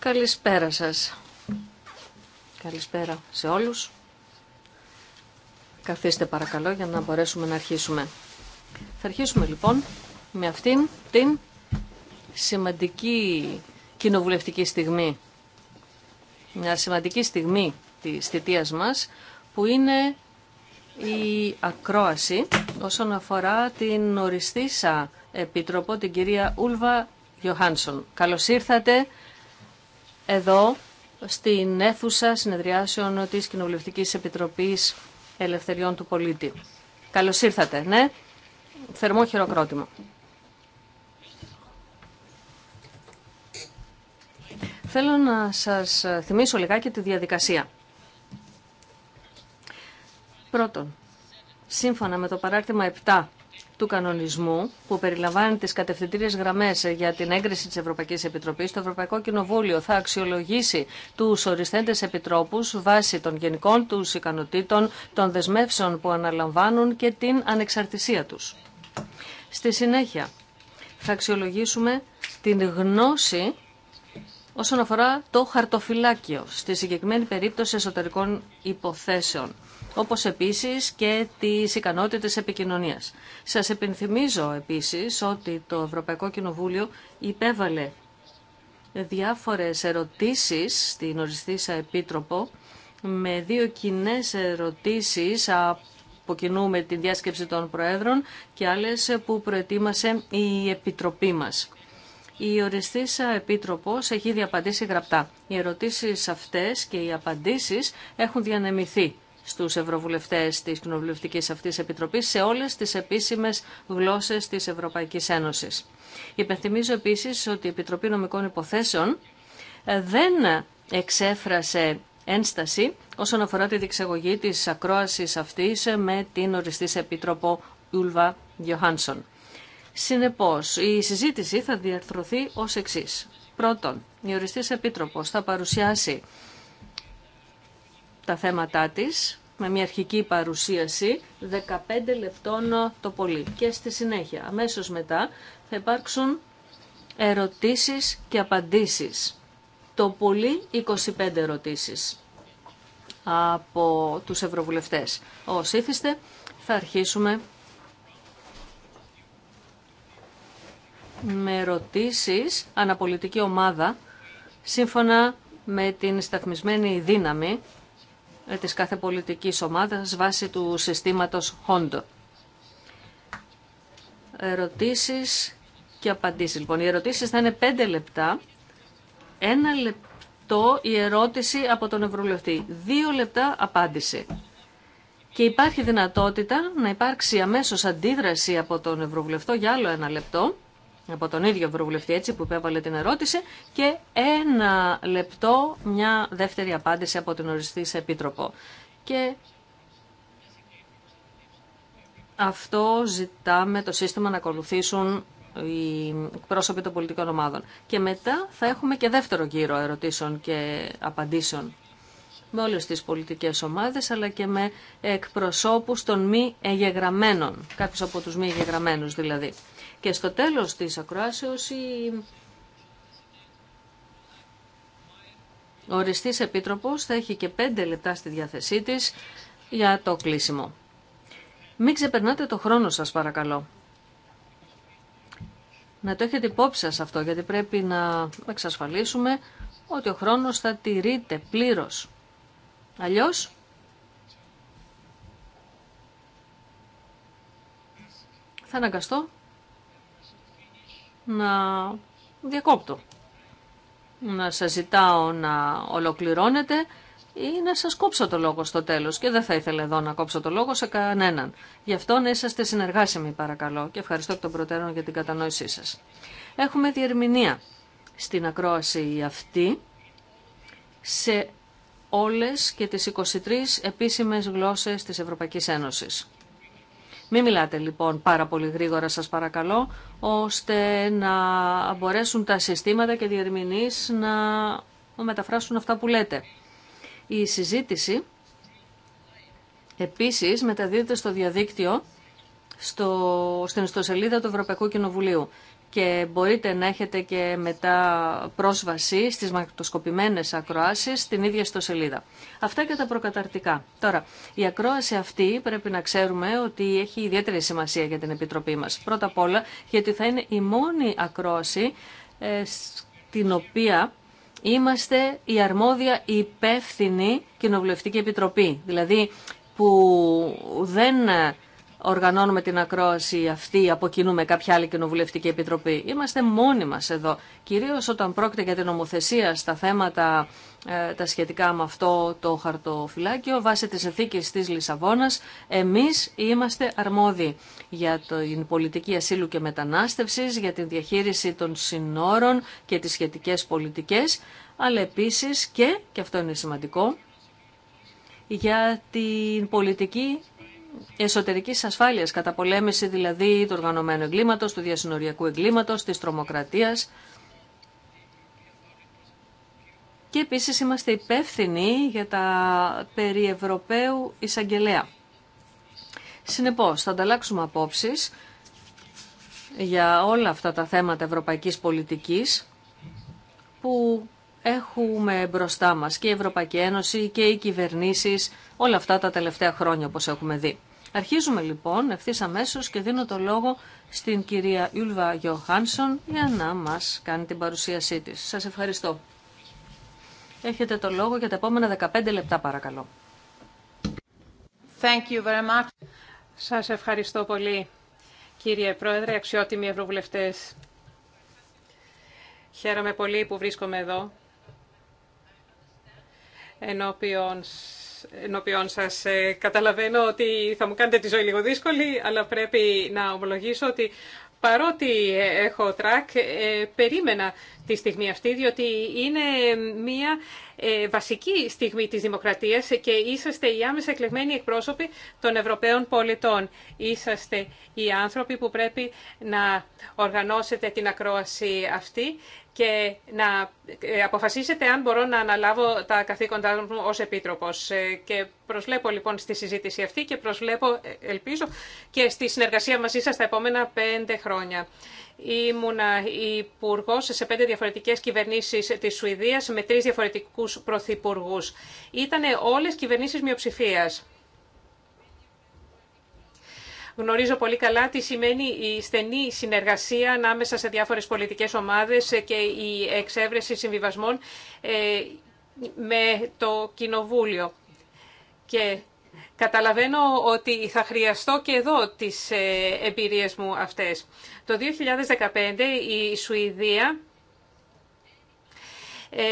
Καλησπέρα σας. Καλησπέρα σε όλους. Καθίστε παρακαλώ για να μπορέσουμε να αρχίσουμε. Θα αρχίσουμε λοιπόν με αυτήν την σημαντική κοινοβουλευτική στιγμή. Μια σημαντική στιγμή της θητείας μας που είναι η ακρόαση όσον αφορά την οριστήσα επίτροπο, την κυρία Ούλβα Γιωχάνσον. Καλώς ήρθατε εδώ στην αίθουσα συνεδριάσεων της Κοινοβουλευτικής Επιτροπής Ελευθεριών του Πολίτη. Καλώς ήρθατε, ναι. Θερμό χειροκρότημα. Θέλω να σας θυμίσω λιγάκι τη διαδικασία. Πρώτον, σύμφωνα με το παράρτημα 7 του κανονισμού που περιλαμβάνει τις κατευθυντήριες γραμμές για την έγκριση της Ευρωπαϊκής Επιτροπής, το Ευρωπαϊκό Κοινοβούλιο θα αξιολογήσει τους οριστέντες επιτρόπους βάσει των γενικών τους ικανοτήτων, των δεσμεύσεων που αναλαμβάνουν και την ανεξαρτησία τους. Στη συνέχεια θα αξιολογήσουμε την γνώση όσον αφορά το χαρτοφυλάκιο, στη συγκεκριμένη περίπτωση εσωτερικών υποθέσεων όπως επίσης και τις ικανότητες επικοινωνίας. Σας επιθυμίζω επίσης ότι το Ευρωπαϊκό Κοινοβούλιο υπέβαλε διάφορες ερωτήσεις στην οριστήσα επίτροπο με δύο κοινέ ερωτήσεις από κοινού την διάσκεψη των Προέδρων και άλλες που προετοίμασε η Επιτροπή μας. Η οριστήσα Επίτροπος έχει διαπαντήσει γραπτά. Οι ερωτήσεις αυτές και οι απαντήσεις έχουν διανεμηθεί στους ευρωβουλευτές της κοινοβουλευτικής αυτής επιτροπής σε όλες τις επίσημες γλώσσες της Ευρωπαϊκής Ένωσης. Υπενθυμίζω επίσης ότι η Επιτροπή Νομικών Υποθέσεων ε, δεν εξέφρασε ένσταση όσον αφορά τη διεξαγωγή της ακρόασης αυτής με την Οριστή επίτροπο Ούλβα Γιωχάνσον. Συνεπώς, η συζήτηση θα διαρθρωθεί ως εξής. Πρώτον, η οριστή επίτροπος θα παρουσιάσει τα θέματά της με μια αρχική παρουσίαση 15 λεπτών το πολύ. Και στη συνέχεια, αμέσως μετά, θα υπάρξουν ερωτήσεις και απαντήσεις. Το πολύ 25 ερωτήσεις από τους ευρωβουλευτές. Όσοι ήθιστε, θα αρχίσουμε με ερωτήσεις αναπολιτική ομάδα, σύμφωνα με την σταθμισμένη δύναμη της κάθε πολιτικής ομάδας βάσει του συστήματος Χόντο. Ερωτήσεις και απαντήσεις. Λοιπόν, οι ερωτήσεις θα είναι πέντε λεπτά, ένα λεπτό η ερώτηση από τον Ευρωβουλευτή, δύο λεπτά απάντηση. Και υπάρχει δυνατότητα να υπάρξει αμέσως αντίδραση από τον Ευρωβουλευτό για άλλο ένα λεπτό από τον ίδιο Ευρωβουλευτή έτσι που υπέβαλε την ερώτηση και ένα λεπτό μια δεύτερη απάντηση από την οριστή σε επίτροπο. Και αυτό ζητάμε το σύστημα να ακολουθήσουν οι πρόσωποι των πολιτικών ομάδων. Και μετά θα έχουμε και δεύτερο γύρο ερωτήσεων και απαντήσεων με όλες τις πολιτικές ομάδες, αλλά και με εκπροσώπους των μη εγγεγραμμένων, κάποιους από τους μη εγγεγραμμένους δηλαδή. Και στο τέλος της ακροάσεως η οριστής επίτροπος θα έχει και 5 λεπτά στη διάθεσή της για το κλείσιμο. Μην ξεπερνάτε το χρόνο σας παρακαλώ. Να το έχετε υπόψη σας αυτό, γιατί πρέπει να εξασφαλίσουμε ότι ο χρόνος θα τηρείται πλήρως. Αλλιώς... Θα αναγκαστώ να διακόπτω. Να σας ζητάω να ολοκληρώνετε ή να σας κόψω το λόγο στο τέλος και δεν θα ήθελα εδώ να κόψω το λόγο σε κανέναν. Γι' αυτό να είσαστε συνεργάσιμοι παρακαλώ και ευχαριστώ εκ των προτέρων για την κατανόησή σας. Έχουμε διερμηνία στην ακρόαση αυτή σε όλες και τις 23 επίσημες γλώσσες της Ευρωπαϊκής Ένωσης. Μην μιλάτε λοιπόν πάρα πολύ γρήγορα σας παρακαλώ, ώστε να μπορέσουν τα συστήματα και διερμηνείς να μεταφράσουν αυτά που λέτε. Η συζήτηση επίσης μεταδίδεται στο διαδίκτυο στο, στην ιστοσελίδα του Ευρωπαϊκού Κοινοβουλίου και μπορείτε να έχετε και μετά πρόσβαση στις μακροσκοπημένες ακροάσεις στην ίδια στο σελίδα. Αυτά και τα προκαταρτικά. Τώρα, η ακρόαση αυτή πρέπει να ξέρουμε ότι έχει ιδιαίτερη σημασία για την Επιτροπή μας. Πρώτα απ' όλα γιατί θα είναι η μόνη ακρόαση ε, στην οποία είμαστε η αρμόδια υπεύθυνη Κοινοβουλευτική Επιτροπή. Δηλαδή που δεν οργανώνουμε την ακρόαση αυτή αποκινούμε κάποια άλλη κοινοβουλευτική επιτροπή. Είμαστε μόνοι μας εδώ, κυρίως όταν πρόκειται για την ομοθεσία στα θέματα ε, τα σχετικά με αυτό το χαρτοφυλάκιο, βάσει της συνθήκη της Λισαβόνας, εμείς είμαστε αρμόδιοι για την πολιτική ασύλου και μετανάστευση, για την διαχείριση των συνόρων και τις σχετικές πολιτικές, αλλά επίσης και, και αυτό είναι σημαντικό, για την πολιτική εσωτερικής ασφάλειας, πολέμηση δηλαδή του οργανωμένου εγκλήματος, του διασυνοριακού εγκλήματος, της Τρομοκρατία. Και επίση είμαστε υπεύθυνοι για τα περί Ευρωπαίου εισαγγελέα. Συνεπώς, θα ανταλλάξουμε απόψει για όλα αυτά τα θέματα ευρωπαϊκής πολιτικής που έχουμε μπροστά μας και η Ευρωπαϊκή Ένωση και οι κυβερνήσεις όλα αυτά τα τελευταία χρόνια όπως έχουμε δει. Αρχίζουμε λοιπόν ευθύ αμέσω και δίνω το λόγο στην κυρία Ιούλβα Γιωχάνσον για να μας κάνει την παρουσίασή της. Σας ευχαριστώ. Έχετε το λόγο για τα επόμενα 15 λεπτά παρακαλώ. Thank Σας ευχαριστώ πολύ κύριε Πρόεδρε, αξιότιμοι ευρωβουλευτές. Χαίρομαι πολύ που βρίσκομαι εδώ ενώπιον, ενώπιον σας. Ε, καταλαβαίνω ότι θα μου κάνετε τη ζωή λίγο δύσκολη, αλλά πρέπει να ομολογήσω ότι παρότι έχω τρακ, ε, περίμενα τη στιγμή αυτή, διότι είναι μια ε, βασική στιγμή της δημοκρατίας και είσαστε οι άμεσα εκλεγμένοι εκπρόσωποι των Ευρωπαίων πολιτών. Είσαστε οι άνθρωποι που πρέπει να οργανώσετε την ακρόαση αυτή και να ε, αποφασίσετε αν μπορώ να αναλάβω τα καθήκοντά μου ως Επίτροπος. Ε, και προσλέπω λοιπόν στη συζήτηση αυτή και προσλέπω, ε, ελπίζω, και στη συνεργασία μαζί σας τα επόμενα πέντε χρόνια. Ήμουνα υπουργό σε πέντε διαφορετικέ κυβερνήσει τη Σουηδία με τρει διαφορετικού πρωθυπουργού. Ήταν όλε κυβερνήσει μειοψηφία. Γνωρίζω πολύ καλά τι σημαίνει η στενή συνεργασία ανάμεσα σε διάφορες πολιτικές ομάδες και η εξέβρεση συμβιβασμών ε, με το Κοινοβούλιο. Και Καταλαβαίνω ότι θα χρειαστώ και εδώ τις ε, εμπειρίες μου αυτές. Το 2015 η Σουηδία ε,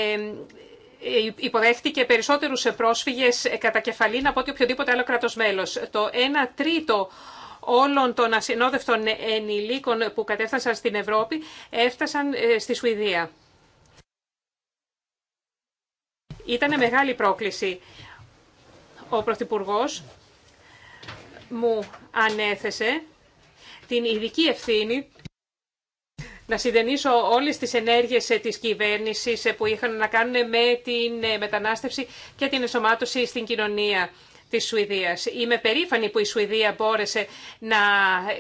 υποδέχτηκε περισσότερους πρόσφυγες κατά κεφαλήν από ότι οποιοδήποτε άλλο κράτος μέλος. Το 1 τρίτο όλων των ασυνόδευτων ενηλίκων που κατέφτασαν στην Ευρώπη έφτασαν ε, στη Σουηδία. Ήταν μεγάλη πρόκληση. Ο Πρωθυπουργό μου ανέθεσε την ειδική ευθύνη να συντενίσω όλες τις ενέργειες της κυβέρνησης που είχαν να κάνουν με την μετανάστευση και την ενσωμάτωση στην κοινωνία της Σουηδίας. Είμαι περήφανη που η Σουηδία μπόρεσε να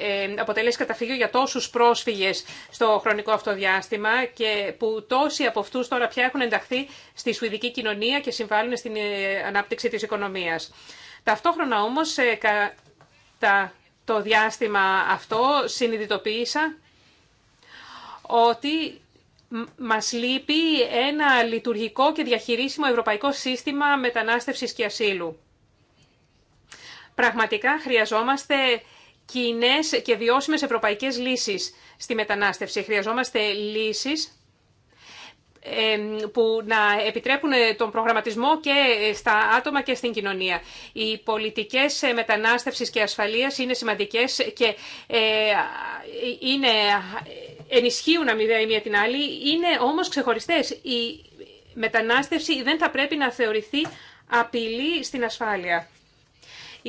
ε, αποτελέσει καταφύγιο για τόσους πρόσφυγες στο χρονικό αυτό διάστημα και που τόσοι από αυτούς τώρα πια έχουν ενταχθεί στη σουηδική κοινωνία και συμβάλλουν στην ε, ανάπτυξη της οικονομίας. Ταυτόχρονα όμως ε, κατά το διάστημα αυτό συνειδητοποίησα ότι μας λείπει ένα λειτουργικό και διαχειρίσιμο ευρωπαϊκό σύστημα μετανάστευσης και ασύλου. Πραγματικά χρειαζόμαστε κοινέ και βιώσιμες ευρωπαϊκές λύσεις στη μετανάστευση. Χρειαζόμαστε λύσεις που να επιτρέπουν ε, τον προγραμματισμό και ε, στα άτομα και στην κοινωνία. Οι πολιτικές ε, μετανάστευσης και ασφαλείας είναι σημαντικές και είναι, ενισχύουν αμοιβαία μία την άλλη, είναι όμως ξεχωριστές. Η μετανάστευση δεν θα πρέπει να θεωρηθεί απειλή στην ασφάλεια.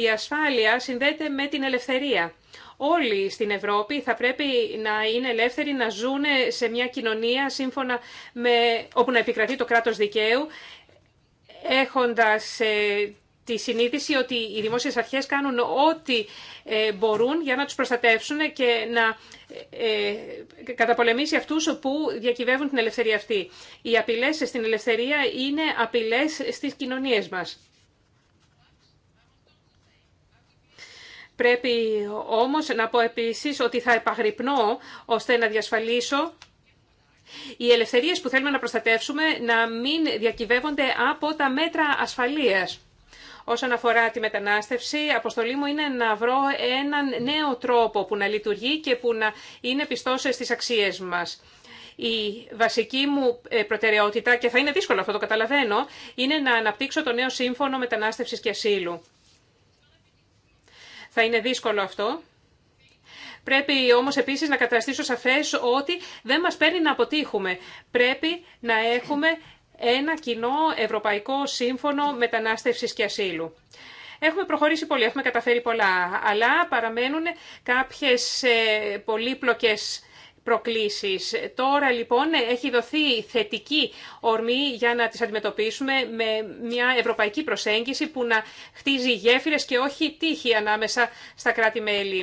Η ασφάλεια συνδέεται με την ελευθερία. Όλοι στην Ευρώπη θα πρέπει να είναι ελεύθεροι να ζουν σε μια κοινωνία σύμφωνα με, όπου να επικρατεί το κράτος δικαίου, έχοντας ε, τη συνείδηση ότι οι δημόσιες αρχές κάνουν ό,τι ε, μπορούν για να τους προστατεύσουν και να ε, ε, καταπολεμήσει αυτούς που διακυβεύουν την ελευθερία αυτή. Οι απειλές στην ελευθερία είναι απειλές στις κοινωνίες μας. Πρέπει όμως να πω επίσης ότι θα επαγρυπνώ ώστε να διασφαλίσω οι ελευθερίες που θέλουμε να προστατεύσουμε να μην διακυβεύονται από τα μέτρα ασφαλείας. Όσον αφορά τη μετανάστευση, αποστολή μου είναι να βρω έναν νέο τρόπο που να λειτουργεί και που να είναι πιστός στις αξίες μας. Η βασική μου ε, προτεραιότητα, και θα είναι δύσκολο αυτό το καταλαβαίνω, είναι να αναπτύξω το νέο σύμφωνο μετανάστευσης και ασύλου. Θα είναι δύσκολο αυτό. Πρέπει όμως επίσης να καταστήσω σαφές ότι δεν μας παίρνει να αποτύχουμε. Πρέπει να έχουμε ένα κοινό ευρωπαϊκό σύμφωνο μετανάστευσης και ασύλου. Έχουμε προχωρήσει πολύ, έχουμε καταφέρει πολλά, αλλά παραμένουν κάποιες ε, πολύπλοκες προκλήσεις. Τώρα λοιπόν έχει δοθεί θετική ορμή για να τις αντιμετωπίσουμε με μια ευρωπαϊκή προσέγγιση που να χτίζει γέφυρες και όχι τύχη ανάμεσα στα κράτη-μέλη.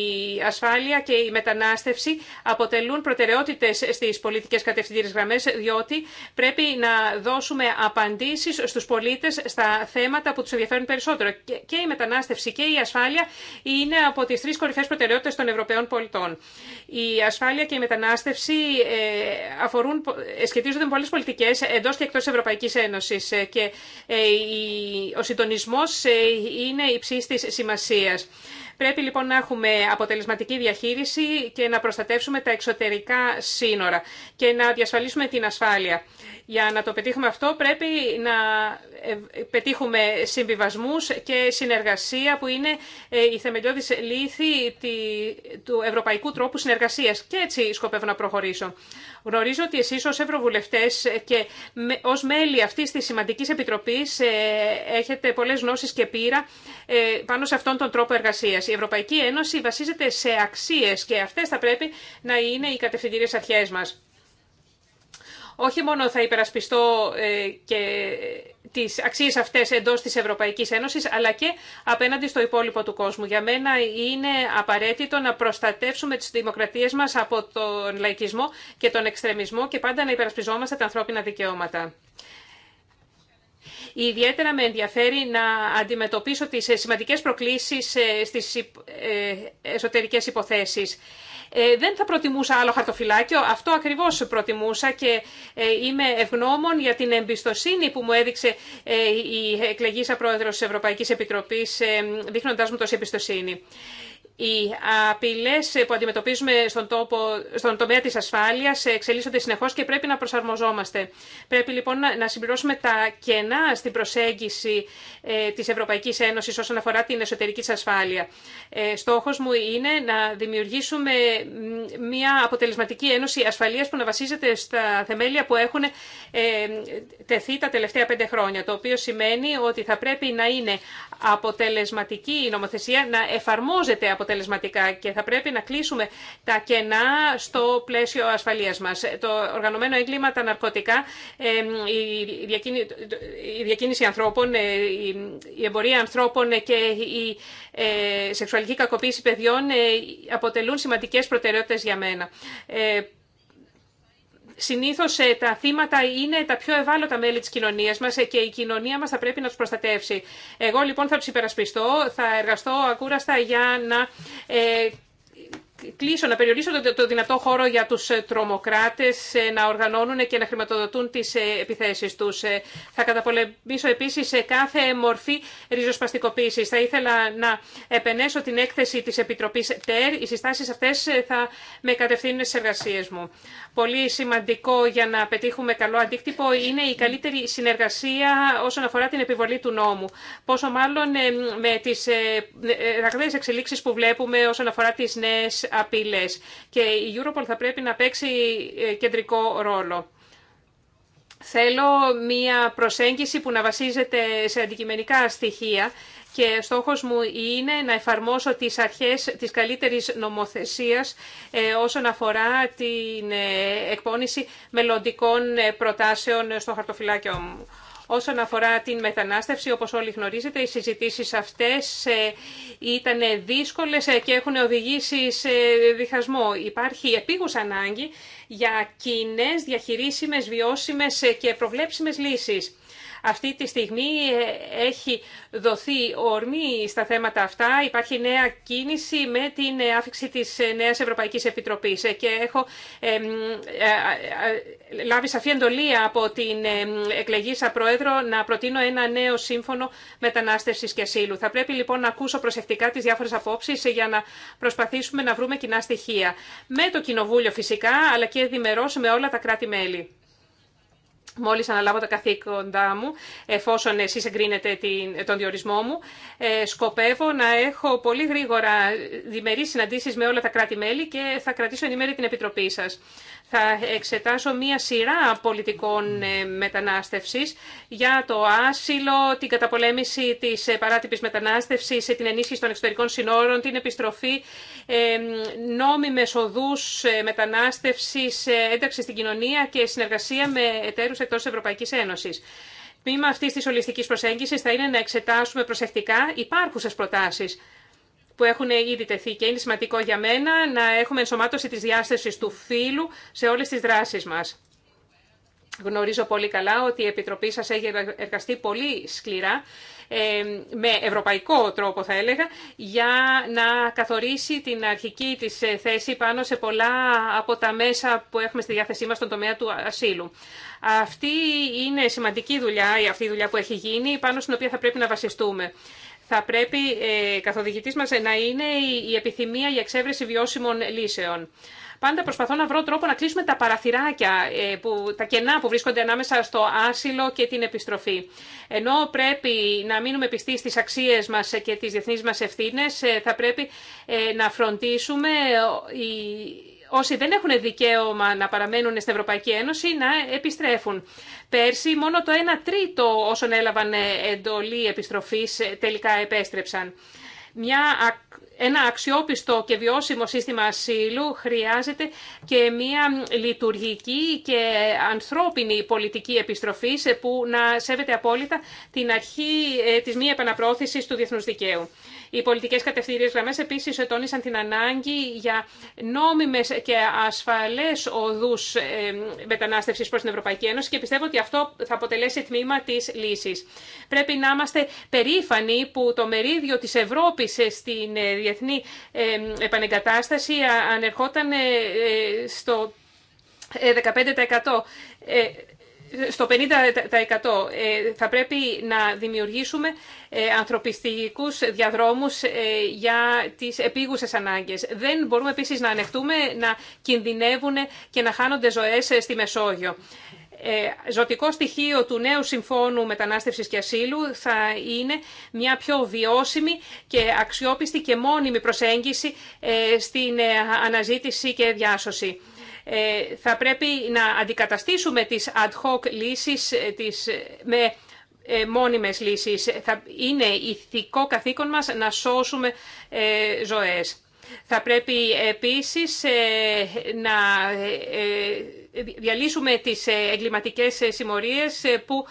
Η ασφάλεια και η μετανάστευση αποτελούν προτεραιότητες στις πολιτικές κατευθυντήρες γραμμές διότι πρέπει να δώσουμε απαντήσεις στους πολίτες στα θέματα που τους ενδιαφέρουν περισσότερο. Και η μετανάστευση και η ασφάλεια είναι από τις τρεις κορυφαίες προτεραιότητες των Ευρωπαίων πολιτών. Η ασφάλεια και η μετανάστευση ε, αφορούν, ε, σχετίζονται με πολλές πολιτικές εντός και εκτός της Ευρωπαϊκής Ένωσης ε, και ο συντονισμός είναι υψίστης τη σημασίας. Πρέπει λοιπόν να έχουμε αποτελεσματική διαχείριση και να προστατεύσουμε τα εξωτερικά σύνορα και να διασφαλίσουμε την ασφάλεια. Για να το πετύχουμε αυτό πρέπει να ε, πετύχουμε συμβιβασμούς και συνεργασία που είναι ε, η θεμελιώδης λύθη του ευρωπαϊκού τρόπου συνεργασίας. Και έτσι σκοπεύω να προχωρήσω. Γνωρίζω ότι εσείς ως ευρωβουλευτές και ως μέλη αυτής της σημαντικής επιτροπής ε, έχετε πολλές γνώσεις και πείρα πάνω σε αυτόν τον τρόπο εργασίας. Η Ευρωπαϊκή Ένωση βασίζεται σε αξίες και αυτές θα πρέπει να είναι οι κατευθυντήριες αρχές μας όχι μόνο θα υπερασπιστώ ε, και τις αξίες αυτές εντός της Ευρωπαϊκής Ένωσης, αλλά και απέναντι στο υπόλοιπο του κόσμου. Για μένα είναι απαραίτητο να προστατεύσουμε τις δημοκρατίες μας από τον λαϊκισμό και τον εξτρεμισμό και πάντα να υπερασπιζόμαστε τα ανθρώπινα δικαιώματα. Ιδιαίτερα με ενδιαφέρει να αντιμετωπίσω τις σημαντικές προκλήσεις ε, στις ε, εσωτερικές υποθέσεις. Ε, δεν θα προτιμούσα άλλο χαρτοφυλάκιο. Αυτό ακριβώς προτιμούσα και ε, είμαι ευγνώμων για την εμπιστοσύνη που μου έδειξε ε, η εκλεγήσα πρόεδρος της Ευρωπαϊκής Επιτροπής δείχνοντάς μου τόση εμπιστοσύνη. Οι απειλέ που αντιμετωπίζουμε στον, τόπο, στον τομέα τη ασφάλεια, εξελίσσονται συνεχώ και πρέπει να προσαρμοζόμαστε. Πρέπει λοιπόν να συμπληρώσουμε τα κενά στην προσέγγιση ε, τη Ευρωπαϊκή Ένωση όσον αφορά την εσωτερική της ασφάλεια. Ε, Στόχο μου είναι να δημιουργήσουμε μια αποτελεσματική ένωση ασφαλεία που να βασίζεται στα θεμέλια που έχουν ε, τεθεί τα τελευταία πέντε χρόνια, το οποίο σημαίνει ότι θα πρέπει να είναι αποτελεσματική η νομοθεσία, να εφαρμόζεται και θα πρέπει να κλείσουμε τα κενά στο πλαίσιο ασφαλείας μας. Το οργανωμένο έγκλημα, τα ναρκωτικά, η διακίνηση ανθρώπων, ε, η εμπορία ανθρώπων και η ε, σεξουαλική κακοποίηση παιδιών ε, αποτελούν σημαντικές προτεραιότητες για μένα. Συνήθω ε, τα θύματα είναι τα πιο ευάλωτα μέλη της κοινωνίας μας ε, και η κοινωνία μα θα πρέπει να του προστατεύσει. Εγώ λοιπόν θα του υπερασπιστώ, θα εργαστώ ακούραστα για να ε, κλείσω, να περιορίσω το, δυνατό χώρο για τους τρομοκράτες να οργανώνουν και να χρηματοδοτούν τις επιθέσεις τους. Θα καταπολεμήσω επίσης κάθε μορφή ριζοσπαστικοποίησης. Θα ήθελα να επενέσω την έκθεση της Επιτροπής ΤΕΡ. Οι συστάσεις αυτές θα με κατευθύνουν στι εργασίες μου πολύ σημαντικό για να πετύχουμε καλό αντίκτυπο είναι η καλύτερη συνεργασία όσον αφορά την επιβολή του νόμου. Πόσο μάλλον ε, με τις ε, ε, ραγδαίε εξελίξεις που βλέπουμε όσον αφορά τις νέες απειλές. Και η Europol θα πρέπει να παίξει κεντρικό ρόλο. Θέλω μία προσέγγιση που να βασίζεται σε αντικειμενικά στοιχεία και στόχος μου είναι να εφαρμόσω τις αρχές της καλύτερης νομοθεσίας ε, όσον αφορά την ε, εκπόνηση μελλοντικών ε, προτάσεων στο χαρτοφυλάκιο μου. Όσον αφορά την μετανάστευση, όπως όλοι γνωρίζετε, οι συζητήσεις αυτές ήταν δύσκολες και έχουν οδηγήσει σε διχασμό. Υπάρχει επίγους ανάγκη για κοινέ, διαχειρίσιμες, βιώσιμες και προβλέψιμες λύσεις. Αυτή τη στιγμή ε, έχει δοθεί ορμή στα θέματα αυτά. Υπάρχει νέα κίνηση με την άφηξη της ε, Νέας Ευρωπαϊκής Επιτροπής ε, και έχω λάβει σαφή εντολή από την σαν Πρόεδρο να προτείνω ένα νέο σύμφωνο μετανάστευσης και σύλλου. Θα πρέπει λοιπόν να ακούσω προσεκτικά τις διάφορες απόψεις για να προσπαθήσουμε να βρούμε κοινά στοιχεία. Με το Κοινοβούλιο φυσικά, αλλά και διμερώς με όλα τα κράτη-μέλη μόλις αναλάβω τα καθήκοντά μου, εφόσον εσείς εγκρίνετε τον διορισμό μου, ε, σκοπεύω να έχω πολύ γρήγορα διμερεί συναντήσει με όλα τα κράτη-μέλη και θα κρατήσω ενημέρη την Επιτροπή σας θα εξετάσω μία σειρά πολιτικών ε, μετανάστευσης για το άσυλο, την καταπολέμηση της ε, παράτυπης μετανάστευσης, ε, την ενίσχυση των εξωτερικών συνόρων, την επιστροφή νόμιμες οδούς μετανάστευσης, ένταξη στην κοινωνία και συνεργασία με εταίρους εκτός Ευρωπαϊκής Ένωσης. Τμήμα αυτή της ολιστικής προσέγγισης θα είναι να εξετάσουμε προσεκτικά υπάρχουσες προτάσεις που έχουν ήδη τεθεί και είναι σημαντικό για μένα να έχουμε ενσωμάτωση της διάστασης του φύλου σε όλες τις δράσεις μας. Γνωρίζω πολύ καλά ότι η Επιτροπή σας έχει εργαστεί πολύ σκληρά, ε, με ευρωπαϊκό τρόπο θα έλεγα, για να καθορίσει την αρχική της θέση πάνω σε πολλά από τα μέσα που έχουμε στη διάθεσή μας στον τομέα του ασύλου. Αυτή είναι σημαντική δουλειά, αυτή η δουλειά που έχει γίνει, πάνω στην οποία θα πρέπει να βασιστούμε θα πρέπει ε, καθοδηγητής μας ε, να είναι η επιθυμία για εξέβρεση βιώσιμων λύσεων. Πάντα προσπαθώ να βρω τρόπο να κλείσουμε τα παραθυράκια, ε, που, τα κενά που βρίσκονται ανάμεσα στο άσυλο και την επιστροφή. Ενώ πρέπει να μείνουμε πιστοί στις αξίες μας και τις διεθνείς μας ευθύνες, ε, θα πρέπει να φροντίσουμε... Η όσοι δεν έχουν δικαίωμα να παραμένουν στην Ευρωπαϊκή Ένωση να επιστρέφουν. Πέρσι μόνο το 1 τρίτο όσων έλαβαν εντολή επιστροφής τελικά επέστρεψαν. Μια ένα αξιόπιστο και βιώσιμο σύστημα ασύλου χρειάζεται και μια λειτουργική και ανθρώπινη πολιτική επιστροφή σε που να σέβεται απόλυτα την αρχή ε, της μη επαναπρόθεσης του διεθνούς δικαίου. Οι πολιτικές κατευθυντήριες γραμμές επίσης ετώνησαν την ανάγκη για νόμιμες και ασφαλές οδούς ε, μετανάστευσης προς την Ευρωπαϊκή Ένωση και πιστεύω ότι αυτό θα αποτελέσει τμήμα της λύσης. Πρέπει να είμαστε περήφανοι που το μερίδιο της Ευρώπης ε, στην διεθνή επανεγκατάσταση ανερχόταν ε, ε, στο 15% ε, στο 50% θα πρέπει να δημιουργήσουμε ανθρωπιστικούς διαδρόμους για τις επίγουσες ανάγκες. Δεν μπορούμε επίσης να ανεχτούμε να κινδυνεύουν και να χάνονται ζωές στη Μεσόγειο. Ε, ζωτικό στοιχείο του νέου Συμφώνου Μετανάστευσης και Ασύλου θα είναι μια πιο βιώσιμη και αξιόπιστη και μόνιμη προσέγγιση ε, στην ε, αναζήτηση και διάσωση. Θα πρέπει να αντικαταστήσουμε τις ad hoc λύσεις τις, με μόνιμες λύσεις. Θα είναι ηθικό καθήκον μας να σώσουμε ζωές. Θα πρέπει επίσης να διαλύσουμε τις ε, εγκληματικές ε, συμμορίες ε, που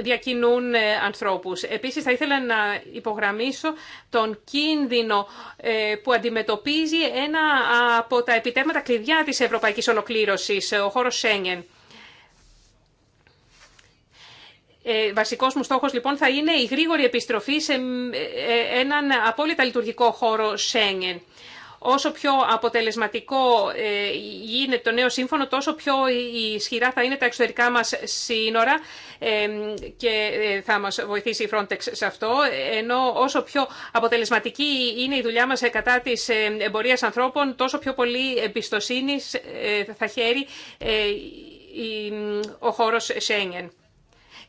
διακινούν ανθρώπους. Επίσης, θα ήθελα να υπογραμμίσω τον κίνδυνο που αντιμετωπίζει ένα από τα επιτέρματα κλειδιά της ευρωπαϊκής ολοκλήρωσης, ο χώρος Σέγγεν. Βασικός μου στόχος, λοιπόν, θα είναι η γρήγορη επιστροφή σε έναν απόλυτα λειτουργικό χώρο Σέγγεν. Όσο πιο αποτελεσματικό ε, είναι το νέο σύμφωνο, τόσο πιο ισχυρά θα είναι τα εξωτερικά μας σύνορα ε, και ε, θα μας βοηθήσει η Frontex σε αυτό. Ενώ όσο πιο αποτελεσματική είναι η δουλειά μας κατά της εμπορίας ανθρώπων, τόσο πιο πολύ εμπιστοσύνη θα χαίρει ο χώρος Σέγγεν.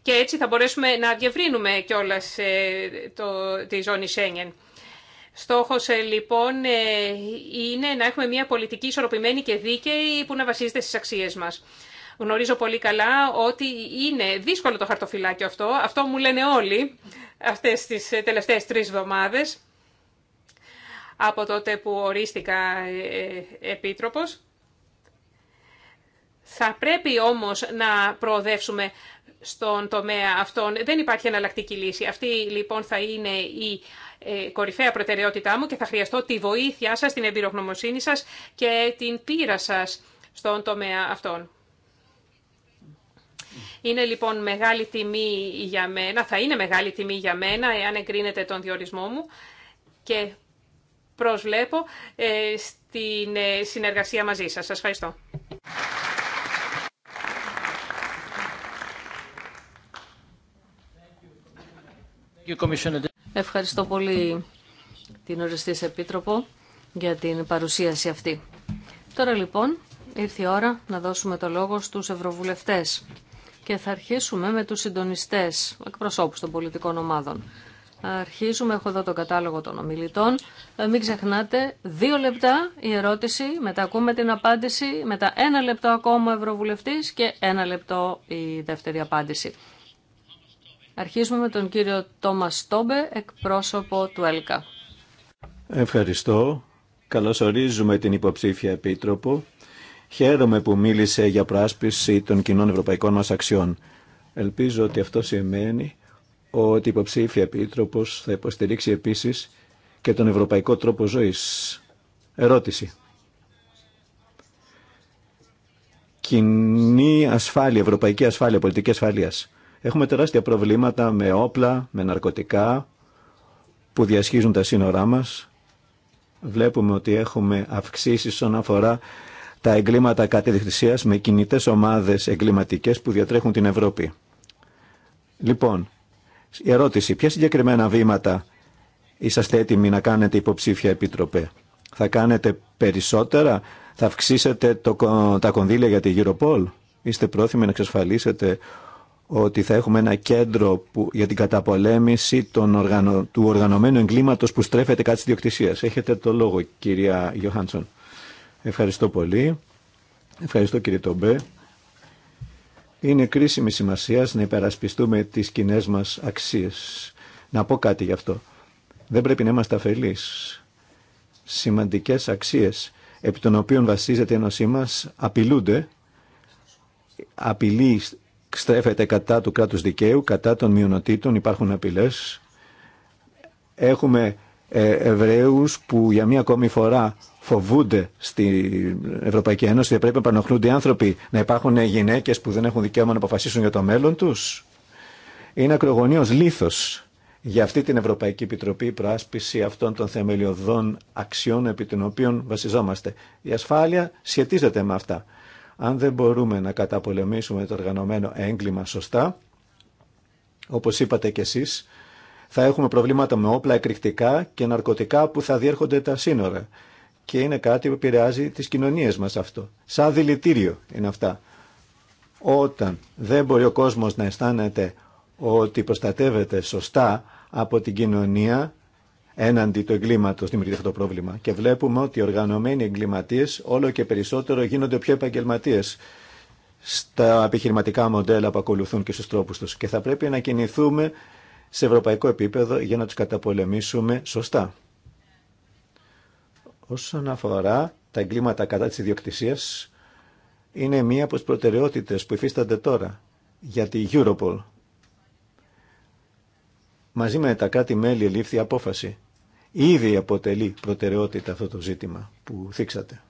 Και έτσι θα μπορέσουμε να διευρύνουμε κιόλας τη ζώνη Σέγγεν. Στόχος ε, λοιπόν ε, είναι να έχουμε μια πολιτική ισορροπημένη και δίκαιη που να βασίζεται στις αξίες μας. Γνωρίζω πολύ καλά ότι είναι δύσκολο το χαρτοφυλάκιο αυτό. Αυτό μου λένε όλοι αυτές τις ε, τελευταίες τρεις εβδομάδες από τότε που ορίστηκα επίτροπος. Θα πρέπει όμως να προοδεύσουμε στον τομέα αυτόν. Δεν υπάρχει εναλλακτική λύση. Αυτή λοιπόν θα είναι η ε, κορυφαία προτεραιότητά μου και θα χρειαστώ τη βοήθειά σας, την εμπειρογνωμοσύνη σας και την πείρα σας στον τομέα αυτόν. Είναι λοιπόν μεγάλη τιμή για μένα, θα είναι μεγάλη τιμή για μένα εάν εγκρίνετε τον διορισμό μου και προσβλέπω ε, στην ε, συνεργασία μαζί σας. Σας ευχαριστώ. Ευχαριστώ πολύ την σε Επίτροπο για την παρουσίαση αυτή. Τώρα λοιπόν ήρθε η ώρα να δώσουμε το λόγο στους ευρωβουλευτές και θα αρχίσουμε με τους συντονιστές, εκπροσώπους των πολιτικών ομάδων. Αρχίζουμε, έχω εδώ τον κατάλογο των ομιλητών. Ε, μην ξεχνάτε, δύο λεπτά η ερώτηση, μετά ακούμε την απάντηση, μετά ένα λεπτό ακόμα ο Ευρωβουλευτής και ένα λεπτό η δεύτερη απάντηση. Αρχίζουμε με τον κύριο Τόμα Στόμπε, εκπρόσωπο του ΕΛΚΑ. Ευχαριστώ. Καλωσορίζουμε την υποψήφια επίτροπο. Χαίρομαι που μίλησε για πράσπιση των κοινών ευρωπαϊκών μας αξιών. Ελπίζω ότι αυτό σημαίνει ότι η υποψήφια επίτροπος θα υποστηρίξει επίσης και τον ευρωπαϊκό τρόπο ζωής. Ερώτηση. Κοινή ασφάλεια, ευρωπαϊκή ασφάλεια, πολιτική ασφάλειας Έχουμε τεράστια προβλήματα με όπλα, με ναρκωτικά που διασχίζουν τα σύνορά μας. Βλέπουμε ότι έχουμε αυξήσει όσον αφορά τα εγκλήματα κατεδειχθησίας με κινητές ομάδες εγκληματικές που διατρέχουν την Ευρώπη. Λοιπόν, η ερώτηση, ποια συγκεκριμένα βήματα είσαστε έτοιμοι να κάνετε υποψήφια επίτροπε. Θα κάνετε περισσότερα, θα αυξήσετε τα κονδύλια για τη Europol. Είστε πρόθυμοι να εξασφαλίσετε ότι θα έχουμε ένα κέντρο που, για την καταπολέμηση του οργανωμένου εγκλήματος που στρέφεται κάτι της διοκτησίας. Έχετε το λόγο, κυρία Γιωχάντσον. Ευχαριστώ πολύ. Ευχαριστώ, κύριε Τομπέ. Είναι κρίσιμη σημασία να υπερασπιστούμε τις κοινέ μας αξίες. Να πω κάτι γι' αυτό. Δεν πρέπει να είμαστε αφελείς. Σημαντικές αξίες επί των οποίων βασίζεται η ένωσή μας απειλούνται απειλή Ξτρέφεται κατά του κράτους δικαίου, κατά των μειονοτήτων, υπάρχουν απειλές. Έχουμε ε, Εβραίους που για μία ακόμη φορά φοβούνται στην Ευρωπαϊκή Ένωση Δεν πρέπει να πανοχλούνται οι άνθρωποι, να υπάρχουν γυναίκες που δεν έχουν δικαίωμα να αποφασίσουν για το μέλλον τους. Είναι ακρογωνίως λήθος για αυτή την Ευρωπαϊκή Επιτροπή η προάσπιση αυτών των θεμελιωδών αξιών επί των οποίων βασιζόμαστε. Η ασφάλεια σχετίζεται με αυτά. Αν δεν μπορούμε να καταπολεμήσουμε το οργανωμένο έγκλημα σωστά, όπως είπατε κι εσείς, θα έχουμε προβλήματα με όπλα εκρηκτικά και ναρκωτικά που θα διέρχονται τα σύνορα. Και είναι κάτι που επηρεάζει τις κοινωνίες μας αυτό. Σαν δηλητήριο είναι αυτά. Όταν δεν μπορεί ο κόσμος να αισθάνεται ότι προστατεύεται σωστά από την κοινωνία, έναντι του εγκλήματος δημιουργείται αυτό το πρόβλημα. Και βλέπουμε ότι οι οργανωμένοι εγκληματίε όλο και περισσότερο γίνονται πιο επαγγελματίε στα επιχειρηματικά μοντέλα που ακολουθούν και στου τρόπου του Και θα πρέπει να κινηθούμε σε ευρωπαϊκό επίπεδο για να του καταπολεμήσουμε σωστά. Όσον αφορά τα εγκλήματα κατά τη ιδιοκτησία είναι μία από τι προτεραιότητε που υφίστανται τώρα για τη Europol μαζί με τα κάτι μελη λήφθη απόφαση. Ήδη αποτελεί προτεραιότητα αυτό το ζήτημα που θίξατε.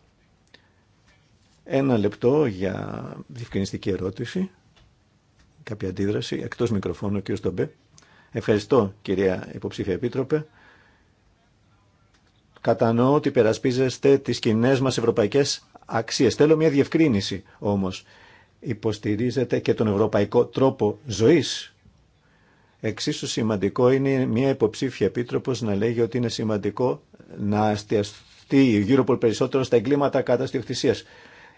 Ένα λεπτό για διευκρινιστική ερώτηση. Κάποια αντίδραση. Εκτός μικροφώνου, κ. Στομπέ. Ευχαριστώ, κυρία Υποψήφια Επίτροπε. Κατανοώ ότι περασπίζεστε τις κοινέ μας ευρωπαϊκές αξίες. Θέλω μια διευκρίνηση όμως. Υποστηρίζετε και τον ευρωπαϊκό τρόπο ζωής Εξίσου σημαντικό είναι μια υποψήφια επίτροπος να λέγει ότι είναι σημαντικό να αστιαστεί η Europol περισσότερο στα εγκλήματα κατά στιοκτησίας.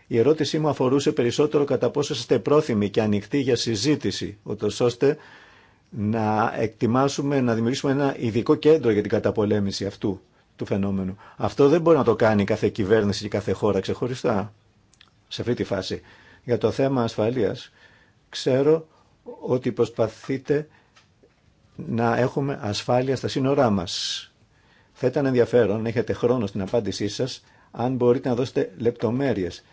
Η ερώτησή μου αφορούσε περισσότερο κατά πόσο είστε πρόθυμοι και ανοιχτοί για συζήτηση, ώστε να εκτιμάσουμε, να δημιουργήσουμε ένα ειδικό κέντρο για την καταπολέμηση αυτού του φαινόμενου. Αυτό δεν μπορεί να το κάνει κάθε κυβέρνηση και κάθε χώρα ξεχωριστά σε αυτή τη φάση. Για το θέμα ασφαλείας, ξέρω ότι προσπαθείτε να έχουμε ασφάλεια στα σύνορά μας. Θα ήταν ενδιαφέρον, έχετε χρόνο στην απάντησή σας, αν μπορείτε να δώσετε λεπτομέρειες.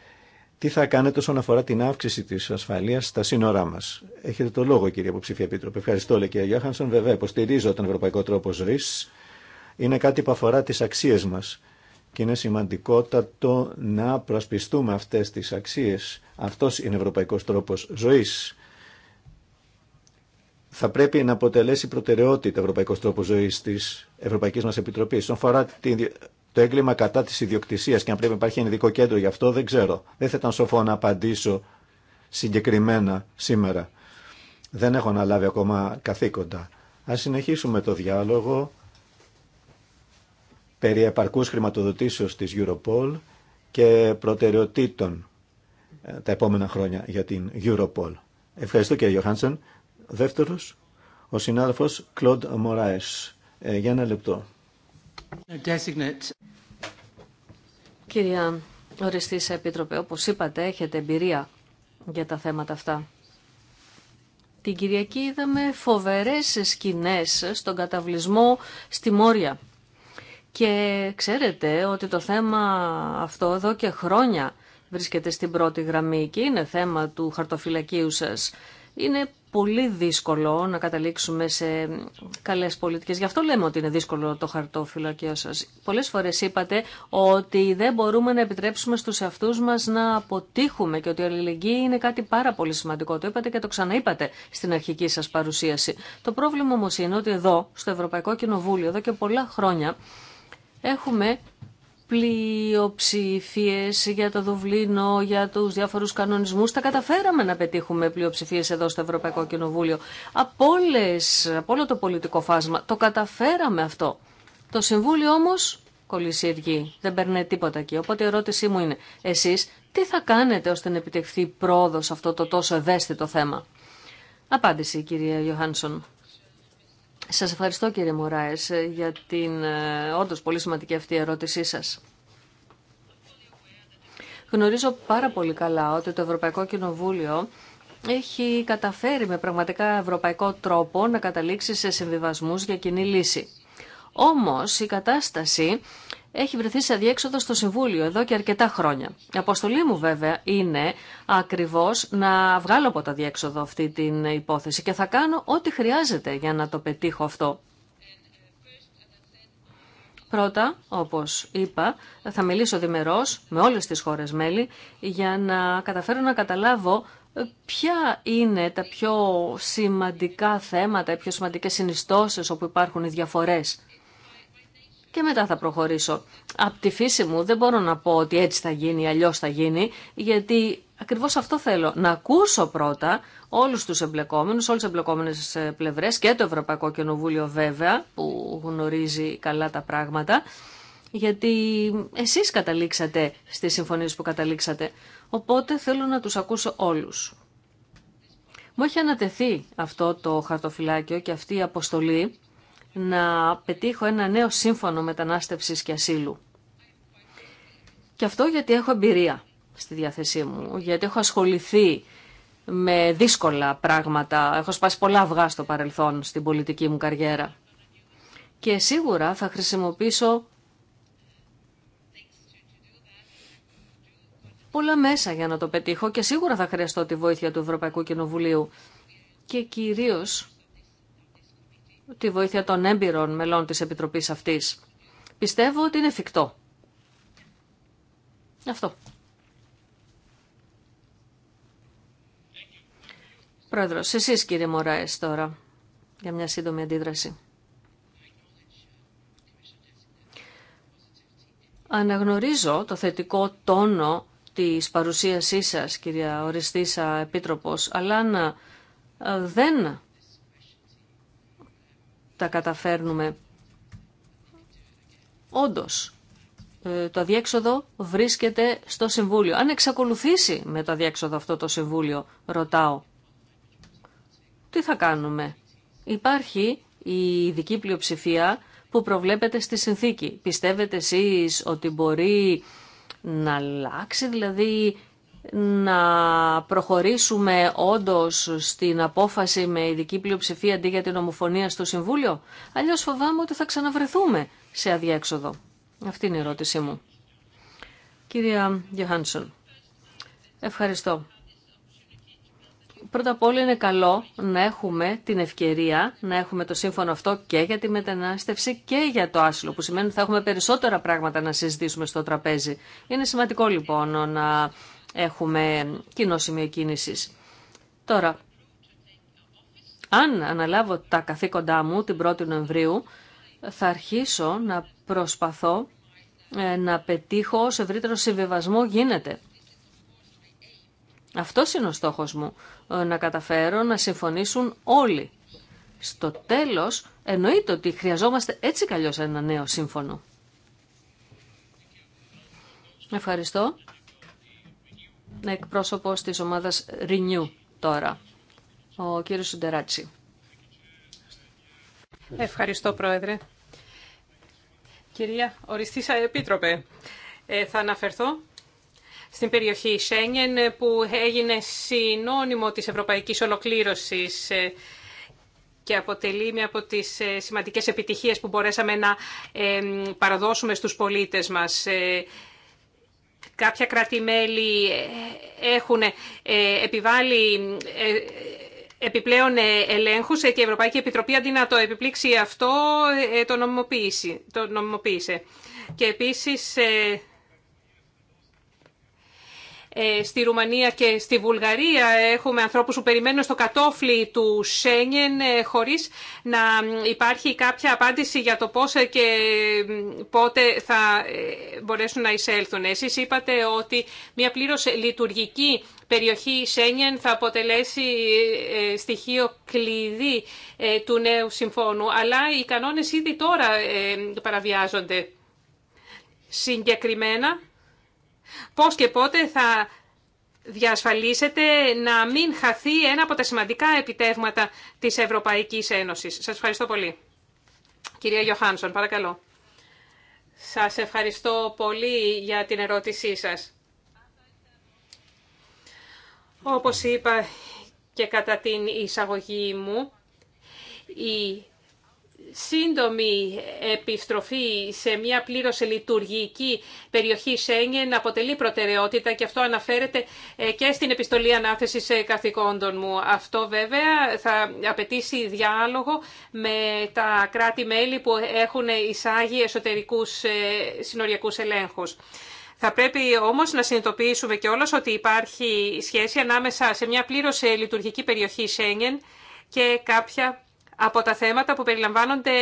Τι θα κάνετε όσον αφορά την αύξηση της ασφαλείας στα σύνορά μας. Έχετε το λόγο κύριε Αποψήφια Επίτροπε. Ευχαριστώ λέει κύριε Γιώχανσον. Βέβαια υποστηρίζω τον Ευρωπαϊκό Τρόπο ζωή. Είναι κάτι που αφορά τις αξίες μας. Και είναι σημαντικότατο να προσπιστούμε αυτές τις αξίες. Αυτός είναι ευρωπαϊκός τρόπος ζωή θα πρέπει να αποτελέσει προτεραιότητα ευρωπαϊκό τρόπο ζωή τη Ευρωπαϊκή μα Επιτροπή. Στον αφορά το έγκλημα κατά τη ιδιοκτησία και αν πρέπει να υπάρχει ένα ειδικό κέντρο γι' αυτό, δεν ξέρω. Δεν θα ήταν σοφό να απαντήσω συγκεκριμένα σήμερα. Δεν έχω λάβει ακόμα καθήκοντα. Α συνεχίσουμε το διάλογο περί επαρκούς χρηματοδοτήσεως της Europol και προτεραιοτήτων ε, τα επόμενα χρόνια για την Europol. Ευχαριστώ κύριε Γιωχάνσεν. Δεύτερος, ο συνάδελφος Κλοντ Μωράες. για ένα λεπτό. Κυρία Οριστής Επίτροπε, όπως είπατε, έχετε εμπειρία για τα θέματα αυτά. Την Κυριακή είδαμε φοβερές σκηνές στον καταβλισμό στη Μόρια. Και ξέρετε ότι το θέμα αυτό εδώ και χρόνια βρίσκεται στην πρώτη γραμμή και είναι θέμα του χαρτοφυλακίου σας. Είναι πολύ δύσκολο να καταλήξουμε σε καλές πολιτικές. Γι' αυτό λέμε ότι είναι δύσκολο το χαρτόφυλλο σας. Πολλές φορές είπατε ότι δεν μπορούμε να επιτρέψουμε στους εαυτούς μας να αποτύχουμε και ότι η αλληλεγγύη είναι κάτι πάρα πολύ σημαντικό. Το είπατε και το ξαναείπατε στην αρχική σας παρουσίαση. Το πρόβλημα όμως είναι ότι εδώ, στο Ευρωπαϊκό Κοινοβούλιο, εδώ και πολλά χρόνια, έχουμε Πλειοψηφίε για το Δουβλίνο, για τους διάφορους κανονισμούς. Τα καταφέραμε να πετύχουμε πλειοψηφίε εδώ στο Ευρωπαϊκό Κοινοβούλιο. Από, όλες, όλο το πολιτικό φάσμα το καταφέραμε αυτό. Το Συμβούλιο όμως κολλησιεργεί, δεν παίρνει τίποτα εκεί. Οπότε η ερώτησή μου είναι, εσείς τι θα κάνετε ώστε να επιτευχθεί πρόοδος αυτό το τόσο ευαίσθητο θέμα. Απάντηση κυρία Ιωάννσον. Σας ευχαριστώ κύριε Μωράες για την ε, όντω πολύ σημαντική αυτή ερώτησή σας. Γνωρίζω πάρα πολύ καλά ότι το Ευρωπαϊκό Κοινοβούλιο έχει καταφέρει με πραγματικά ευρωπαϊκό τρόπο να καταλήξει σε συμβιβασμούς για κοινή λύση. Όμως η κατάσταση έχει βρεθεί σε αδιέξοδο στο Συμβούλιο εδώ και αρκετά χρόνια. Η αποστολή μου βέβαια είναι ακριβώς να βγάλω από τα αδιέξοδο αυτή την υπόθεση και θα κάνω ό,τι χρειάζεται για να το πετύχω αυτό. Πρώτα, όπως είπα, θα μιλήσω διμερώς με όλες τις χώρες μέλη για να καταφέρω να καταλάβω ποια είναι τα πιο σημαντικά θέματα, οι πιο σημαντικές συνιστώσεις όπου υπάρχουν οι διαφορές και μετά θα προχωρήσω. Από τη φύση μου δεν μπορώ να πω ότι έτσι θα γίνει, αλλιώς θα γίνει, γιατί ακριβώς αυτό θέλω. Να ακούσω πρώτα όλους του εμπλεκόμενου, όλες τις εμπλεκόμενε ε, πλευρές και το Ευρωπαϊκό Κοινοβούλιο βέβαια, που γνωρίζει καλά τα πράγματα, γιατί εσείς καταλήξατε στις συμφωνίες που καταλήξατε. Οπότε θέλω να τους ακούσω όλους. Μου έχει ανατεθεί αυτό το χαρτοφυλάκιο και αυτή η αποστολή να πετύχω ένα νέο σύμφωνο μετανάστευσης και ασύλου. Και αυτό γιατί έχω εμπειρία στη διάθεσή μου, γιατί έχω ασχοληθεί με δύσκολα πράγματα. Έχω σπάσει πολλά αυγά στο παρελθόν στην πολιτική μου καριέρα. Και σίγουρα θα χρησιμοποιήσω πολλά μέσα για να το πετύχω και σίγουρα θα χρειαστώ τη βοήθεια του Ευρωπαϊκού Κοινοβουλίου και κυρίως τη βοήθεια των έμπειρων μελών της Επιτροπής αυτής. Πιστεύω ότι είναι εφικτό. Αυτό. Πρόεδρος, εσείς κύριε Μωράες τώρα, για μια σύντομη αντίδραση. Αναγνωρίζω το θετικό τόνο της παρουσίασής σας, κυρία Οριστήσα Επίτροπος, αλλά αν ε, δεν τα καταφέρνουμε. Όντως, ε, το αδιέξοδο βρίσκεται στο Συμβούλιο. Αν εξακολουθήσει με το αδιέξοδο αυτό το Συμβούλιο, ρωτάω, τι θα κάνουμε. Υπάρχει η ειδική πλειοψηφία που προβλέπεται στη συνθήκη. Πιστεύετε εσείς ότι μπορεί να αλλάξει δηλαδή να προχωρήσουμε όντως στην απόφαση με ειδική πλειοψηφία αντί για την ομοφωνία στο Συμβούλιο. Αλλιώς φοβάμαι ότι θα ξαναβρεθούμε σε αδιέξοδο. Αυτή είναι η ερώτησή μου. Κυρία Γιωάνντσον. ευχαριστώ. Πρώτα απ' όλα είναι καλό να έχουμε την ευκαιρία να έχουμε το σύμφωνο αυτό και για τη μετανάστευση και για το άσυλο, που σημαίνει ότι θα έχουμε περισσότερα πράγματα να συζητήσουμε στο τραπέζι. Είναι σημαντικό λοιπόν να έχουμε κοινό σημείο κίνηση. Τώρα, αν αναλάβω τα καθήκοντά μου την 1η Νοεμβρίου, θα αρχίσω να προσπαθώ ε, να πετύχω όσο ευρύτερο συμβιβασμό γίνεται. Αυτό είναι ο στόχος μου, ε, να καταφέρω να συμφωνήσουν όλοι. Στο τέλος, εννοείται ότι χρειαζόμαστε έτσι καλώς ένα νέο σύμφωνο. Ευχαριστώ εκπρόσωπος της ομάδα Renew τώρα, ο κύριος Σουντεράτσι. Ευχαριστώ, Πρόεδρε. Κυρία Οριστήσα Επίτροπε, ε, θα αναφερθώ στην περιοχή Σέγγεν που έγινε συνώνυμο της ευρωπαϊκής ολοκλήρωσης ε, και αποτελεί μια από τις ε, σημαντικές επιτυχίες που μπορέσαμε να ε, παραδώσουμε στους πολίτες μας. Κάποια κράτη-μέλη ε, έχουν ε, επιβάλει ε, επιπλέον ελέγχους και η Ευρωπαϊκή Επιτροπή αντί να το επιπλήξει αυτό το νομιμοποίησε. Και επίσης ε, στη Ρουμανία και στη Βουλγαρία έχουμε ανθρώπους που περιμένουν στο κατόφλι του Σέγγεν ε, χωρίς να υπάρχει κάποια απάντηση για το πώς ε, και πότε θα μπορέσουν να εισέλθουν. Εσείς είπατε ότι μια πλήρως λειτουργική περιοχή Σέγγεν θα αποτελέσει στοιχείο κλειδί του νέου συμφώνου, αλλά οι κανόνες ήδη τώρα παραβιάζονται. Συγκεκριμένα, Πώς και πότε θα διασφαλίσετε να μην χαθεί ένα από τα σημαντικά επιτεύγματα της Ευρωπαϊκής Ένωσης. Σας ευχαριστώ πολύ. Κυρία Γιωχάνσον, παρακαλώ. Σας ευχαριστώ πολύ για την ερώτησή σας. Όπως είπα και κατά την εισαγωγή μου, η σύντομη επιστροφή σε μια πλήρως λειτουργική περιοχή Σέγγεν αποτελεί προτεραιότητα και αυτό αναφέρεται ε, και στην επιστολή ανάθεσης ε, καθηκόντων μου. Αυτό βέβαια θα απαιτήσει διάλογο με τα κράτη-μέλη που έχουν εισάγει εσωτερικούς ε, συνοριακούς ελέγχους. Θα πρέπει όμως να συνειδητοποιήσουμε κιόλας ότι υπάρχει σχέση ανάμεσα σε μια πλήρως λειτουργική περιοχή Σέγγεν και κάποια από τα θέματα που περιλαμβάνονται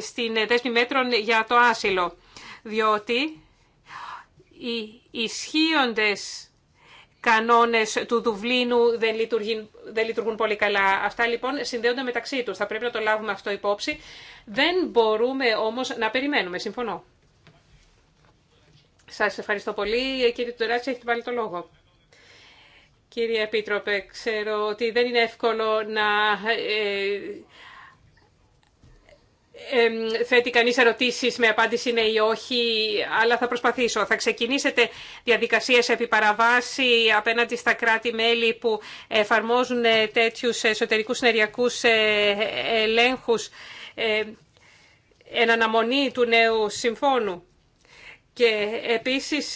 στην δέσμη μέτρων για το άσυλο. Διότι οι ισχύοντες κανόνες του Δουβλίνου δεν λειτουργούν, δεν λειτουργούν πολύ καλά. Αυτά λοιπόν συνδέονται μεταξύ τους. Θα πρέπει να το λάβουμε αυτό υπόψη. Δεν μπορούμε όμως να περιμένουμε. Συμφωνώ. Σας ευχαριστώ πολύ. Κύριε Τουράτση, έχετε βάλει το λόγο. Κύριε Επίτροπε, ξέρω ότι δεν είναι εύκολο να ε, θέτει κανείς ερωτήσεις με απάντηση ναι ή όχι, αλλά θα προσπαθήσω. Θα ξεκινήσετε διαδικασίες παραβάση απέναντι στα κράτη-μέλη που εφαρμόζουν ε, τέτοιους εσωτερικούς νεριακούς ε, ελέγχους ε, εν αναμονή του νέου συμφώνου. Και επίσης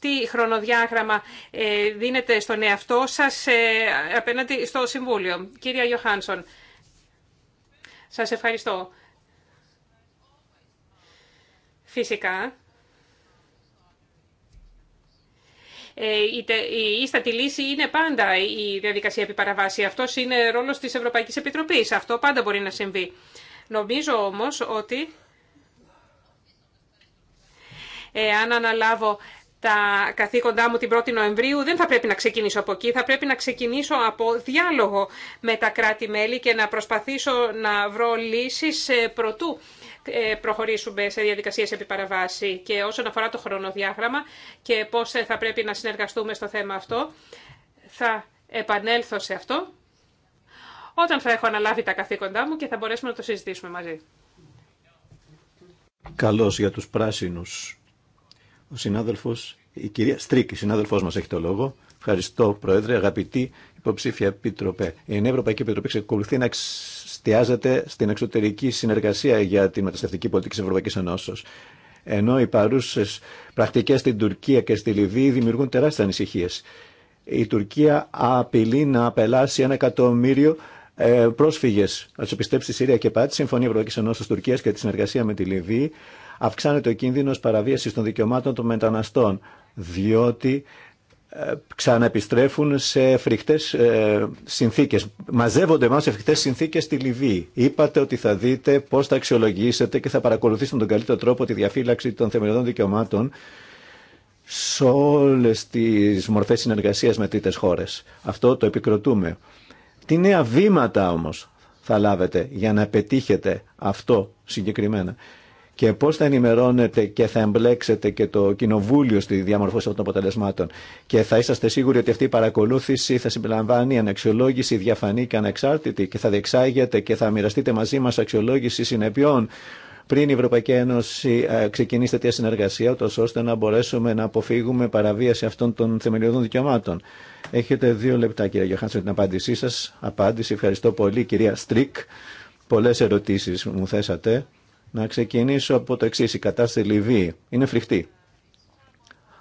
τι χρονοδιάγραμμα δίνετε στον εαυτό σας απέναντι στο Συμβούλιο. Κύρια Γιωχάνσον, σας ευχαριστώ. Φυσικά. Ε, η ίστατη λύση είναι πάντα η διαδικασία επιπαραβάση. Αυτό είναι ρόλος της Ευρωπαϊκής Επιτροπής. Αυτό πάντα μπορεί να συμβεί. Νομίζω όμως ότι ε, αν αναλάβω τα καθήκοντά μου την 1η Νοεμβρίου, δεν θα πρέπει να ξεκινήσω από εκεί, θα πρέπει να ξεκινήσω από διάλογο με τα κράτη-μέλη και να προσπαθήσω να βρω λύσεις ε, προτού ε, προχωρήσουμε σε διαδικασίες επί παραβάση. Και όσον αφορά το χρονοδιάγραμμα και πώς ε, θα πρέπει να συνεργαστούμε στο θέμα αυτό, θα επανέλθω σε αυτό όταν θα έχω αναλάβει τα καθήκοντά μου και θα μπορέσουμε να το συζητήσουμε μαζί. Καλώς για τους πράσινους. Ο συνάδελφο, η κυρία Στρίκη, συνάδελφό μα έχει το λόγο. Ευχαριστώ, Πρόεδρε, αγαπητή υποψήφια επίτροπε. Η Νέα Ευρωπαϊκή Επιτροπή εξακολουθεί να εστιάζεται στην εξωτερική συνεργασία για τη μεταστατική πολιτική τη Ευρωπαϊκή Ενώσεω. Ενώ οι παρούσε πρακτικέ στην Τουρκία και στη Λιβύη δημιουργούν τεράστιε ανησυχίε. Η Τουρκία απειλεί να απελάσει ένα εκατομμύριο ε, πρόσφυγε. Να του επιστρέψει στη Συρία και πάτη Συμφωνία Ευρωπαϊκή Ενώσεω Τουρκία και τη συνεργασία με τη Λιβύη αυξάνεται ο κίνδυνος παραβίασης των δικαιωμάτων των μεταναστών, διότι ε, ξαναεπιστρέφουν σε φρικτές ε, συνθήκες. Μαζεύονται μάλλον σε φρικτές συνθήκες στη Λιβύη. Είπατε ότι θα δείτε πώς θα αξιολογήσετε και θα παρακολουθήσετε τον καλύτερο τρόπο τη διαφύλαξη των θεμελιωδών δικαιωμάτων σε όλε τι μορφέ συνεργασία με τρίτε χώρε. Αυτό το επικροτούμε. Τι νέα βήματα όμω θα λάβετε για να πετύχετε αυτό συγκεκριμένα και πώ θα ενημερώνετε και θα εμπλέξετε και το κοινοβούλιο στη διαμορφώση αυτών των αποτελεσμάτων. Και θα είσαστε σίγουροι ότι αυτή η παρακολούθηση θα συμπεριλαμβάνει αναξιολόγηση διαφανή και ανεξάρτητη και θα διεξάγεται και θα μοιραστείτε μαζί μα αξιολόγηση συνεπειών πριν η Ευρωπαϊκή Ένωση ε, ξεκινήσει τέτοια συνεργασία, ώστε να μπορέσουμε να αποφύγουμε παραβίαση αυτών των θεμελιωδών δικαιωμάτων. Έχετε δύο λεπτά, κύριε Γιωχάνσο, την απάντησή σας. Απάντηση, ευχαριστώ πολύ, κυρία Στρίκ. Πολλές ερωτήσεις μου θέσατε. Να ξεκινήσω από το εξή. Η κατάσταση Λιβύη είναι φρικτή.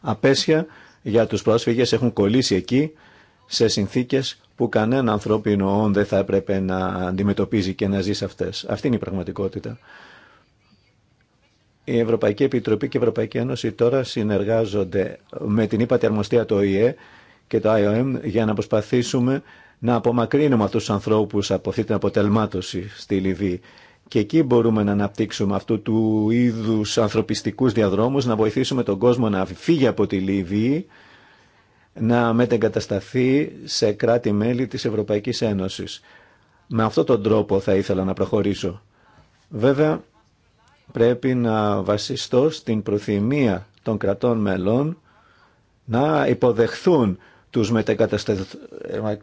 Απέσια για του πρόσφυγες έχουν κολλήσει εκεί σε συνθήκε που κανένα ανθρώπινο όν δεν θα έπρεπε να αντιμετωπίζει και να ζει σε αυτές. Αυτή είναι η πραγματικότητα. Η Ευρωπαϊκή Επιτροπή και η Ευρωπαϊκή Ένωση τώρα συνεργάζονται με την ύπατη αρμοστία το ΟΗΕ και το IOM για να προσπαθήσουμε να απομακρύνουμε αυτού του ανθρώπου από αυτή την αποτελμάτωση στη Λιβύη και εκεί μπορούμε να αναπτύξουμε αυτού του είδους ανθρωπιστικούς διαδρόμους, να βοηθήσουμε τον κόσμο να φύγει από τη Λιβύη, να μετεγκατασταθεί σε κράτη-μέλη της Ευρωπαϊκής Ένωσης. Με αυτόν τον τρόπο θα ήθελα να προχωρήσω. Βέβαια, πρέπει να βασιστώ στην προθυμία των κρατών μελών να υποδεχθούν τους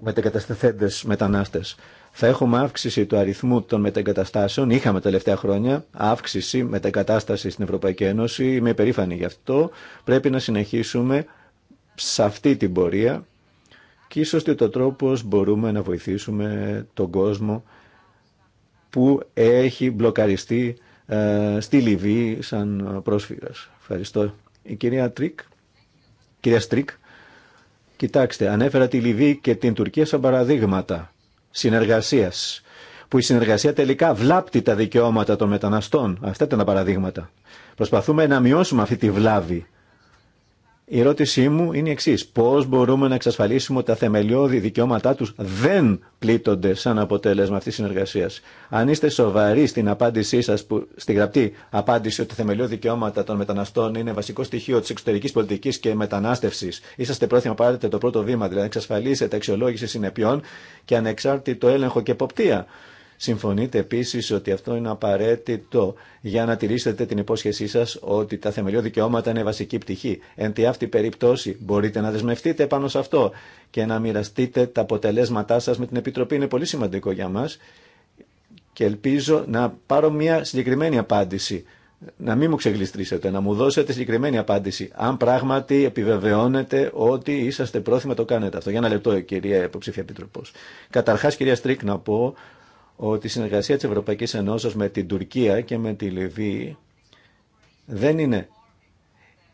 μετεγκατασταθέντες μετανάστες θα έχουμε αύξηση του αριθμού των μεταγκαταστάσεων. Είχαμε τα τελευταία χρόνια αύξηση μεταγκατάσταση στην Ευρωπαϊκή Ένωση. Είμαι περήφανη γι' αυτό. Πρέπει να συνεχίσουμε σε αυτή την πορεία και ίσως ότι ο τρόπος μπορούμε να βοηθήσουμε τον κόσμο που έχει μπλοκαριστεί ε, στη Λιβύη σαν πρόσφυγας. Ευχαριστώ. Η κυρία Τρίκ, κυρία Στρίκ, κοιτάξτε, ανέφερα τη Λιβύη και την Τουρκία σαν παραδείγματα Συνεργασία, που η συνεργασία τελικά βλάπτει τα δικαιώματα των μεταναστών. Αυτά ήταν τα παραδείγματα. Προσπαθούμε να μειώσουμε αυτή τη βλάβη η ερώτησή μου είναι η εξή. Πώ μπορούμε να εξασφαλίσουμε ότι τα θεμελιώδη δικαιώματά του δεν πλήττονται σαν αποτέλεσμα αυτή τη συνεργασία. Αν είστε σοβαροί στην απάντησή σα, στη γραπτή απάντηση ότι τα θεμελιώδη δικαιώματα των μεταναστών είναι βασικό στοιχείο τη εξωτερική πολιτική και μετανάστευση, είσαστε πρόθυμοι να πάρετε το πρώτο βήμα, δηλαδή να εξασφαλίσετε αξιολόγηση συνεπειών και ανεξάρτητο έλεγχο και εποπτεία Συμφωνείτε επίση ότι αυτό είναι απαραίτητο για να τηρήσετε την υπόσχεσή σα ότι τα θεμελιώδη δικαιώματα είναι βασική πτυχή. Εν τη αυτή περιπτώση μπορείτε να δεσμευτείτε πάνω σε αυτό και να μοιραστείτε τα αποτελέσματά σα με την Επιτροπή. Είναι πολύ σημαντικό για μα. και ελπίζω να πάρω μια συγκεκριμένη απάντηση. Να μην μου ξεγλιστρήσετε, να μου δώσετε συγκεκριμένη απάντηση. Αν πράγματι επιβεβαιώνετε ότι είσαστε πρόθυμοι να το κάνετε αυτό. Για ένα λεπτό, κυρία υποψήφια Επίτροπο. Καταρχά, κυρία Στρίκ, να πω ότι η συνεργασία της Ευρωπαϊκής Ενώσεως με την Τουρκία και με τη Λιβύη δεν είναι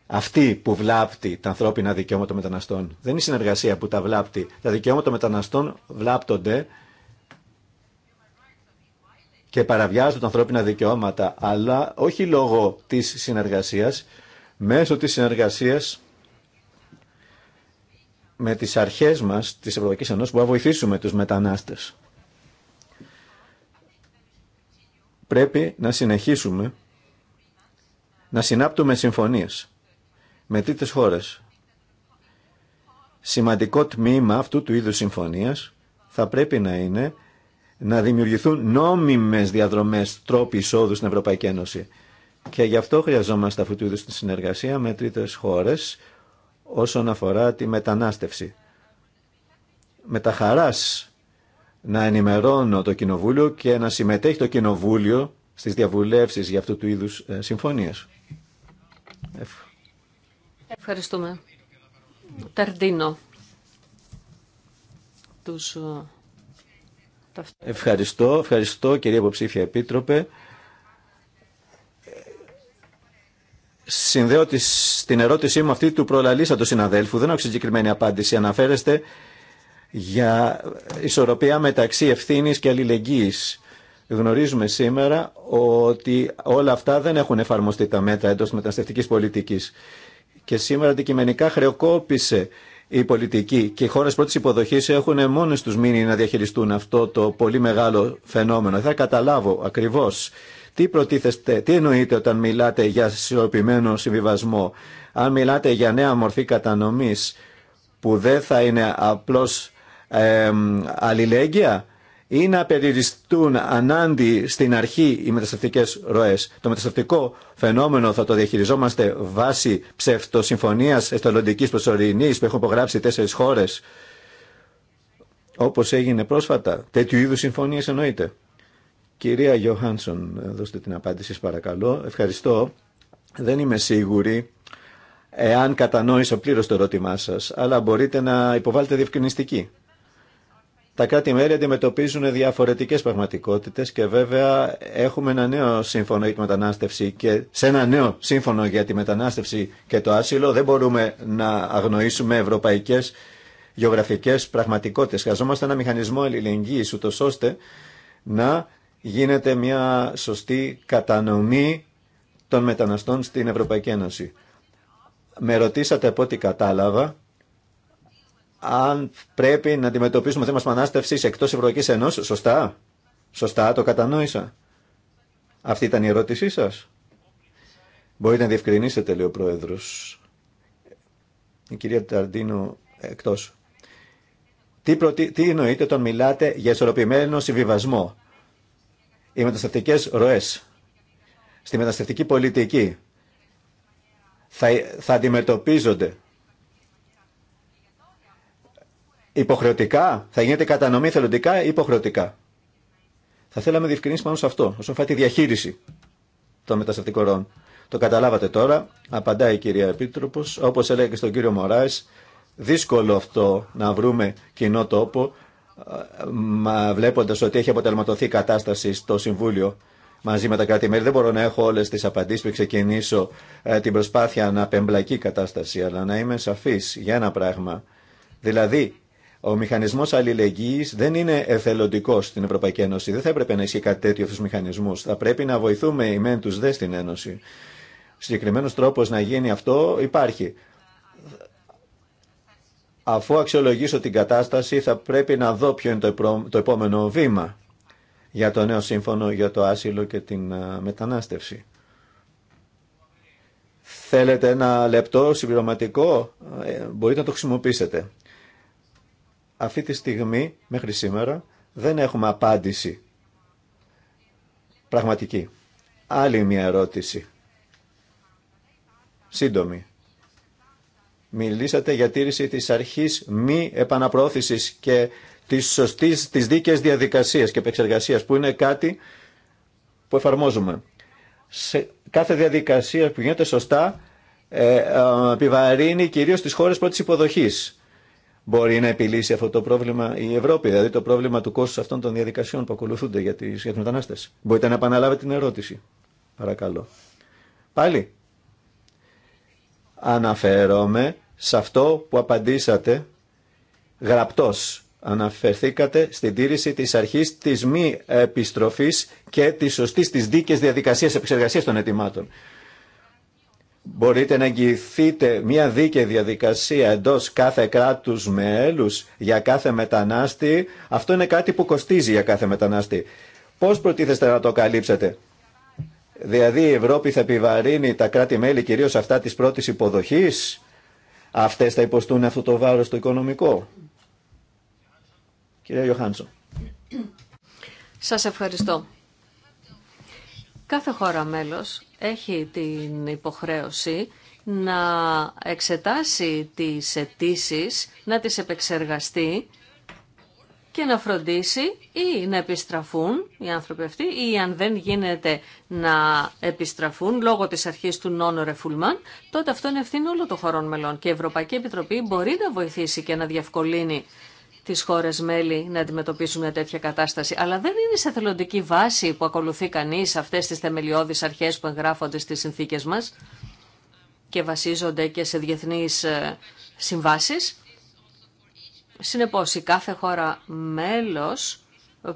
αυτή που βλάπτει τα ανθρώπινα δικαιώματα μεταναστών. Δεν είναι η συνεργασία που τα βλάπτει. Τα δικαιώματα μεταναστών βλάπτονται και παραβιάζουν τα ανθρώπινα δικαιώματα, αλλά όχι λόγω της συνεργασίας, μέσω της συνεργασίας με τις αρχές μας της Ευρωπαϊκής Ενώσης που να βοηθήσουμε τους μετανάστες. πρέπει να συνεχίσουμε να συνάπτουμε συμφωνίες με τρίτες χώρες. Σημαντικό τμήμα αυτού του είδους συμφωνίας θα πρέπει να είναι να δημιουργηθούν νόμιμες διαδρομές τρόποι εισόδου στην Ευρωπαϊκή Ένωση. Και γι' αυτό χρειαζόμαστε αυτού του είδους τη συνεργασία με τρίτες χώρες όσον αφορά τη μετανάστευση. Με τα χαράς να ενημερώνω το Κοινοβούλιο και να συμμετέχει το Κοινοβούλιο στις διαβουλεύσεις για αυτού του είδους ε, συμφωνίες. Ευχαριστούμε. Ταρντίνο. Τους... Ε, ευχαριστώ, ευχαριστώ κυρία Υποψήφια Επίτροπε. Συνδέω την ερώτησή μου αυτή του του συναδέλφου. Δεν έχω συγκεκριμένη απάντηση. Αναφέρεστε για ισορροπία μεταξύ ευθύνης και αλληλεγγύης. Γνωρίζουμε σήμερα ότι όλα αυτά δεν έχουν εφαρμοστεί τα μέτρα εντός μεταναστευτικής πολιτικής. Και σήμερα αντικειμενικά χρεοκόπησε η πολιτική και οι χώρε πρώτη υποδοχή έχουν μόνε του μείνει να διαχειριστούν αυτό το πολύ μεγάλο φαινόμενο. Θα καταλάβω ακριβώ τι προτίθεστε, τι εννοείτε όταν μιλάτε για ισορροπημένο συμβιβασμό. Αν μιλάτε για νέα μορφή κατανομή που δεν θα είναι απλώς ε, αλληλέγγυα ή να περιοριστούν ανάντι στην αρχή οι μετασταυτικές ροές. Το μετασταυτικό φαινόμενο θα το διαχειριζόμαστε βάσει ψευτοσυμφωνίας εθελοντικής προσωρινής που έχουν υπογράψει τέσσερις χώρες όπως έγινε πρόσφατα. Τέτοιου είδους συμφωνίες εννοείται. Κυρία Γιωχάνσον, δώστε την απάντηση παρακαλώ. Ευχαριστώ. Δεν είμαι σίγουρη εάν κατανόησα πλήρως το ερώτημά σας, αλλά μπορείτε να υποβάλλετε διευκρινιστική. Τα κρατη μέρη αντιμετωπίζουν διαφορετικές πραγματικότητες και βέβαια έχουμε ένα νέο σύμφωνο για τη μετανάστευση και σε ένα νέο σύμφωνο για τη μετανάστευση και το άσυλο δεν μπορούμε να αγνοήσουμε ευρωπαϊκές γεωγραφικές πραγματικότητες. Χαζόμαστε ένα μηχανισμό αλληλεγγύης ούτως ώστε να γίνεται μια σωστή κατανομή των μεταναστών στην Ευρωπαϊκή Ένωση. Με ρωτήσατε από ό,τι κατάλαβα αν πρέπει να αντιμετωπίσουμε θέμα σπανάστευση εκτό Ευρωπαϊκή Ενώση. Σωστά. Σωστά, το κατανόησα. Αυτή ήταν η ερώτησή σα. Μπορείτε να διευκρινίσετε, λέει ο Πρόεδρο. Η κυρία Ταρντίνου εκτό. Τι, προτι... τι εννοείτε όταν μιλάτε για ισορροπημένο συμβιβασμό. Οι μεταστατικέ ροέ. Στη μεταστευτική πολιτική θα, θα αντιμετωπίζονται Υποχρεωτικά, θα γίνεται κατανομή θελοντικά ή υποχρεωτικά. Θα θέλαμε διευκρινήσει πάνω σε αυτό, όσον αφορά τη διαχείριση των μεταστατικών ροών. Το καταλάβατε τώρα, απαντάει η κυρία Επίτροπο, όπω έλεγε και στον κύριο Μωράη, δύσκολο αυτό να βρούμε κοινό τόπο, βλέποντα ότι έχει αποτελματωθεί κατάσταση στο Συμβούλιο μαζί με τα κράτη-μέλη. Δεν μπορώ να έχω όλε τι απαντήσει που ξεκινήσω ε, την προσπάθεια να απεμπλακεί κατάσταση, αλλά να είμαι σαφή για ένα πράγμα. Δηλαδή, ο μηχανισμό αλληλεγγύη δεν είναι εθελοντικό στην Ευρωπαϊκή Ένωση. Δεν θα έπρεπε να ισχύει κάτι τέτοιο στου μηχανισμού. Θα πρέπει να βοηθούμε οι μεν του δε στην Ένωση. Συγκεκριμένο τρόπο να γίνει αυτό υπάρχει. Αφού αξιολογήσω την κατάσταση, θα πρέπει να δω ποιο είναι το επόμενο βήμα για το νέο σύμφωνο για το άσυλο και την μετανάστευση. Θέλετε ένα λεπτό συμπληρωματικό, ε, μπορείτε να το χρησιμοποιήσετε. Αυτή τη στιγμή, μέχρι σήμερα, δεν έχουμε απάντηση πραγματική. Άλλη μια ερώτηση. Σύντομη. Μιλήσατε για τήρηση της αρχής μη επαναπρόθεσης και της σωστής, της δίκαιας διαδικασίας και επεξεργασίας που είναι κάτι που εφαρμόζουμε. Σε κάθε διαδικασία που γίνεται σωστά ε, ε, επιβαρύνει κυρίως τις χώρες πρώτης υποδοχής μπορεί να επιλύσει αυτό το πρόβλημα η Ευρώπη, δηλαδή το πρόβλημα του κόστου αυτών των διαδικασιών που ακολουθούνται για τις, για Μπορείτε να επαναλάβετε την ερώτηση, παρακαλώ. Πάλι, αναφέρομαι σε αυτό που απαντήσατε γραπτός. Αναφερθήκατε στην τήρηση της αρχής της μη επιστροφής και της σωστής της δίκαιης διαδικασίας επεξεργασίας των αιτημάτων. Μπορείτε να εγγυηθείτε μια δίκαιη διαδικασία εντός κάθε κράτους μέλους για κάθε μετανάστη. Αυτό είναι κάτι που κοστίζει για κάθε μετανάστη. Πώς προτίθεστε να το καλύψετε. Δηλαδή η Ευρώπη θα επιβαρύνει τα κράτη-μέλη κυρίως αυτά της πρώτης υποδοχής. Αυτές θα υποστούν αυτό το βάρος το οικονομικό. Κυρία Ιωάνντσο. Σας ευχαριστώ. Κάθε χώρα μέλος έχει την υποχρέωση να εξετάσει τις αιτήσει, να τις επεξεργαστεί και να φροντίσει ή να επιστραφούν οι άνθρωποι αυτοί ή αν δεν γίνεται να επιστραφούν λόγω της αρχής του non ρεφουλμαν. τότε αυτό είναι ευθύνη όλων των χωρών μελών και η Ευρωπαϊκή Επιτροπή μπορεί να βοηθήσει και να διευκολύνει τι χώρε μέλη να αντιμετωπίσουν μια τέτοια κατάσταση. Αλλά δεν είναι σε θελοντική βάση που ακολουθεί κανεί αυτέ τι θεμελιώδεις αρχέ που εγγράφονται στι συνθήκε μα και βασίζονται και σε διεθνεί ε, συμβάσει. Συνεπώ, η κάθε χώρα μέλο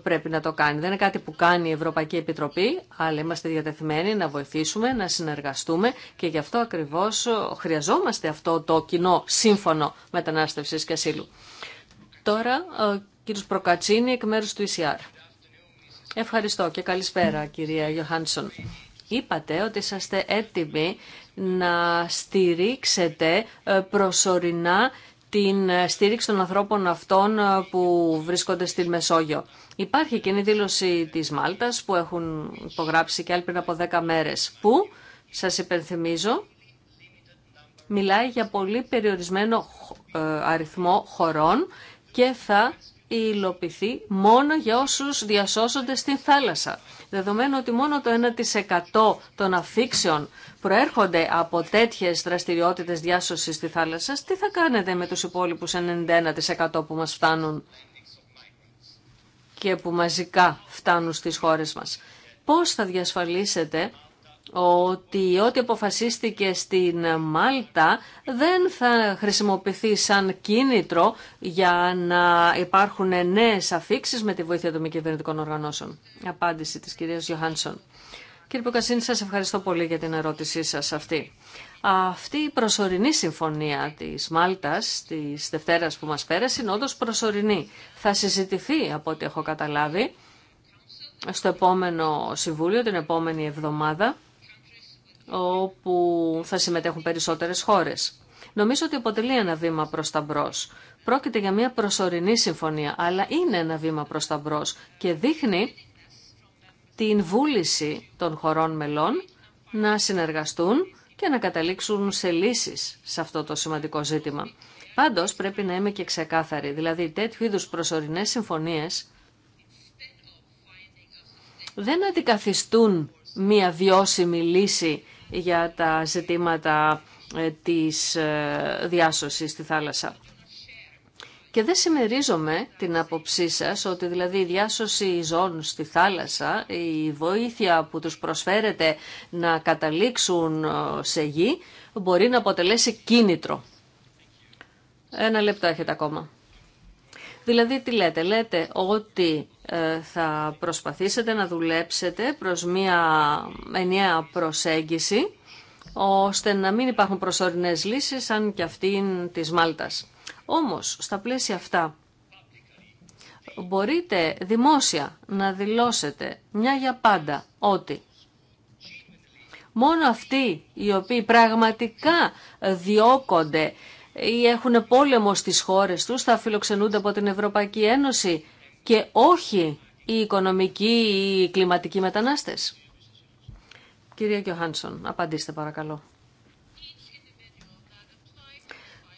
πρέπει να το κάνει. Δεν είναι κάτι που κάνει η Ευρωπαϊκή Επιτροπή, αλλά είμαστε διατεθειμένοι να βοηθήσουμε, να συνεργαστούμε και γι' αυτό ακριβώς ε, χρειαζόμαστε αυτό το κοινό σύμφωνο μετανάστευσης και ασύλου. Τώρα ο ε, κύριος Προκατσίνη εκ μέρους του ECR. Ευχαριστώ και καλησπέρα κυρία Γιωχάνσον. Είπατε ότι είσαστε έτοιμοι να στηρίξετε ε, προσωρινά την στήριξη των ανθρώπων αυτών ε, που βρίσκονται στην Μεσόγειο. Υπάρχει εκείνη η δήλωση της Μάλτας που έχουν υπογράψει και άλλοι πριν από 10 μέρες που, σας υπενθυμίζω, μιλάει για πολύ περιορισμένο αριθμό χωρών και θα υλοποιηθεί μόνο για όσους διασώσονται στη θάλασσα. Δεδομένου ότι μόνο το 1% των αφήξεων προέρχονται από τέτοιες δραστηριότητες διάσωσης στη θάλασσα, τι θα κάνετε με τους υπόλοιπους 91% που μας φτάνουν και που μαζικά φτάνουν στις χώρες μας. Πώς θα διασφαλίσετε ότι ό,τι αποφασίστηκε στην Μάλτα δεν θα χρησιμοποιηθεί σαν κίνητρο για να υπάρχουν νέες αφήξεις με τη βοήθεια των μη κυβερνητικών οργανώσεων. Απάντηση της κυρίας Γιωχάνσον. Κύριε Ποκασίνη, σας ευχαριστώ πολύ για την ερώτησή σας αυτή. Αυτή η προσωρινή συμφωνία της Μάλτας, της Δευτέρας που μας πέρασε, είναι όντως προσωρινή. Θα συζητηθεί, από ό,τι έχω καταλάβει, στο επόμενο Συμβούλιο, την επόμενη εβδομάδα, όπου θα συμμετέχουν περισσότερες χώρες. Νομίζω ότι αποτελεί ένα βήμα προς τα μπρος. Πρόκειται για μια προσωρινή συμφωνία, αλλά είναι ένα βήμα προς τα μπρος και δείχνει την βούληση των χωρών μελών να συνεργαστούν και να καταλήξουν σε λύσεις σε αυτό το σημαντικό ζήτημα. Πάντως πρέπει να είμαι και ξεκάθαρη, δηλαδή τέτοιου είδους προσωρινές συμφωνίες δεν αντικαθιστούν μία βιώσιμη λύση για τα ζητήματα ε, της ε, διάσωσης στη θάλασσα. Και δεν συμμερίζομαι την άποψή σα ότι δηλαδή η διάσωση ζών στη θάλασσα, η βοήθεια που τους προσφέρεται να καταλήξουν ε, σε γη, μπορεί να αποτελέσει κίνητρο. Ένα λεπτό έχετε ακόμα. Δηλαδή τι λέτε, λέτε ότι ε, θα προσπαθήσετε να δουλέψετε προς μια ενιαία προσέγγιση ώστε να μην υπάρχουν προσωρινές λύσεις αν και αυτήν της Μάλτας. Όμως, στα πλαίσια αυτά, μπορείτε δημόσια να δηλώσετε μια για πάντα ότι μόνο αυτοί οι οποίοι πραγματικά διώκονται ή έχουν πόλεμο στις χώρες τους θα φιλοξενούνται από την Ευρωπαϊκή Ένωση και όχι οι οικονομικοί ή οι κλιματικοί μετανάστες. Κυρία Κιωχάνσον, απαντήστε παρακαλώ.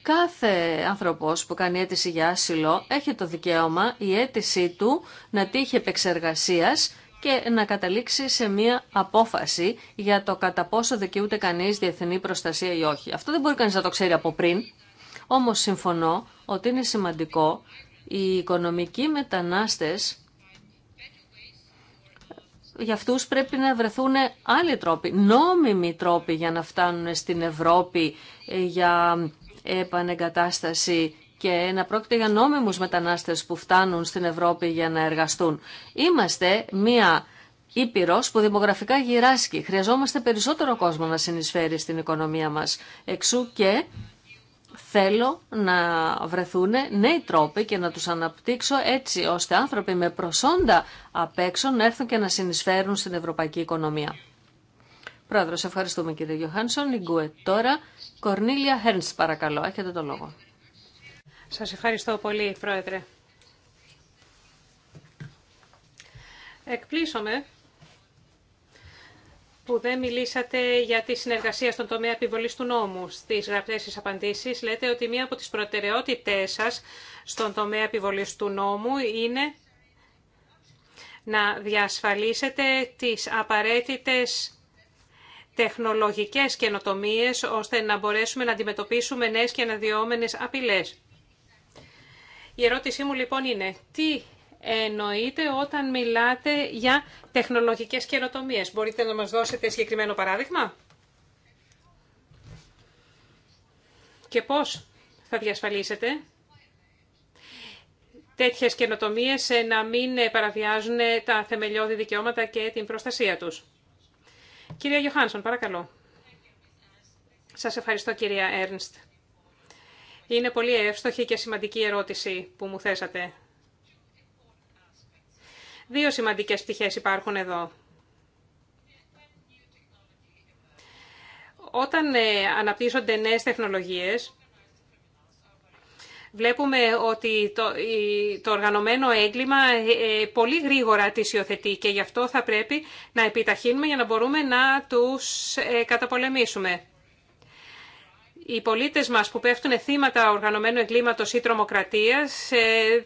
Κάθε άνθρωπος που κάνει αίτηση για άσυλο έχει το δικαίωμα η αίτησή του να τύχει επεξεργασίας και να καταλήξει σε μία απόφαση για το κατά πόσο δικαιούται κανείς διεθνή προστασία ή όχι. Αυτό δεν μπορεί κανείς να το ξέρει από πριν, όμως συμφωνώ ότι είναι σημαντικό οι οικονομικοί μετανάστες, για αυτούς πρέπει να βρεθούν άλλοι τρόποι, νόμιμοι τρόποι για να φτάνουν στην Ευρώπη ε, για επανεγκατάσταση και να πρόκειται για νόμιμους μετανάστες που φτάνουν στην Ευρώπη για να εργαστούν. Είμαστε μία Ήπειρος που δημογραφικά γυράσκει. Χρειαζόμαστε περισσότερο κόσμο να συνεισφέρει στην οικονομία μας. Εξού και θέλω να βρεθούν νέοι τρόποι και να τους αναπτύξω έτσι ώστε άνθρωποι με προσόντα απ' έξω να έρθουν και να συνεισφέρουν στην ευρωπαϊκή οικονομία. Πρόεδρος, ευχαριστούμε κύριε Γιωχάνσον. Λιγκουε τώρα. Κορνίλια Χέρντ, παρακαλώ. Έχετε το λόγο. Σα ευχαριστώ πολύ, Πρόεδρε. Εκπλήσωμε που δεν μιλήσατε για τη συνεργασία στον τομέα επιβολή του νόμου. Στι γραπτέ σα απαντήσει, λέτε ότι μία από τις προτεραιότητές σα στον τομέα επιβολή του νόμου είναι να διασφαλίσετε τις απαραίτητες τεχνολογικές καινοτομίες ώστε να μπορέσουμε να αντιμετωπίσουμε νέες και αναδυόμενες απειλές. Η ερώτησή μου λοιπόν είναι τι Εννοείται όταν μιλάτε για τεχνολογικές καινοτομίες. Μπορείτε να μας δώσετε συγκεκριμένο παράδειγμα και πώς θα διασφαλίσετε τέτοιες καινοτομίες ε, να μην παραβιάζουν τα θεμελιώδη δικαιώματα και την προστασία τους. Κυρία Γιωχάνσον, παρακαλώ. Σας ευχαριστώ κυρία Έρνστ. Είναι πολύ εύστοχη και σημαντική ερώτηση που μου θέσατε. Δύο σημαντικές πτυχές υπάρχουν εδώ. Όταν ε, αναπτύσσονται νέες τεχνολογίες, βλέπουμε ότι το, το οργανωμένο έγκλημα ε, ε, πολύ γρήγορα τις υιοθετεί και γι' αυτό θα πρέπει να επιταχύνουμε για να μπορούμε να τους καταπολεμήσουμε οι πολίτες μας που πέφτουν θύματα οργανωμένου εγκλήματος ή τρομοκρατίας ε,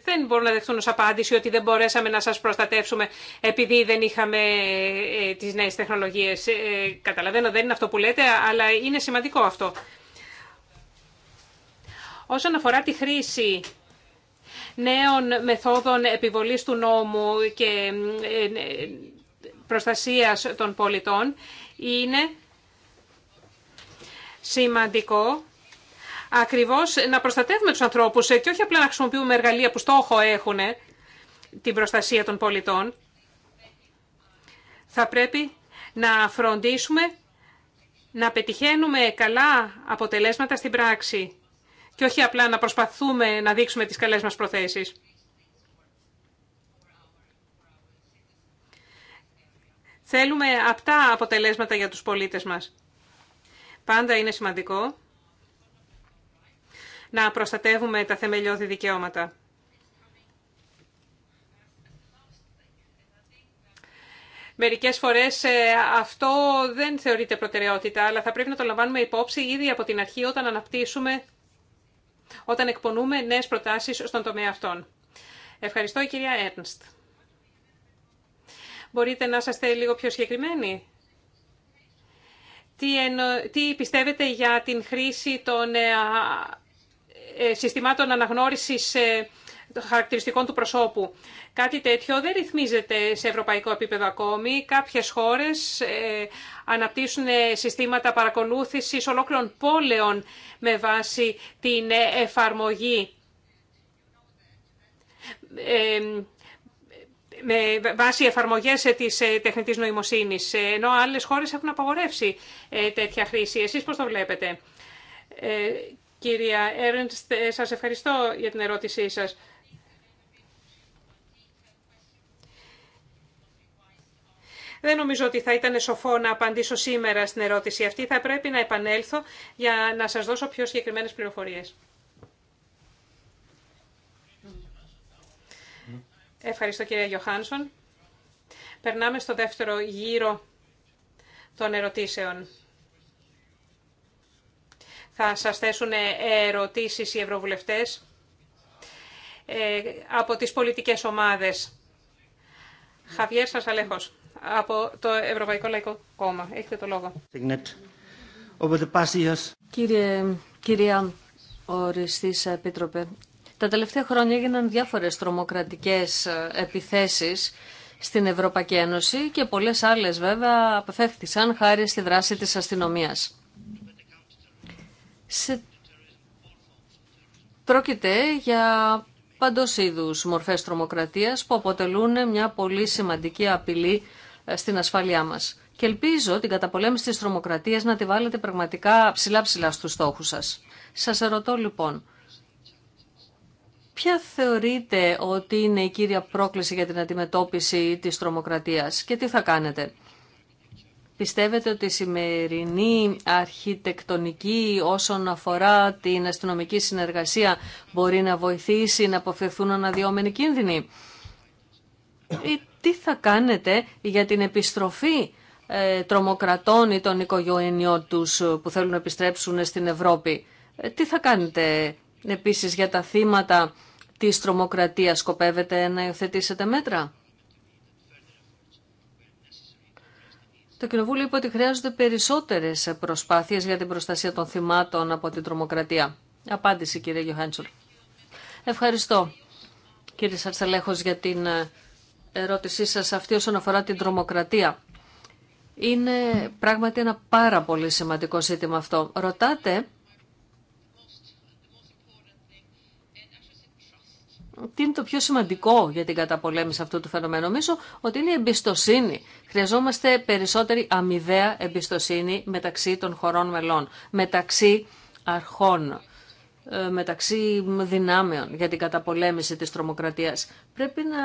δεν μπορούν να δεχτούν ως απάντηση ότι δεν μπορέσαμε να σας προστατεύσουμε επειδή δεν είχαμε ε, τις νέες τεχνολογίες. Ε, καταλαβαίνω δεν είναι αυτό που λέτε, αλλά είναι σημαντικό αυτό. Όσον αφορά τη χρήση νέων μεθόδων επιβολής του νόμου και προστασίας των πολιτών, είναι σημαντικό ακριβώς να προστατεύουμε τους ανθρώπους ε, και όχι απλά να χρησιμοποιούμε εργαλεία που στόχο έχουν ε, την προστασία των πολιτών. Θα πρέπει να φροντίσουμε να πετυχαίνουμε καλά αποτελέσματα στην πράξη και όχι απλά να προσπαθούμε να δείξουμε τις καλές μας προθέσεις. Θέλουμε αυτά αποτελέσματα για τους πολίτες μας. Πάντα είναι σημαντικό να προστατεύουμε τα θεμελιώδη δικαιώματα. Μερικές φορές ε, αυτό δεν θεωρείται προτεραιότητα, αλλά θα πρέπει να το λαμβάνουμε υπόψη ήδη από την αρχή όταν αναπτύσσουμε, όταν εκπονούμε νέες προτάσεις στον τομέα αυτών. Ευχαριστώ, κυρία Έρνστ. Μπορείτε να είστε λίγο πιο συγκεκριμένοι τι, πιστεύετε για την χρήση των ε, ε, συστημάτων αναγνώρισης ε, χαρακτηριστικών του προσώπου. Κάτι τέτοιο δεν ρυθμίζεται σε ευρωπαϊκό επίπεδο ακόμη. Κάποιες χώρες αναπτύσσουν συστήματα παρακολούθησης ολόκληρων πόλεων με βάση την εφαρμογή με βάση εφαρμογέ ε, τη ε, τεχνητή νοημοσύνης, ε, ενώ άλλε χώρε έχουν απαγορεύσει τέτοια χρήση. Εσείς πώς το βλέπετε. Κυρία Έρντ, σας ευχαριστώ για την ερώτησή σας. Δεν νομίζω ότι θα ήταν σοφό να απαντήσω σήμερα στην ερώτηση αυτή. Θα πρέπει να επανέλθω για να σας δώσω πιο συγκεκριμένες πληροφορίες. Ευχαριστώ κύριε Γιωχάνσον. Περνάμε στο δεύτερο γύρο των ερωτήσεων. Θα σας θέσουν ερωτήσεις οι ευρωβουλευτές ε, από τις πολιτικές ομάδες. Χαβιέρ Σασαλέχος, από το Ευρωπαϊκό Λαϊκό Κόμμα. Έχετε το λόγο. Κύριε, κυρία Οριστής Επίτροπε, τα τελευταία χρόνια έγιναν διάφορες τρομοκρατικές ε, επιθέσεις στην Ευρωπαϊκή Ένωση και πολλές άλλες βέβαια απεφεύχθησαν χάρη στη δράση της αστυνομίας. Σε... Πρόκειται για παντός είδους μορφές τρομοκρατίας που αποτελούν μια πολύ σημαντική απειλή ε, στην ασφάλειά μας. Και ελπίζω την καταπολέμηση της τρομοκρατίας να τη βάλετε πραγματικά ψηλά-ψηλά στους στόχους σας. Σας ερωτώ λοιπόν, Ποια θεωρείτε ότι είναι η κύρια πρόκληση για την αντιμετώπιση της τρομοκρατίας και τι θα κάνετε. Πιστεύετε ότι η σημερινή αρχιτεκτονική όσον αφορά την αστυνομική συνεργασία μπορεί να βοηθήσει να αποφευθούν αναδυόμενοι κίνδυνοι. Ή τι θα κάνετε για την επιστροφή ε, τρομοκρατών ή των οικογενειών τους που θέλουν να επιστρέψουν στην Ευρώπη. Ε, τι θα κάνετε Επίσης για τα θύματα της τρομοκρατίας σκοπεύετε να υιοθετήσετε μέτρα. Το Κοινοβούλιο είπε ότι χρειάζονται περισσότερες προσπάθειες για την προστασία των θυμάτων από την τρομοκρατία. Απάντηση κύριε Γιωχάντσουρ. Ευχαριστώ κύριε Σαρσελέχος για την ερώτησή σας αυτή όσον αφορά την τρομοκρατία. Είναι πράγματι ένα πάρα πολύ σημαντικό ζήτημα αυτό. Ρωτάτε τι είναι το πιο σημαντικό για την καταπολέμηση αυτού του φαινομένου. Νομίζω ότι είναι η εμπιστοσύνη. Χρειαζόμαστε περισσότερη αμοιβαία εμπιστοσύνη μεταξύ των χωρών μελών, μεταξύ αρχών, ε, μεταξύ δυνάμεων για την καταπολέμηση της τρομοκρατίας. Πρέπει να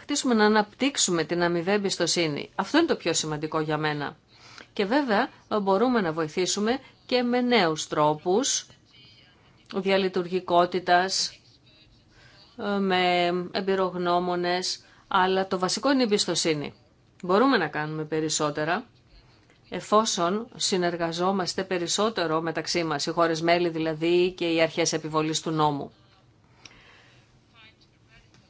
χτίσουμε, να αναπτύξουμε την αμοιβαία εμπιστοσύνη. Αυτό είναι το πιο σημαντικό για μένα. Και βέβαια μπορούμε να βοηθήσουμε και με νέους τρόπους διαλειτουργικότητας, με εμπειρογνώμονες, αλλά το βασικό είναι η εμπιστοσύνη. Μπορούμε να κάνουμε περισσότερα εφόσον συνεργαζόμαστε περισσότερο μεταξύ μας, οι χώρες μέλη δηλαδή και οι αρχές επιβολής του νόμου.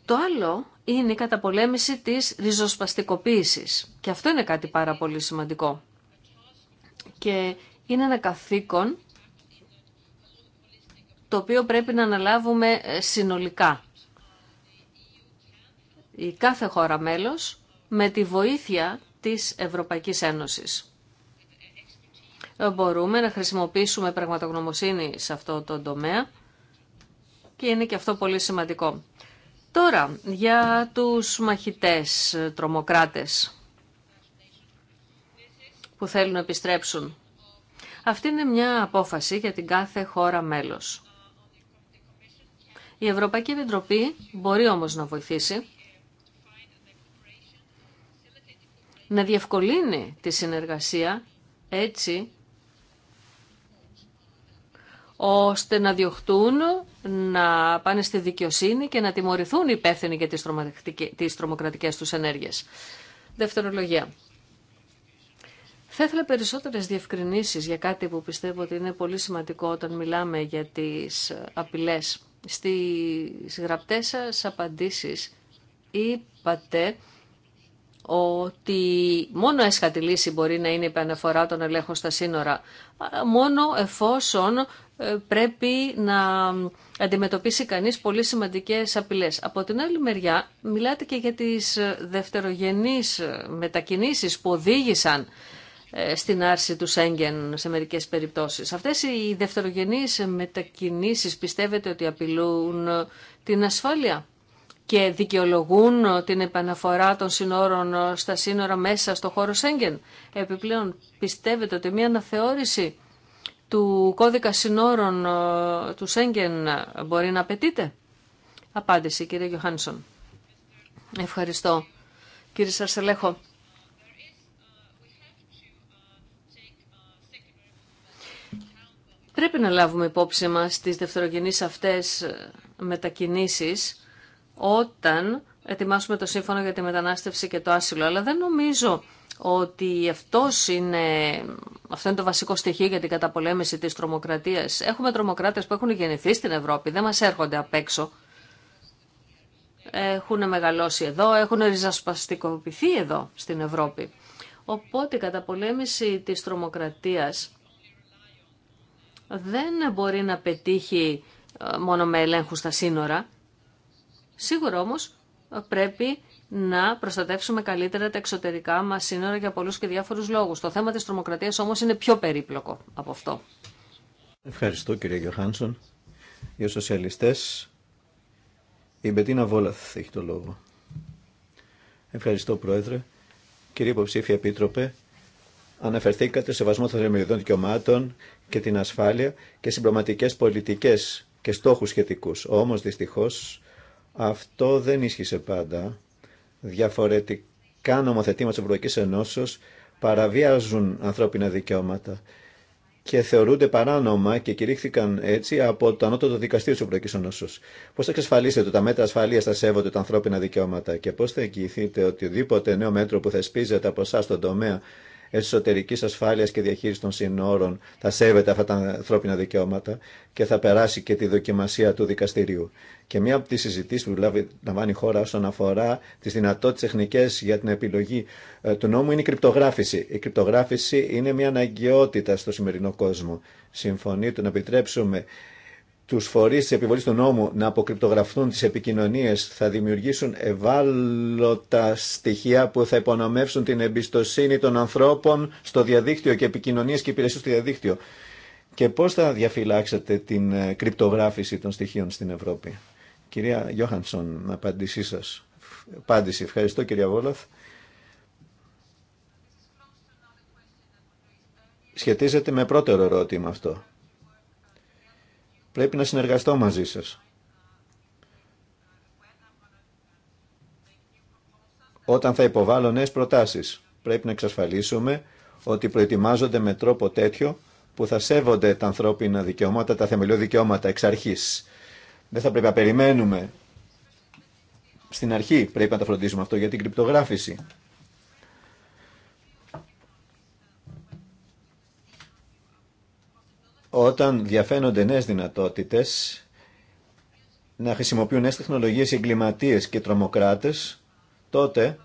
Το άλλο είναι η καταπολέμηση της ριζοσπαστικοποίησης και αυτό είναι κάτι πάρα πολύ σημαντικό. Και είναι ένα καθήκον το οποίο πρέπει να αναλάβουμε ε, συνολικά η κάθε χώρα μέλος με τη βοήθεια της Ευρωπαϊκής Ένωσης. Μπορούμε να χρησιμοποιήσουμε πραγματογνωμοσύνη σε αυτό το τομέα και είναι και αυτό πολύ σημαντικό. Τώρα, για τους μαχητές, τρομοκράτες που θέλουν να επιστρέψουν. Αυτή είναι μια απόφαση για την κάθε χώρα μέλος. Η Ευρωπαϊκή Επιτροπή μπορεί όμως να βοηθήσει να διευκολύνει τη συνεργασία έτσι ώστε να διωχτούν, να πάνε στη δικαιοσύνη και να τιμωρηθούν οι υπεύθυνοι για τις τρομοκρατικές τους ενέργειες. Δευτερολογία. Θα ήθελα περισσότερες διευκρινήσεις για κάτι που πιστεύω ότι είναι πολύ σημαντικό όταν μιλάμε για τις απειλές. Στις γραπτές σας απαντήσεις είπατε ότι μόνο έσχατη λύση μπορεί να είναι η επαναφορά των ελέγχων στα σύνορα, μόνο εφόσον ε, πρέπει να αντιμετωπίσει κανείς πολύ σημαντικές απειλές. Από την άλλη μεριά, μιλάτε και για τις ε, δευτερογενείς ε, μετακινήσεις που οδήγησαν στην άρση του Σέγγεν σε μερικές περιπτώσεις. Αυτές οι δευτερογενείς μετακινήσεις πιστεύετε ότι απειλούν την ασφάλεια και δικαιολογούν ε, την επαναφορά των συνόρων ε, στα σύνορα μέσα στο χώρο Σέγγεν. Επιπλέον, πιστεύετε ότι μια αναθεώρηση του κώδικα συνόρων ε, του Σέγγεν μπορεί να απαιτείται. Απάντηση, κύριε Γιωχάνσον. Ευχαριστώ. Κύριε Σαρσελέχο. Πρέπει να λάβουμε υπόψη μας τις δευτερογενείς αυτές μετακινήσεις όταν ετοιμάσουμε το σύμφωνο για τη μετανάστευση και το άσυλο. Αλλά δεν νομίζω ότι αυτός είναι, αυτό είναι το βασικό στοιχείο για την καταπολέμηση της τρομοκρατίας. Έχουμε τρομοκράτες που έχουν γεννηθεί στην Ευρώπη, δεν μας έρχονται απ' έξω. Έχουν μεγαλώσει εδώ, έχουν ριζασπαστικοποιηθεί εδώ στην Ευρώπη. Οπότε η καταπολέμηση της τρομοκρατίας δεν μπορεί να πετύχει ε, μόνο με ελέγχου στα σύνορα. Σίγουρα όμως ε, πρέπει να προστατεύσουμε καλύτερα τα εξωτερικά μας σύνορα για πολλούς και διάφορους λόγους. Το θέμα της τρομοκρατίας όμως είναι πιο περίπλοκο από αυτό. Ευχαριστώ κύριε Γιωχάνσον. Για σοσιαλιστές, η Μπετίνα Βόλαθ έχει το λόγο. Ευχαριστώ Πρόεδρε. Κύριε Υποψήφια Επίτροπε, αναφερθήκατε σε βασμό των θεμελιωδών δικαιωμάτων και την ασφάλεια και συμπροματικές πολιτικές και στόχους σχετικούς. Όμως δυστυχώς αυτό δεν ίσχυσε πάντα. Διαφορετικά νομοθετήματα της Ευρωπαϊκής Ενώσεως παραβιάζουν ανθρώπινα δικαιώματα και θεωρούνται παράνομα και κηρύχθηκαν έτσι από το ανώτατο δικαστήριο τη Ευρωπαϊκή Ενώσεω. Πώ θα εξασφαλίσετε ότι τα μέτρα ασφαλεία θα σέβονται τα ανθρώπινα δικαιώματα και πώ θα εγγυηθείτε ότι οτιδήποτε νέο μέτρο που θεσπίζεται από εσά στον τομέα εσωτερικής ασφάλειας και διαχείρισης των συνόρων θα σέβεται αυτά τα ανθρώπινα δικαιώματα και θα περάσει και τη δοκιμασία του δικαστηρίου. Και μία από τις συζητήσεις που λαμβάνει η χώρα όσον αφορά τις δυνατότητες τεχνικές για την επιλογή ε, του νόμου είναι η κρυπτογράφηση. Η κρυπτογράφηση είναι μια αναγκαιότητα στο σημερινό κόσμο. Συμφωνεί του να επιτρέψουμε τους φορείς τη επιβολή του νόμου να αποκρυπτογραφούν τις επικοινωνίες θα δημιουργήσουν ευάλωτα στοιχεία που θα υπονομεύσουν την εμπιστοσύνη των ανθρώπων στο διαδίκτυο και επικοινωνίες και υπηρεσίε στο διαδίκτυο. Και πώς θα διαφυλάξετε την ε, κρυπτογράφηση των στοιχείων στην Ευρώπη. Κυρία Γιώχανσον, απάντησή σα. Πάντηση Ευχαριστώ κυρία Βόλαθ. Σχετίζεται με πρώτερο ερώτημα αυτό Πρέπει να συνεργαστώ μαζί σας. Όταν θα υποβάλω νέες προτάσεις, πρέπει να εξασφαλίσουμε ότι προετοιμάζονται με τρόπο τέτοιο που θα σέβονται τα ανθρώπινα δικαιώματα, τα θεμελιώδη δικαιώματα εξ αρχής. Δεν θα πρέπει να περιμένουμε. Στην αρχή πρέπει να τα φροντίσουμε αυτό για την κρυπτογράφηση. όταν διαφαίνονται νέες δυνατότητες να χρησιμοποιούν νέες τεχνολογίες εγκληματίες και τρομοκράτες, τότε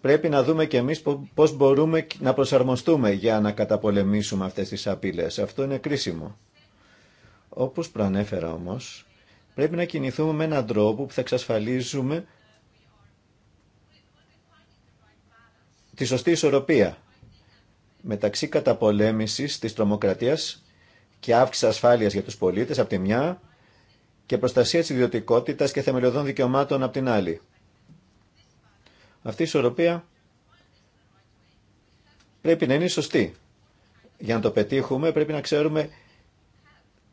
πρέπει να δούμε και εμείς πώς μπορούμε να προσαρμοστούμε για να καταπολεμήσουμε αυτές τις απειλές. Αυτό είναι κρίσιμο. Όπως προανέφερα όμως, πρέπει να κινηθούμε με έναν τρόπο που θα εξασφαλίζουμε τη σωστή ισορροπία μεταξύ καταπολέμησης της τρομοκρατίας και αύξηση ασφάλειας για τους πολίτες από τη μια και προστασία τη ιδιωτικότητα και θεμελιωδών δικαιωμάτων από την άλλη. Αυτή η ισορροπία πρέπει να είναι σωστή. Για να το πετύχουμε πρέπει να ξέρουμε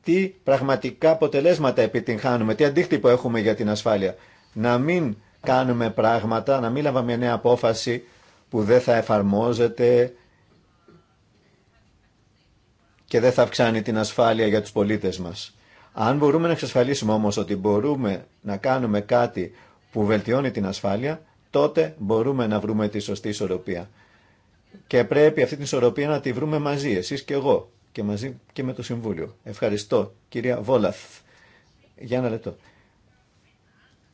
τι πραγματικά αποτελέσματα επιτυγχάνουμε, τι αντίκτυπο έχουμε για την ασφάλεια. Να μην κάνουμε πράγματα, να μην λάβαμε νέα απόφαση που δεν θα εφαρμόζεται και δεν θα αυξάνει την ασφάλεια για τους πολίτες μας. Αν μπορούμε να εξασφαλίσουμε όμως ότι μπορούμε να κάνουμε κάτι που βελτιώνει την ασφάλεια, τότε μπορούμε να βρούμε τη σωστή ισορροπία. Και πρέπει αυτή την ισορροπία να τη βρούμε μαζί, εσείς και εγώ, και μαζί και με το Συμβούλιο. Ευχαριστώ, κυρία Βόλαθ. Για ένα λεπτό.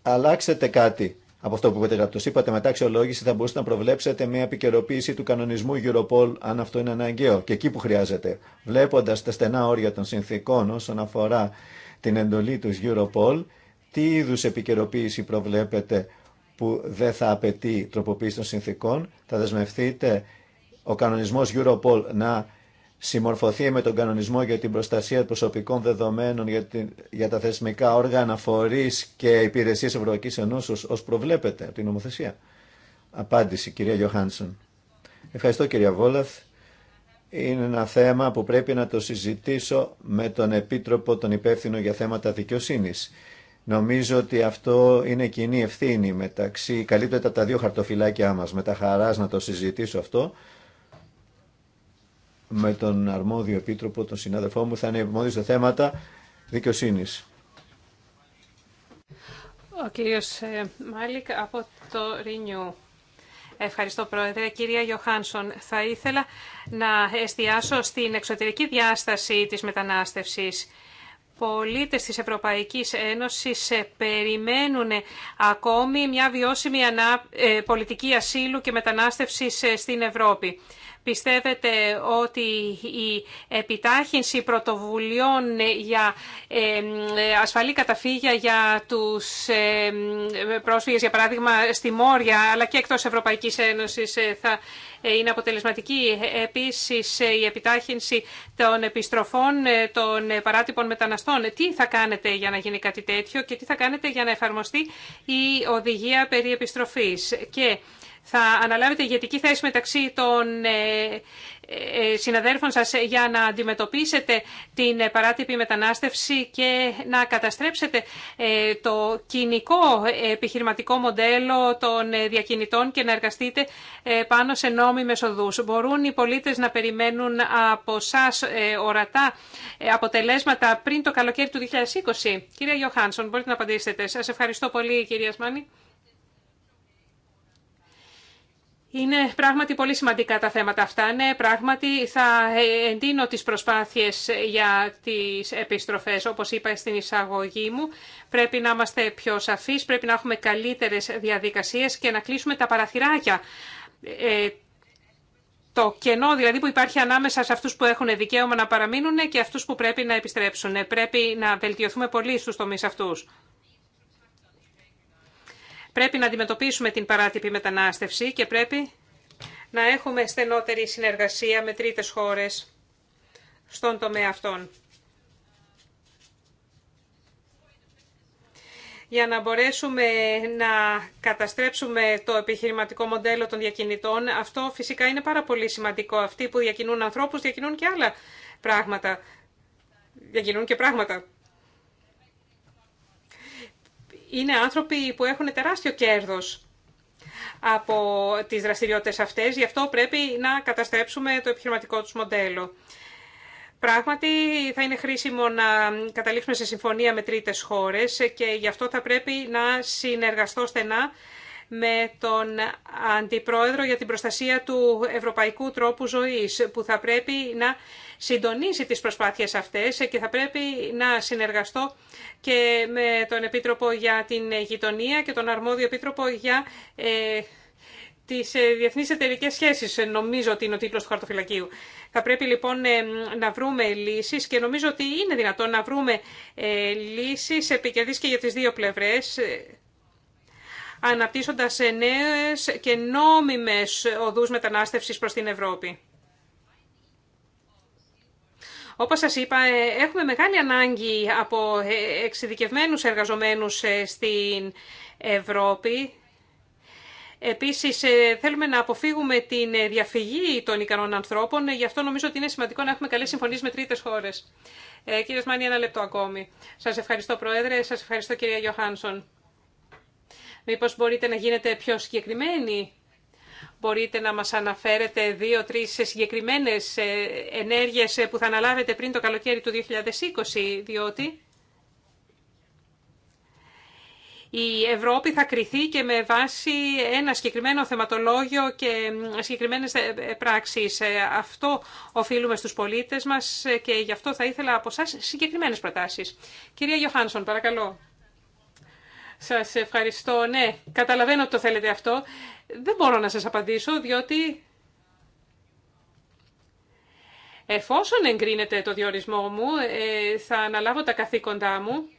Αλλάξετε κάτι από αυτό που το Είπατε μετά αξιολόγηση θα μπορούσατε να προβλέψετε μια επικαιροποίηση του κανονισμού Europol, αν αυτό είναι αναγκαίο και εκεί που χρειάζεται. Βλέποντα τα στενά όρια των συνθήκων όσον αφορά την εντολή του Europol, τι είδου επικαιροποίηση προβλέπετε που δεν θα απαιτεί τροποποίηση των συνθήκων, θα δεσμευτείτε ο κανονισμό Europol να συμμορφωθεί με τον κανονισμό για την προστασία προσωπικών δεδομένων για, την, για τα θεσμικά όργανα, φορεί και υπηρεσίες Ευρωπαϊκή Ενώσεω, ω προβλέπεται από την νομοθεσία. Απάντηση, κυρία Γιωχάνσον. Ευχαριστώ, κυρία Βόλαθ. Είναι ένα θέμα που πρέπει να το συζητήσω με τον Επίτροπο, τον Υπεύθυνο για θέματα δικαιοσύνη. Νομίζω ότι αυτό είναι κοινή ευθύνη μεταξύ, καλύπτεται τα δύο χαρτοφυλάκια μα. με τα χαρά να το συζητήσω αυτό με τον αρμόδιο επίτροπο, τον συνάδελφό μου, θα είναι μόνοι θέματα δικαιοσύνη. Ο κύριος ε, Μάλικ από το ρίνιου Ευχαριστώ, Πρόεδρε. Κυρία Γιωχάνσον, θα ήθελα να εστιάσω στην εξωτερική διάσταση της μετανάστευσης. Πολίτες της Ευρωπαϊκής Ένωσης ε, περιμένουν ε, ακόμη μια βιώσιμη πολιτική ασύλου και μετανάστευσης στην Ευρώπη. Πιστεύετε ότι η επιτάχυνση πρωτοβουλειών για ε, ασφαλή καταφύγια για τους ε, πρόσφυγες, για παράδειγμα στη Μόρια, αλλά και εκτός Ευρωπαϊκής Ένωσης ε, θα είναι αποτελεσματική. Επίσης, η επιτάχυνση των επιστροφών των παράτυπων μεταναστών. Τι θα κάνετε για να γίνει κάτι τέτοιο και τι θα κάνετε για να εφαρμοστεί η οδηγία περί επιστροφής. Και θα αναλάβετε ηγετική θέση μεταξύ των ε, ε, συναδέρφων σας για να αντιμετωπίσετε την παράτυπη μετανάστευση και να καταστρέψετε ε, το κοινικό επιχειρηματικό μοντέλο των διακινητών και να εργαστείτε πάνω σε νόμιμες οδούς. Μπορούν οι πολίτες να περιμένουν από εσά ορατά αποτελέσματα πριν το καλοκαίρι του 2020. Κύριε Γιωχάνσον, μπορείτε να απαντήσετε. Σας ευχαριστώ πολύ κυρία Σμάνη. Είναι πράγματι πολύ σημαντικά τα θέματα αυτά. Ναι, πράγματι θα εντείνω τις προσπάθειες για τις επιστροφές. Όπως είπα στην εισαγωγή μου, πρέπει να είμαστε πιο σαφείς, πρέπει να έχουμε καλύτερες διαδικασίες και να κλείσουμε τα παραθυράκια. Ε, το κενό δηλαδή που υπάρχει ανάμεσα σε αυτούς που έχουν δικαίωμα να παραμείνουν και αυτούς που πρέπει να επιστρέψουν. Ε, πρέπει να βελτιωθούμε πολύ στους τομείς αυτούς. Πρέπει να αντιμετωπίσουμε την παράτυπη μετανάστευση και πρέπει να έχουμε στενότερη συνεργασία με τρίτες χώρες στον τομέα αυτών. για να μπορέσουμε να καταστρέψουμε το επιχειρηματικό μοντέλο των διακινητών. Αυτό φυσικά είναι πάρα πολύ σημαντικό. Αυτοί που διακινούν ανθρώπους διακινούν και άλλα πράγματα. Διακινούν και πράγματα είναι άνθρωποι που έχουν τεράστιο κέρδος από τις δραστηριότητες αυτές, γι' αυτό πρέπει να καταστρέψουμε το επιχειρηματικό τους μοντέλο. Πράγματι, θα είναι χρήσιμο να καταλήξουμε σε συμφωνία με τρίτες χώρες και γι' αυτό θα πρέπει να συνεργαστώ στενά με τον Αντιπρόεδρο για την προστασία του ευρωπαϊκού τρόπου ζωής που θα πρέπει να συντονίσει τις προσπάθειες αυτές και θα πρέπει να συνεργαστώ και με τον Επίτροπο για την Γειτονία και τον Αρμόδιο Επίτροπο για ε, τις ε, διεθνείς εταιρικές σχέσεις, νομίζω ότι είναι ο τίτλος του χαρτοφυλακίου. Θα πρέπει λοιπόν ε, να βρούμε λύσεις και νομίζω ότι είναι δυνατόν να βρούμε ε, λύσεις επικεδής και για τις δύο πλευρές αναπτύσσοντας νέες και νόμιμες οδούς μετανάστευσης προς την Ευρώπη. Όπως σας είπα, ε, έχουμε μεγάλη ανάγκη από ε, εξειδικευμένους εργαζομένους ε, στην Ευρώπη. Επίσης, θέλουμε να αποφύγουμε την διαφυγή των ικανών ανθρώπων. Γι' αυτό νομίζω ότι είναι σημαντικό να έχουμε καλές συμφωνίες με τρίτες χώρες. κύριε Σμάνι, ένα λεπτό ακόμη. Σας ευχαριστώ, Πρόεδρε. Σας ευχαριστώ, κυρία Γιωχάνσον. Μήπως μπορείτε να γίνετε πιο συγκεκριμένοι. Μπορείτε να μας αναφέρετε δύο-τρεις συγκεκριμένες ε, ενέργειες ε, που θα αναλάβετε πριν το καλοκαίρι του 2020, διότι η Ευρώπη θα κριθεί και με βάση ένα συγκεκριμένο θεματολόγιο και ε, συγκεκριμένες πράξεις. Αυτό οφείλουμε στους πολίτες μας και γι' αυτό θα ήθελα από εσά συγκεκριμένες προτάσεις. Κυρία Γιωχάνσον, παρακαλώ. Σας ευχαριστώ. Ναι, καταλαβαίνω ότι το θέλετε αυτό. Δεν μπορώ να σας απαντήσω, διότι εφόσον εγκρίνεται το διορισμό μου, ε, θα αναλάβω τα καθήκοντά μου.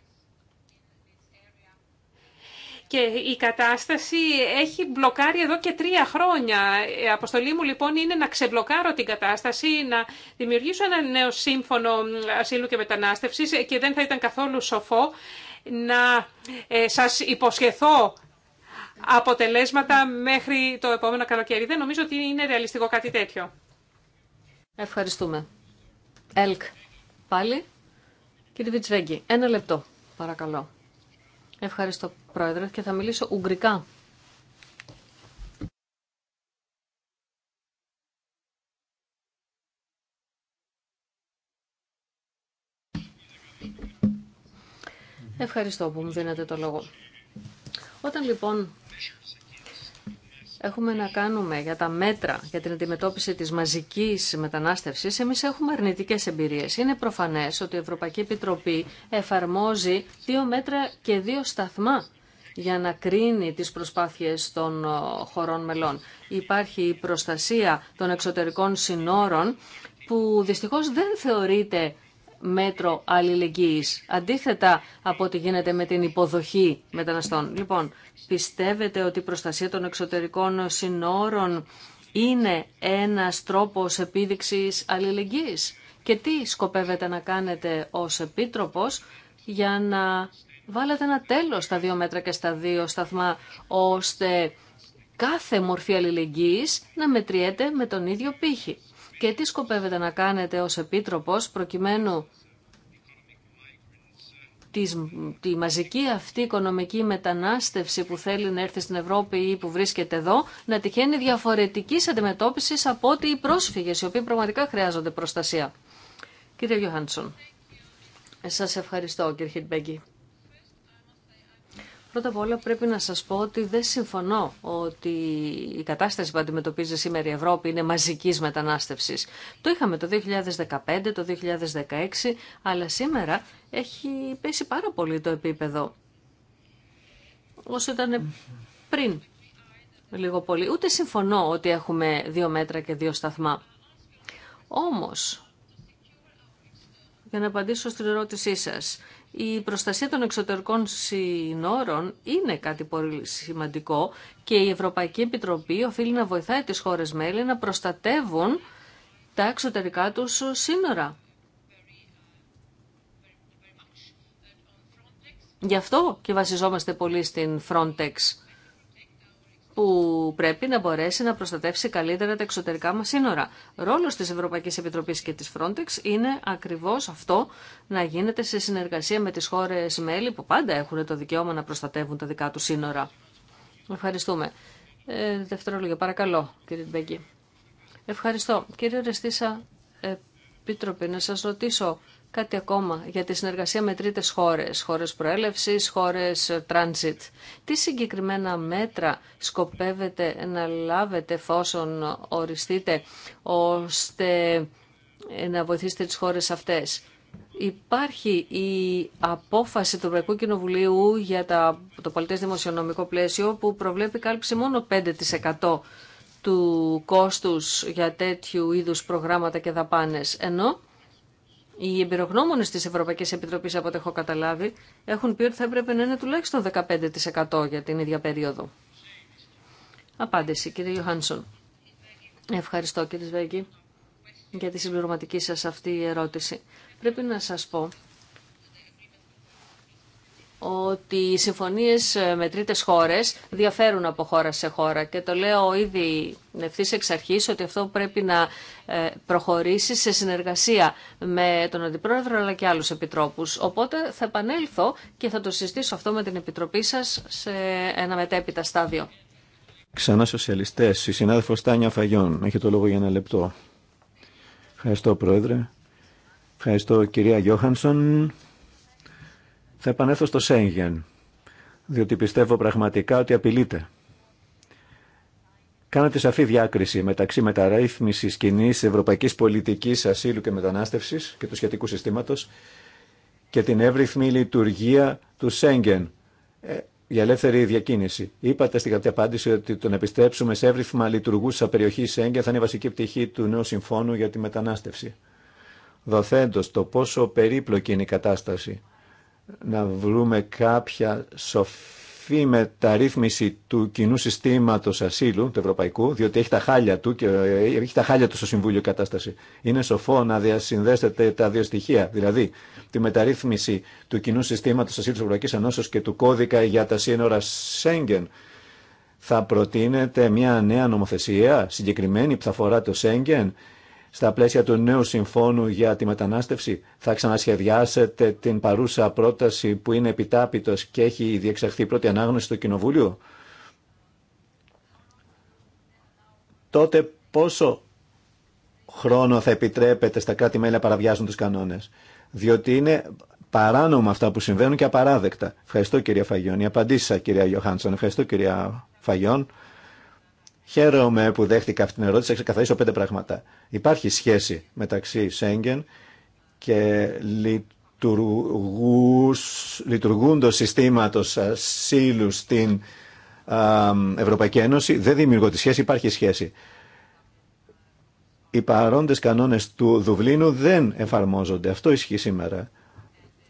Και η κατάσταση έχει μπλοκάρει εδώ και τρία χρόνια. Η ε, αποστολή μου λοιπόν είναι να ξεμπλοκάρω την κατάσταση, να δημιουργήσω ένα νέο σύμφωνο ασύλου και μετανάστευσης ε, και δεν θα ήταν καθόλου σοφό να ε, σας υποσχεθώ αποτελέσματα μέχρι το επόμενο καλοκαίρι. Δεν νομίζω ότι είναι ρεαλιστικό κάτι τέτοιο. Ευχαριστούμε. Ελκ, πάλι. Κύριε Βιτσβέγγι, ένα λεπτό, παρακαλώ. Ευχαριστώ, Πρόεδρε, και θα μιλήσω ουγγρικά. Ευχαριστώ που μου δίνετε το λόγο. Όταν λοιπόν έχουμε να κάνουμε για τα μέτρα για την αντιμετώπιση της μαζικής μετανάστευσης, εμείς έχουμε αρνητικές εμπειρίες. Είναι προφανές ότι η Ευρωπαϊκή Επιτροπή εφαρμόζει δύο μέτρα και δύο σταθμά για να κρίνει τις προσπάθειες των ε, χωρών μελών. Υπάρχει η προστασία των εξωτερικών συνόρων που δυστυχώς δεν θεωρείται μέτρο αλληλεγγύης, αντίθετα από ό,τι γίνεται με την υποδοχή μεταναστών. Λοιπόν, πιστεύετε ότι η προστασία των εξωτερικών συνόρων είναι ένας τρόπος επίδειξης αλληλεγγύης και τι σκοπεύετε να κάνετε ως επίτροπος για να βάλετε ένα τέλος στα δύο μέτρα και στα δύο σταθμά ώστε κάθε μορφή αλληλεγγύης να μετριέται με τον ίδιο πύχη. Και τι σκοπεύετε να κάνετε ως Επίτροπος προκειμένου τη μαζική αυτή οικονομική μετανάστευση που θέλει να έρθει στην Ευρώπη ή που βρίσκεται εδώ να τυχαίνει διαφορετική αντιμετώπιση από ότι οι πρόσφυγε, οι οποίοι πραγματικά χρειάζονται προστασία. Κύριε Γιωχάνσον, σα ευχαριστώ κύριε Χιντμπέγκη. Πρώτα απ' όλα πρέπει να σας πω ότι δεν συμφωνώ ότι η κατάσταση που αντιμετωπίζει σήμερα η Ευρώπη είναι μαζικής μετανάστευσης. Το είχαμε το 2015, το 2016, αλλά σήμερα έχει πέσει πάρα πολύ το επίπεδο. Όσο ήταν πριν, λίγο πολύ. Ούτε συμφωνώ ότι έχουμε δύο μέτρα και δύο σταθμά. Όμως, για να απαντήσω στην ερώτησή σας, η προστασία των εξωτερικών συνόρων είναι κάτι πολύ σημαντικό και η Ευρωπαϊκή Επιτροπή οφείλει να βοηθάει τις χώρες μέλη να προστατεύουν τα εξωτερικά τους σύνορα. Γι' αυτό και βασιζόμαστε πολύ στην Frontex που πρέπει να μπορέσει να προστατεύσει καλύτερα τα εξωτερικά μας σύνορα. Ρόλος της Ευρωπαϊκής Επιτροπής και της Frontex είναι ακριβώς αυτό να γίνεται σε συνεργασία με τις χώρες μέλη που πάντα έχουν το δικαίωμα να προστατεύουν τα δικά του σύνορα. Ευχαριστούμε. Ε, λόγο, παρακαλώ, κύριε Μπέγκη. Ευχαριστώ. Κύριε Ρεστίσα, Επίτροπε, να σας ρωτήσω κάτι ακόμα για τη συνεργασία με τρίτες χώρες, χώρες προέλευσης, χώρες ε, transit. Τι συγκεκριμένα μέτρα σκοπεύετε να λάβετε εφόσον οριστείτε ώστε να βοηθήσετε τις χώρες αυτές. Υπάρχει η απόφαση του Ευρωπαϊκού Κοινοβουλίου για τα, το πολιτές δημοσιονομικό πλαίσιο που προβλέπει κάλυψη μόνο 5% του κόστους για τέτοιου είδους προγράμματα και δαπάνες. Ενώ οι εμπειρογνώμονε τη Ευρωπαϊκή Επιτροπή, από ό,τι έχω καταλάβει, έχουν πει ότι θα έπρεπε να είναι τουλάχιστον 15% για την ίδια περίοδο. Απάντηση, κύριε Ιωάννσον. Ευχαριστώ, κύριε Σβέγγι, για τη συμπληρωματική σας αυτή ερώτηση. Πρέπει να σας πω ότι οι συμφωνίες ε, με τρίτες χώρες διαφέρουν από χώρα σε χώρα και το λέω ήδη ευθύ εξ αρχή ότι αυτό πρέπει να ε, προχωρήσει σε συνεργασία με τον Αντιπρόεδρο αλλά και άλλου επιτρόπους. Οπότε θα επανέλθω και θα το συζητήσω αυτό με την Επιτροπή σας σε ένα μετέπειτα στάδιο. Ξανά σοσιαλιστέ, η συνάδελφο Τάνια Φαγιών. Έχει το λόγο για ένα λεπτό. Ευχαριστώ Πρόεδρε. Ευχαριστώ κυρία Γιώχανσον. Θα επανέλθω στο Σέγγεν, διότι πιστεύω πραγματικά ότι απειλείται. Κάνατε σαφή διάκριση μεταξύ μεταρρύθμιση κοινή ευρωπαϊκή πολιτική ασύλου και μετανάστευση και του σχετικού συστήματο και την εύρυθμη λειτουργία του Σέγγεν για ε, ελεύθερη διακίνηση. Είπατε στην κατ' απάντηση ότι το να επιστρέψουμε σε εύρυθμα λειτουργούσα περιοχή Σέγγεν θα είναι η βασική πτυχή του νέου συμφώνου για τη μετανάστευση. Δοθέντω το πόσο περίπλοκη είναι η κατάσταση να βρούμε κάποια σοφή μεταρρύθμιση του κοινού συστήματος ασύλου, του ευρωπαϊκού, διότι έχει τα χάλια του και ε, έχει τα χάλια του στο Συμβούλιο κατάσταση. Είναι σοφό να διασυνδέσετε τα δύο στοιχεία, δηλαδή τη μεταρρύθμιση του κοινού συστήματος ασύλου της Ευρωπαϊκής Ενώσεως και του κώδικα για τα σύνορα Σέγγεν. Θα προτείνετε μια νέα νομοθεσία συγκεκριμένη που θα αφορά το Σέγγεν στα πλαίσια του νέου συμφώνου για τη μετανάστευση θα ξανασχεδιάσετε την παρούσα πρόταση που είναι επιτάπητος και έχει διεξαχθεί πρώτη ανάγνωση στο Κοινοβούλιο. Τότε πόσο χρόνο θα επιτρέπετε στα κράτη-μέλη να παραβιάζουν τους κανόνες. Διότι είναι παράνομα αυτά που συμβαίνουν και απαράδεκτα. Ευχαριστώ κυρία Φαγιόν. Η κυρία Γιωχάνσον. Ευχαριστώ κυρία Φαγιόν. Χαίρομαι που δέχτηκα αυτήν την ερώτηση. Θα ξεκαθαρίσω πέντε πράγματα. Υπάρχει σχέση μεταξύ Σέγγεν και λειτουργούντο συστήματο ασύλου στην Ευρωπαϊκή Ένωση. Δεν δημιουργώ τη σχέση, υπάρχει σχέση. Οι παρόντες κανόνες του Δουβλίνου δεν εφαρμόζονται. Αυτό ισχύει σήμερα.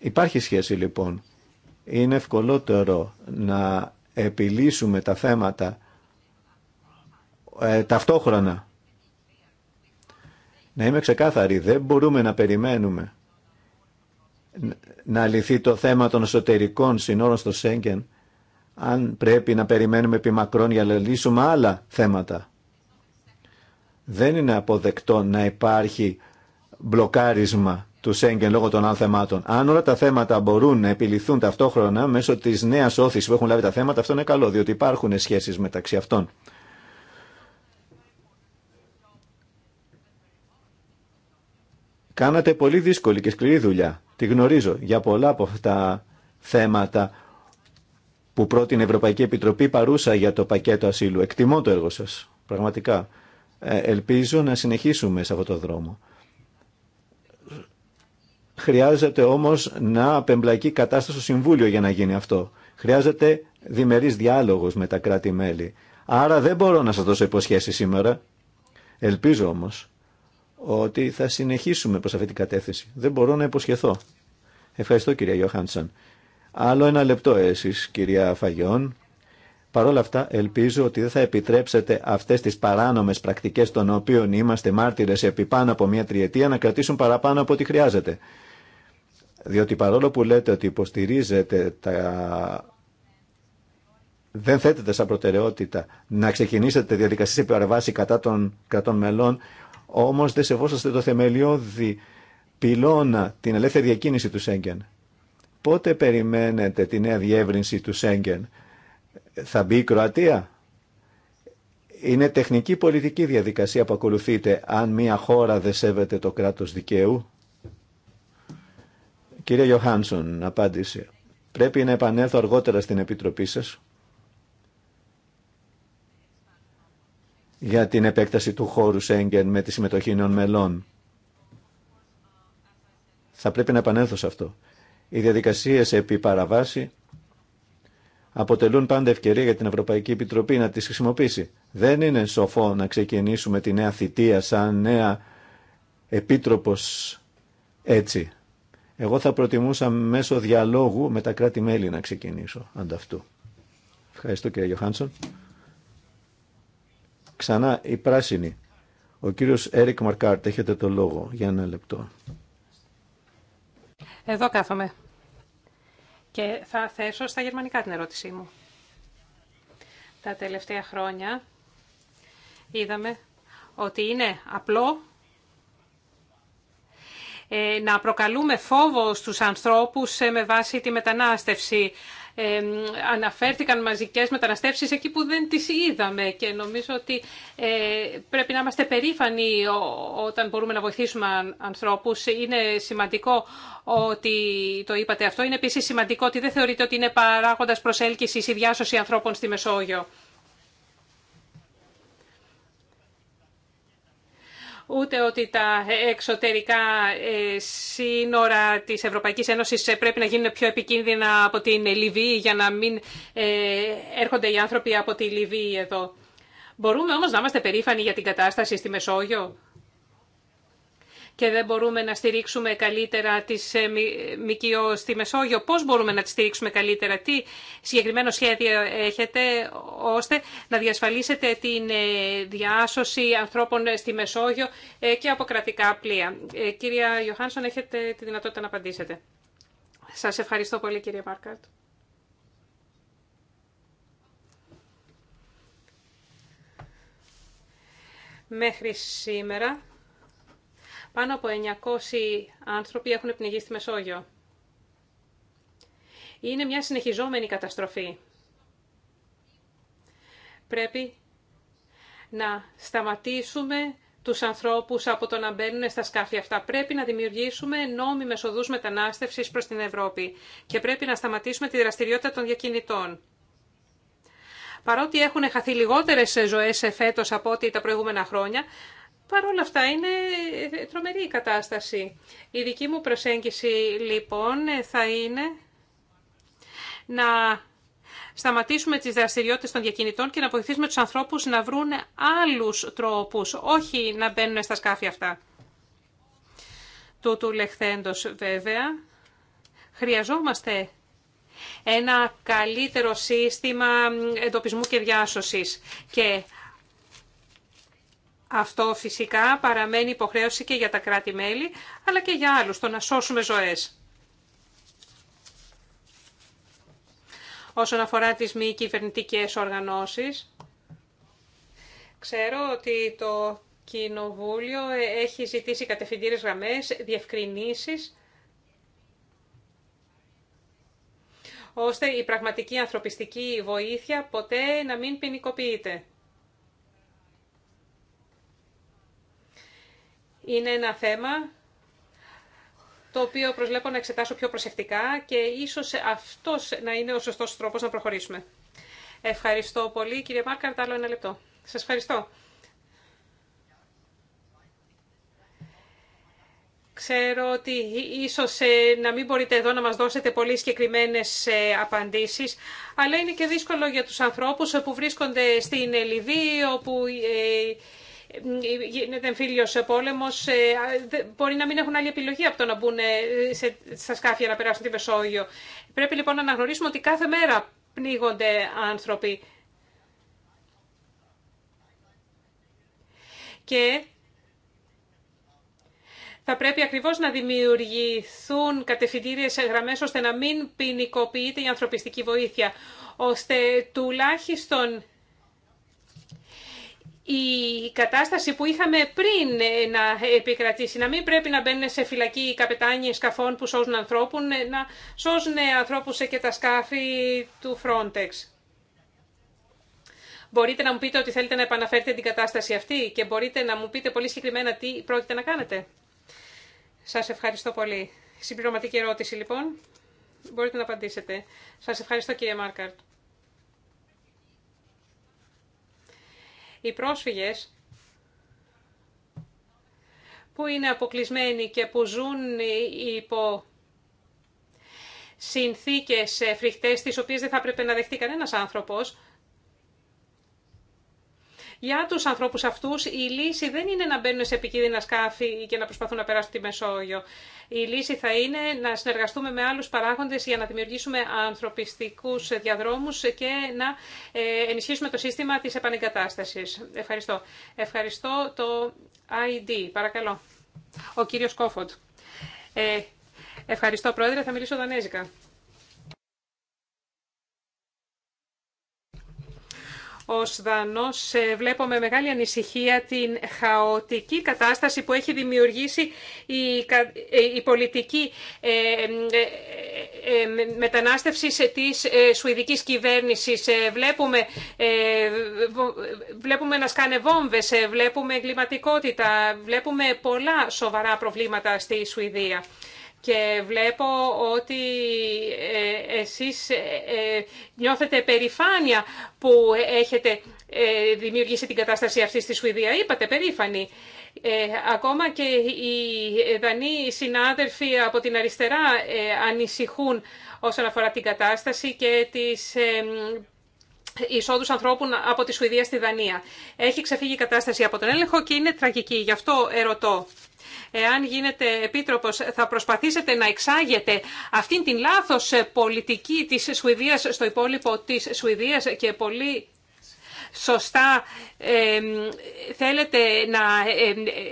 Υπάρχει σχέση λοιπόν. Είναι ευκολότερο να επιλύσουμε τα θέματα ε, ταυτόχρονα. Να είμαι ξεκάθαρη, δεν μπορούμε να περιμένουμε να λυθεί το θέμα των εσωτερικών συνόρων στο Σέγγεν αν πρέπει να περιμένουμε επί μακρόν για να λύσουμε άλλα θέματα. Δεν είναι αποδεκτό να υπάρχει μπλοκάρισμα του Σέγγεν λόγω των άλλων θεμάτων. Αν όλα τα θέματα μπορούν να επιληθούν ταυτόχρονα μέσω της νέας όθησης που έχουν λάβει τα θέματα, αυτό είναι καλό, διότι υπάρχουν σχέσεις μεταξύ αυτών. Κάνατε πολύ δύσκολη και σκληρή δουλειά. Τη γνωρίζω για πολλά από αυτά τα θέματα που πρώτη η Ευρωπαϊκή Επιτροπή παρούσα για το πακέτο ασύλου. Εκτιμώ το έργο σας, πραγματικά. Ε, ελπίζω να συνεχίσουμε σε αυτό το δρόμο. Χρειάζεται όμως να απεμπλακεί κατάσταση στο Συμβούλιο για να γίνει αυτό. Χρειάζεται διμερής διάλογος με τα κράτη-μέλη. Άρα δεν μπορώ να σας δώσω υποσχέσεις σήμερα. Ελπίζω όμως ότι θα συνεχίσουμε προς αυτή την κατέθεση. Δεν μπορώ να υποσχεθώ. Ευχαριστώ κυρία Γιώχαντσαν. Άλλο ένα λεπτό εσείς κυρία Φαγιών. Παρ' όλα αυτά ελπίζω ότι δεν θα επιτρέψετε αυτές τις παράνομες πρακτικές των οποίων είμαστε μάρτυρες επί πάνω από μια τριετία να κρατήσουν παραπάνω από ό,τι χρειάζεται. Διότι παρόλο που λέτε ότι υποστηρίζετε τα... Δεν θέτεται σαν προτεραιότητα να ξεκινήσετε διαδικασίες επιβαρβάση κατά των κρατών μελών Όμω δεν σεβόσαστε το θεμελιώδη πυλώνα, την ελεύθερη διακίνηση του Σέγγεν. Πότε περιμένετε τη νέα διεύρυνση του Σέγγεν. Θα μπει η Κροατία. Είναι τεχνική πολιτική διαδικασία που ακολουθείτε αν μια χώρα δεν σέβεται το κράτος δικαίου. Κύριε Γιωχάνσον, απάντηση. Πρέπει να επανέλθω αργότερα στην Επιτροπή σας για την επέκταση του χώρου Σέγγεν με τη συμμετοχή νέων μελών. Θα πρέπει να επανέλθω σε αυτό. Οι διαδικασίες επί παραβάση αποτελούν πάντα ευκαιρία για την Ευρωπαϊκή Επιτροπή να τις χρησιμοποιήσει. Δεν είναι σοφό να ξεκινήσουμε τη νέα θητεία σαν νέα επίτροπος έτσι. Εγώ θα προτιμούσα μέσω διαλόγου με τα κράτη-μέλη να ξεκινήσω ανταυτού. Ευχαριστώ κύριε Γιωχάνσον. Ξανά η πράσινη. Ο κύριος Έρικ Μαρκάρτ, έχετε το λόγο για ένα λεπτό. Εδώ κάθομαι. Και θα θέσω στα γερμανικά την ερώτησή μου. Τα τελευταία χρόνια είδαμε ότι είναι απλό ε, να προκαλούμε φόβο στους ανθρώπους ε, με βάση τη μετανάστευση αναφέρθηκαν μαζικές μεταναστεύσεις εκεί που δεν τις είδαμε και νομίζω ότι ε, πρέπει να είμαστε περήφανοι όταν μπορούμε να βοηθήσουμε ανθρώπους. Είναι σημαντικό ότι το είπατε αυτό. Είναι επίσης σημαντικό ότι δεν θεωρείτε ότι είναι παράγοντας προσέλκυσης η διάσωση ανθρώπων στη Μεσόγειο. ούτε ότι τα εξωτερικά ε, σύνορα της Ευρωπαϊκής Ένωσης ε, πρέπει να γίνουν πιο επικίνδυνα από την Λιβύη για να μην ε, έρχονται οι άνθρωποι από τη Λιβύη εδώ. Μπορούμε όμως να είμαστε περήφανοι για την κατάσταση στη Μεσόγειο και δεν μπορούμε να στηρίξουμε καλύτερα τις ε, ΜΚΟ στη Μεσόγειο. Πώς μπορούμε να τις στηρίξουμε καλύτερα, τι συγκεκριμένο σχέδιο έχετε ώστε να διασφαλίσετε την ε, διάσωση ανθρώπων στη Μεσόγειο ε, και από κρατικά πλοία. Κυρία Ιωάννσον, έχετε τη δυνατότητα να απαντήσετε. Σας ευχαριστώ πολύ κύριε Μάρκαρτ. Μέχρι σήμερα πάνω από 900 άνθρωποι έχουν πνιγεί στη Μεσόγειο. Είναι μια συνεχιζόμενη καταστροφή. Πρέπει να σταματήσουμε τους ανθρώπους από το να μπαίνουν στα σκάφη αυτά. Πρέπει να δημιουργήσουμε νόμιμες οδούς μετανάστευσης προς την Ευρώπη και πρέπει να σταματήσουμε τη δραστηριότητα των διακινητών. Παρότι έχουν χαθεί λιγότερες ζωές φέτος από ό,τι τα προηγούμενα χρόνια, Παρ' όλα αυτά είναι ε, τρομερή η κατάσταση. Η δική μου προσέγγιση λοιπόν ε, θα είναι να σταματήσουμε τις δραστηριότητες των διακινητών και να βοηθήσουμε τους ανθρώπους να βρουν άλλους τρόπους, όχι να μπαίνουν στα σκάφη αυτά. Τούτου λεχθέντος βέβαια. Χρειαζόμαστε ένα καλύτερο σύστημα εντοπισμού και διάσωσης. Και αυτό φυσικά παραμένει υποχρέωση και για τα κράτη-μέλη, αλλά και για άλλους, το να σώσουμε ζωές. Όσον αφορά τις μη κυβερνητικέ οργανώσεις, ξέρω ότι το Κοινοβούλιο έχει ζητήσει κατευθυντήρες γραμμές, διευκρινήσεις, ώστε η πραγματική ανθρωπιστική βοήθεια ποτέ να μην ποινικοποιείται. είναι ένα θέμα το οποίο προσλέπω να εξετάσω πιο προσεκτικά και ίσως αυτός να είναι ο σωστός τρόπος να προχωρήσουμε. Ευχαριστώ πολύ. Κύριε Μάρκαρτ, άλλο ένα λεπτό. Σας ευχαριστώ. Ξέρω ότι ίσως ε, να μην μπορείτε εδώ να μας δώσετε πολύ συγκεκριμένες ε, απαντήσεις, αλλά είναι και δύσκολο για τους ανθρώπους που βρίσκονται στην Λιβύη, όπου ε, γίνεται σε πόλεμος, ε, μπορεί να μην έχουν άλλη επιλογή από το να μπουν ε, στα σκάφια να περάσουν τη Μεσόγειο. Πρέπει λοιπόν να αναγνωρίσουμε ότι κάθε μέρα πνίγονται άνθρωποι. Και θα πρέπει ακριβώς να δημιουργηθούν κατευθυντήριες γραμμές ώστε να μην ποινικοποιείται η ανθρωπιστική βοήθεια, ώστε τουλάχιστον η κατάσταση που είχαμε πριν ε, να ε, επικρατήσει, να μην πρέπει να μπαίνουν σε φυλακή οι καπετάνιοι σκαφών που σώζουν ανθρώπους, ε, να σώζουν ανθρώπους και τα σκάφη του Frontex. Μπορείτε να μου πείτε ότι θέλετε να επαναφέρετε την κατάσταση αυτή και μπορείτε να μου πείτε πολύ συγκεκριμένα τι πρόκειται να κάνετε. Σας ευχαριστώ πολύ. Συμπληρωματική ερώτηση λοιπόν. Μπορείτε να απαντήσετε. Σας ευχαριστώ κύριε Μάρκαρτ. Οι πρόσφυγες που είναι αποκλεισμένοι και που ζουν υπό συνθήκες φρικτές, τις οποίες δεν θα έπρεπε να δεχτεί κανένας άνθρωπος, για τους ανθρώπους αυτούς η λύση δεν είναι να μπαίνουν σε επικίνδυνα σκάφη και να προσπαθούν να περάσουν τη Μεσόγειο. Η λύση θα είναι να συνεργαστούμε με άλλους παράγοντες για να δημιουργήσουμε ανθρωπιστικούς διαδρόμους και να ε, ενισχύσουμε το σύστημα της επανεγκατάστασης. Ευχαριστώ. Ευχαριστώ το ID. Παρακαλώ. Ο κύριος Κόφοντ. Ε, ευχαριστώ, Πρόεδρε. Θα μιλήσω δανέζικα. Ως Δανός ε, βλέπω μεγάλη ανησυχία την χαοτική κατάσταση που έχει δημιουργήσει η, ε, η πολιτική ε, μετανάστευση της σουηδικής κυβέρνησης. Βλέπουμε, βλέπουμε να σκάνε βόμβες, βλέπουμε εγκληματικότητα, βλέπουμε πολλά σοβαρά προβλήματα στη Σουηδία και βλέπω ότι ε, εσείς ε, ε, νιώθετε περηφάνεια που έχετε δημιουργήσει την κατάσταση αυτή στη Σουηδία. Είπατε περήφανοι. Ακόμα και οι δανείοι συνάδελφοι από την αριστερά ανησυχούν όσον αφορά την κατάσταση και τις εισόδου ανθρώπων από τη Σουηδία στη Δανία. Έχει ξεφύγει η κατάσταση από τον έλεγχο και είναι τραγική. Γι' αυτό ερωτώ εάν γίνετε επίτροπος θα προσπαθήσετε να εξάγετε αυτήν την λάθος πολιτική της Σουηδίας στο υπόλοιπο της Σουηδίας και πολύ σωστά ε, θέλετε να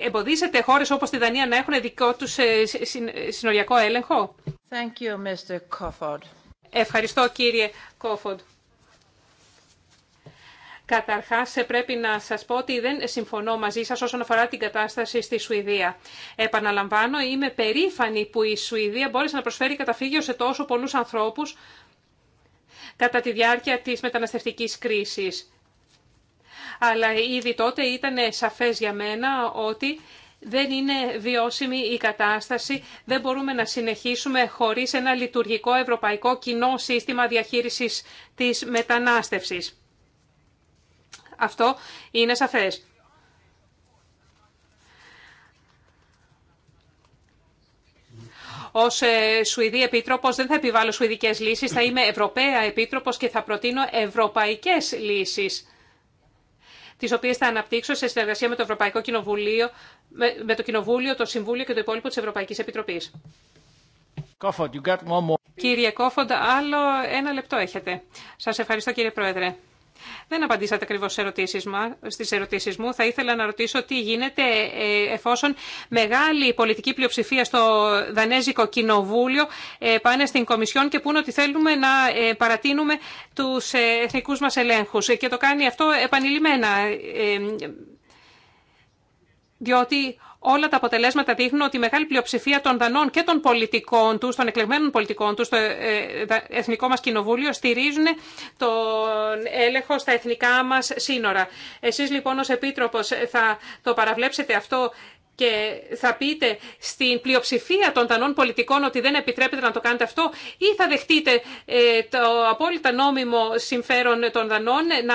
εμποδίσετε χώρες όπως τη Δανία να έχουν δικό τους ε, συνοριακό έλεγχο. Thank you, Mr. Ευχαριστώ κύριε Κόφοντ. Καταρχά πρέπει να σα πω ότι δεν συμφωνώ μαζί σα όσον αφορά την κατάσταση στη Σουηδία. Επαναλαμβάνω, είμαι περήφανη που η Σουηδία μπόρεσε να προσφέρει καταφύγιο σε τόσο πολλού ανθρώπου κατά τη διάρκεια τη μεταναστευτική κρίση. Αλλά ήδη τότε ήταν σαφές για μένα ότι δεν είναι βιώσιμη η κατάσταση, δεν μπορούμε να συνεχίσουμε χωρίς ένα λειτουργικό ευρωπαϊκό κοινό σύστημα διαχείρισης της μετανάστευσης. Αυτό είναι σαφές. Ω ε, Σουηδή Επίτροπο δεν θα επιβάλλω Σουηδικέ λύσει, θα είμαι Ευρωπαία Επίτροπο και θα προτείνω ευρωπαϊκέ λύσει, τι οποίε θα αναπτύξω σε συνεργασία με το Ευρωπαϊκό Κοινοβούλιο, με το Κοινοβούλιο, το Συμβούλιο και το υπόλοιπο τη Ευρωπαϊκή Επιτροπή. Κύριε Κόφοντ, άλλο ένα λεπτό έχετε. Σα ευχαριστώ κύριε Πρόεδρε. Δεν απαντήσατε ακριβώ στι ερωτήσει μου. Θα ήθελα να ρωτήσω τι γίνεται ε, εφόσον μεγάλη πολιτική πλειοψηφία στο Δανέζικο Κοινοβούλιο ε, πάνε στην Κομισιόν και πούνε ότι θέλουμε να ε, παρατείνουμε τους εθνικούς μας ελέγχους. Και το κάνει αυτό επανειλημμένα, διότι Όλα τα αποτελέσματα δείχνουν ότι η μεγάλη πλειοψηφία των δανών και των πολιτικών του, των εκλεγμένων πολιτικών του, στο ε, ε, Εθνικό μας Κοινοβούλιο, στηρίζουν τον έλεγχο στα εθνικά μας σύνορα. Εσείς λοιπόν ως Επίτροπος θα το παραβλέψετε αυτό και θα πείτε στην πλειοψηφία των δανών πολιτικών ότι δεν επιτρέπεται να το κάνετε αυτό ή θα δεχτείτε ε, το απόλυτα νόμιμο συμφέρον των δανών να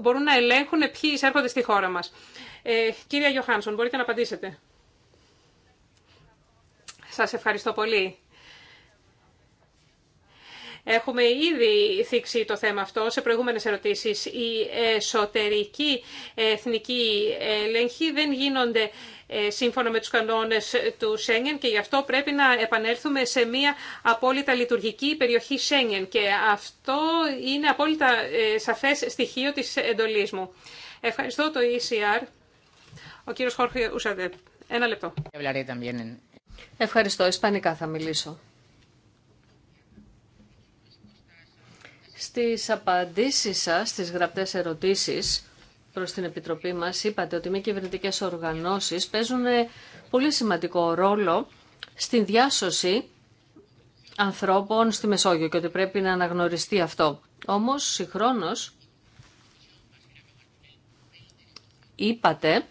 μπορούν να ελέγχουν ποιοι εισέρχονται στη χώρα μας. Ε, κυρία Γιωχάνσον, μπορείτε να απαντήσετε. Σας ευχαριστώ πολύ. Έχουμε ήδη θίξει το θέμα αυτό σε προηγούμενες ερωτήσεις. Η εσωτερική εθνική έλεγχη δεν γίνονται ε, σύμφωνα με τους κανόνες του Σέγγεν και γι' αυτό πρέπει να επανέλθουμε σε μια απόλυτα λειτουργική περιοχή Σέγγεν και αυτό είναι απόλυτα ε, σαφές στοιχείο της εντολής μου. Ευχαριστώ το ECR ο κύριος Χόρχε ε, Ένα λεπτό. Ευχαριστώ. Ισπανικά θα μιλήσω. Στις απαντήσεις σας, στις γραπτές ερωτήσεις προς την Επιτροπή μας, είπατε ότι οι μη κυβερνητικέ οργανώσεις παίζουν πολύ σημαντικό ρόλο στην διάσωση ανθρώπων στη Μεσόγειο και ότι πρέπει να αναγνωριστεί αυτό. Όμως, συγχρόνως, είπατε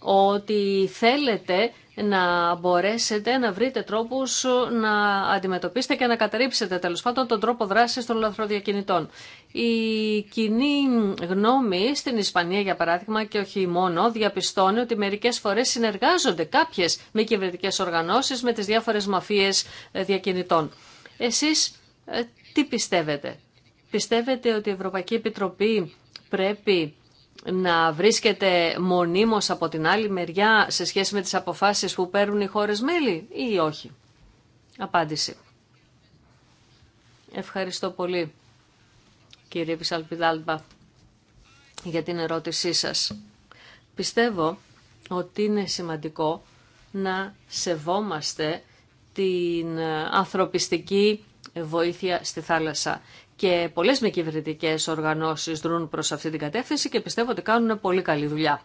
ότι θέλετε να μπορέσετε να βρείτε τρόπους να αντιμετωπίσετε και να καταρρύψετε τέλος πάντων τον τρόπο δράσης των λαθροδιακινητών. Η κοινή γνώμη στην Ισπανία για παράδειγμα και όχι μόνο διαπιστώνει ότι μερικές φορές συνεργάζονται κάποιες με κυβερνητικέ οργανώσεις με τις διάφορες μαφίες ε, διακινητών. Εσείς ε, τι πιστεύετε. Πιστεύετε ότι η Ευρωπαϊκή Επιτροπή πρέπει να βρίσκεται μονίμως από την άλλη μεριά σε σχέση με τις αποφάσεις που παίρνουν οι χώρες μέλη ή όχι. Απάντηση. Ευχαριστώ πολύ κύριε Πισαλπιδάλμπα για την ερώτησή σας. Πιστεύω ότι είναι σημαντικό να σεβόμαστε την ανθρωπιστική βοήθεια στη θάλασσα και πολλέ μη κυβερνητικέ οργανώσεις δρούν προ αυτή την κατεύθυνση και πιστεύω ότι κάνουν πολύ καλή δουλειά.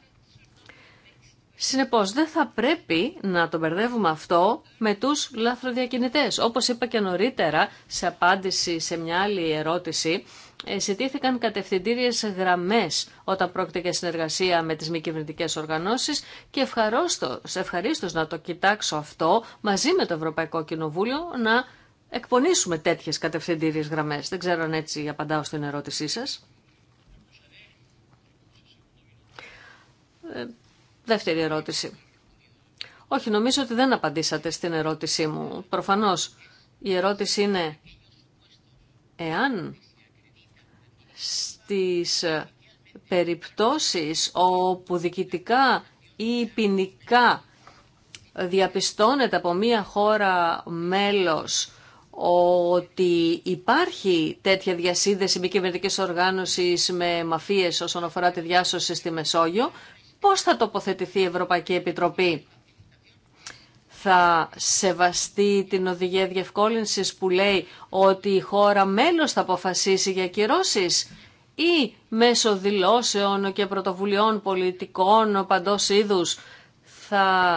Συνεπώ, δεν θα πρέπει να το μπερδεύουμε αυτό με τους λάθροδιακινητέ. Όπω είπα και νωρίτερα σε απάντηση σε μια άλλη ερώτηση, ε, ζητήθηκαν κατευθυντήριε γραμμέ όταν πρόκειται για συνεργασία με τι μη κυβερνητικέ οργανώσει και ευχαρίστω να το κοιτάξω αυτό μαζί με το Ευρωπαϊκό Κοινοβούλιο να εκπονήσουμε τέτοιες κατευθυντήριες γραμμές. Δεν ξέρω αν έτσι απαντάω στην ερώτησή σας. Ε, δεύτερη ερώτηση. Όχι, νομίζω ότι δεν απαντήσατε στην ερώτησή μου. Προφανώς η ερώτηση είναι εάν στις περιπτώσεις όπου διοικητικά ή ποινικά διαπιστώνεται από μία χώρα μέλος ότι υπάρχει τέτοια διασύνδεση με κυβερνητικέ οργάνωση με μαφίε όσον αφορά τη διάσωση στη Μεσόγειο, πώ θα τοποθετηθεί η Ευρωπαϊκή Επιτροπή. Θα σεβαστεί την οδηγία διευκόλυνσης που λέει ότι η χώρα μέλος θα αποφασίσει για κυρώσεις ή μέσω δηλώσεων και πρωτοβουλειών πολιτικών παντός είδους θα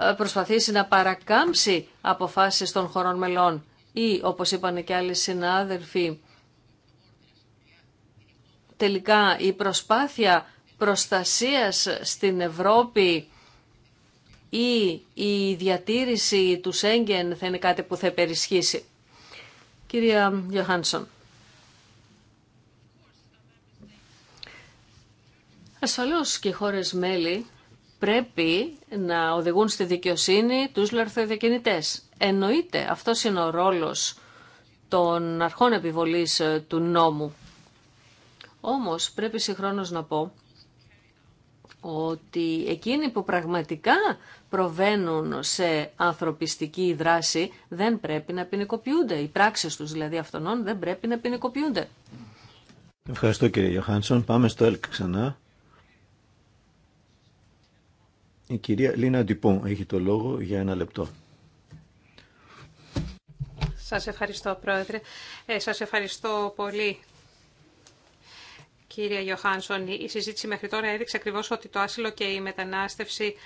ε, προσπαθήσει να παρακάμψει αποφάσεις των χωρών μελών ή όπως είπαν και άλλοι συνάδελφοι τελικά η προσπάθεια προστασίας στην Ευρώπη ή η διατήρηση του Σέγγεν θα είναι κάτι που θα υπερισχύσει. Κυρία Γιωχάνσον. Ασφαλώς και οι χώρες μέλη πρέπει να οδηγούν στη δικαιοσύνη τους λαρθοδιακινητές. Εννοείται, αυτό είναι ο ρόλος των αρχών επιβολής ε, του νόμου. Όμως πρέπει συγχρόνως να πω ότι εκείνοι που πραγματικά προβαίνουν σε ανθρωπιστική δράση δεν πρέπει να ποινικοποιούνται. Οι πράξεις τους δηλαδή αυτών δεν πρέπει να ποινικοποιούνται. Ευχαριστώ κύριε Γιωχάνσον. Πάμε στο ΕΛΚ ξανά. Η κυρία Λίνα Ντυπού έχει το λόγο για ένα λεπτό. Σας ευχαριστώ, Πρόεδρε. Ε, σας ευχαριστώ πολύ, κύριε Γιωχάνσον. Η συζήτηση μέχρι τώρα έδειξε ακριβώς ότι το άσυλο και η μετανάστευση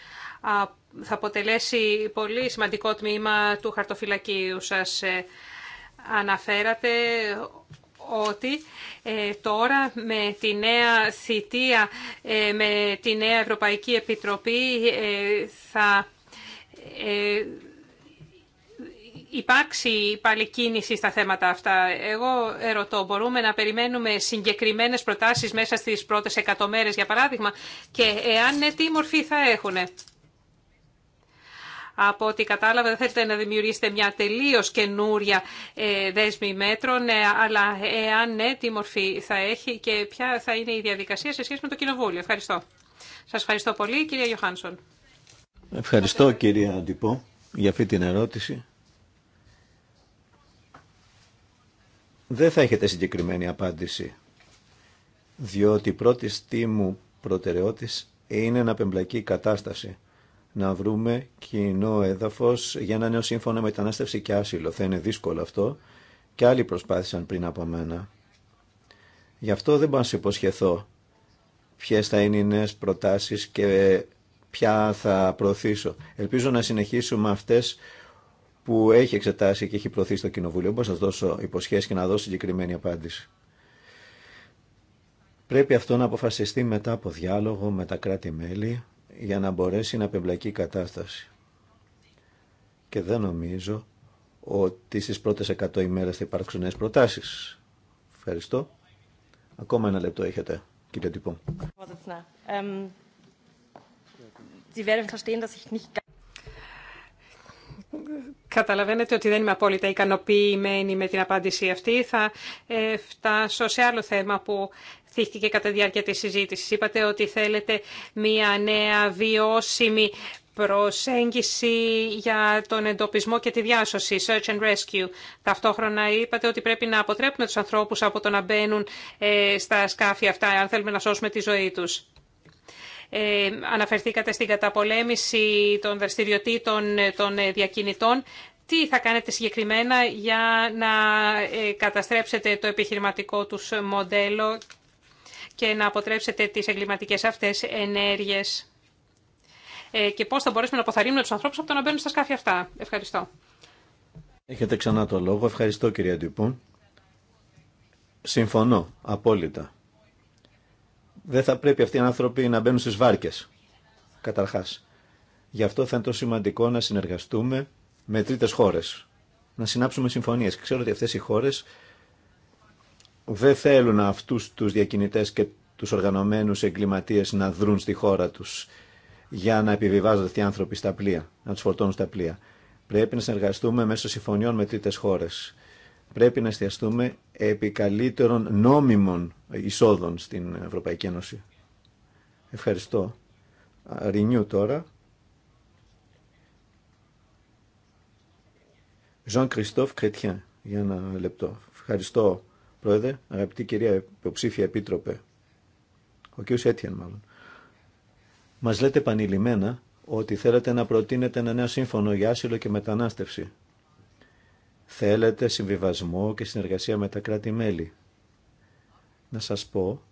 θα αποτελέσει πολύ σημαντικό τμήμα του χαρτοφυλακίου σας. Ε, αναφέρατε ότι ε, τώρα με τη νέα θητεία, ε, με τη νέα Ευρωπαϊκή Επιτροπή θα υπάρξει πάλι κίνηση στα θέματα αυτά. Εγώ ερωτώ, μπορούμε να περιμένουμε συγκεκριμένες προτάσεις μέσα στις πρώτες εκατομέρες, για παράδειγμα, και εάν ναι, τι μορφή θα έχουν. Από ό,τι κατάλαβα, δεν θέλετε να δημιουργήσετε μια τελείως καινούρια ε, δέσμη μέτρων, ε, αλλά εάν ναι, τι μορφή θα έχει και ποια θα είναι η διαδικασία σε σχέση με το Κοινοβούλιο. Ευχαριστώ. Σας ευχαριστώ πολύ, κυρία Γιωχάνσον. Ευχαριστώ, κυρία Αντιπό, για αυτή την ερώτηση. δεν θα έχετε συγκεκριμένη απάντηση. Διότι η πρώτη στήμου προτεραιότης είναι να πεμπλακεί κατάσταση. Να βρούμε κοινό έδαφος για ένα νέο σύμφωνο μετανάστευση και άσυλο. Θα είναι δύσκολο αυτό και άλλοι προσπάθησαν πριν από μένα. Γι' αυτό δεν μπορώ να σε υποσχεθώ ποιε θα είναι οι νέε προτάσει και ποια θα προωθήσω. Ελπίζω να συνεχίσουμε αυτές που έχει εξετάσει και έχει προωθεί στο Κοινοβούλιο. Μπορώ να σας δώσω υποσχέσεις και να δώσω συγκεκριμένη απάντηση. Πρέπει αυτό να αποφασιστεί μετά από διάλογο με τα κράτη-μέλη για να μπορέσει να απευλακεί η κατάσταση. Και δεν νομίζω ότι στις πρώτες 100 ημέρες θα υπάρξουν νέες προτάσεις. Ευχαριστώ. Ακόμα ένα λεπτό έχετε, κύριε ähm, nicht Καταλαβαίνετε ότι δεν είμαι απόλυτα ικανοποιημένη με την απάντηση αυτή. Θα ε, φτάσω σε άλλο θέμα που θύχτηκε κατά τη διάρκεια της συζήτησης. Είπατε ότι θέλετε μία νέα βιώσιμη προσέγγιση για τον εντοπισμό και τη διάσωση, search and rescue. Ταυτόχρονα είπατε ότι πρέπει να αποτρέπουμε τους ανθρώπους από το να μπαίνουν ε, στα σκάφη αυτά, αν θέλουμε να σώσουμε τη ζωή τους. Ε, αναφερθήκατε στην καταπολέμηση των δραστηριοτήτων των ε, διακινητών. Τι θα κάνετε συγκεκριμένα για να ε, καταστρέψετε το επιχειρηματικό τους μοντέλο και να αποτρέψετε τις εγκληματικές αυτές ενέργειες και πώς θα μπορέσουμε να αποθαρρύνουμε τους ανθρώπους από το να μπαίνουν στα σκάφια αυτά. Ευχαριστώ. Έχετε ξανά το λόγο. Ευχαριστώ κυρία Τυπού. Συμφωνώ απόλυτα δεν θα πρέπει αυτοί οι άνθρωποι να μπαίνουν στις βάρκες, καταρχάς. Γι' αυτό θα είναι το σημαντικό να συνεργαστούμε με τρίτες χώρες, να συνάψουμε συμφωνίες. Ξέρω ότι αυτές οι χώρες δεν θέλουν αυτούς τους διακινητές και τους οργανωμένους εγκληματίες να δρουν στη χώρα τους για να επιβιβάζονται αυτοί οι άνθρωποι στα πλοία, να τους φορτώνουν στα πλοία. Πρέπει να συνεργαστούμε μέσω συμφωνιών με τρίτες χώρες. Πρέπει να εστιαστούμε επί καλύτερων νόμιμων εισόδων στην Ευρωπαϊκή Ένωση. Ευχαριστώ. Ρινιού τώρα. Ζαν Κριστόφ Κρετιάν, για ένα λεπτό. Ευχαριστώ, Πρόεδρε, αγαπητή κυρία υποψήφια επίτροπε. Ο κ. Έτιαν, μάλλον. Μας λέτε επανειλημμένα ότι θέλετε να προτείνετε ένα νέο σύμφωνο για άσυλο και μετανάστευση. Θέλετε συμβιβασμό και συνεργασία με τα κράτη-μέλη. Να σας πω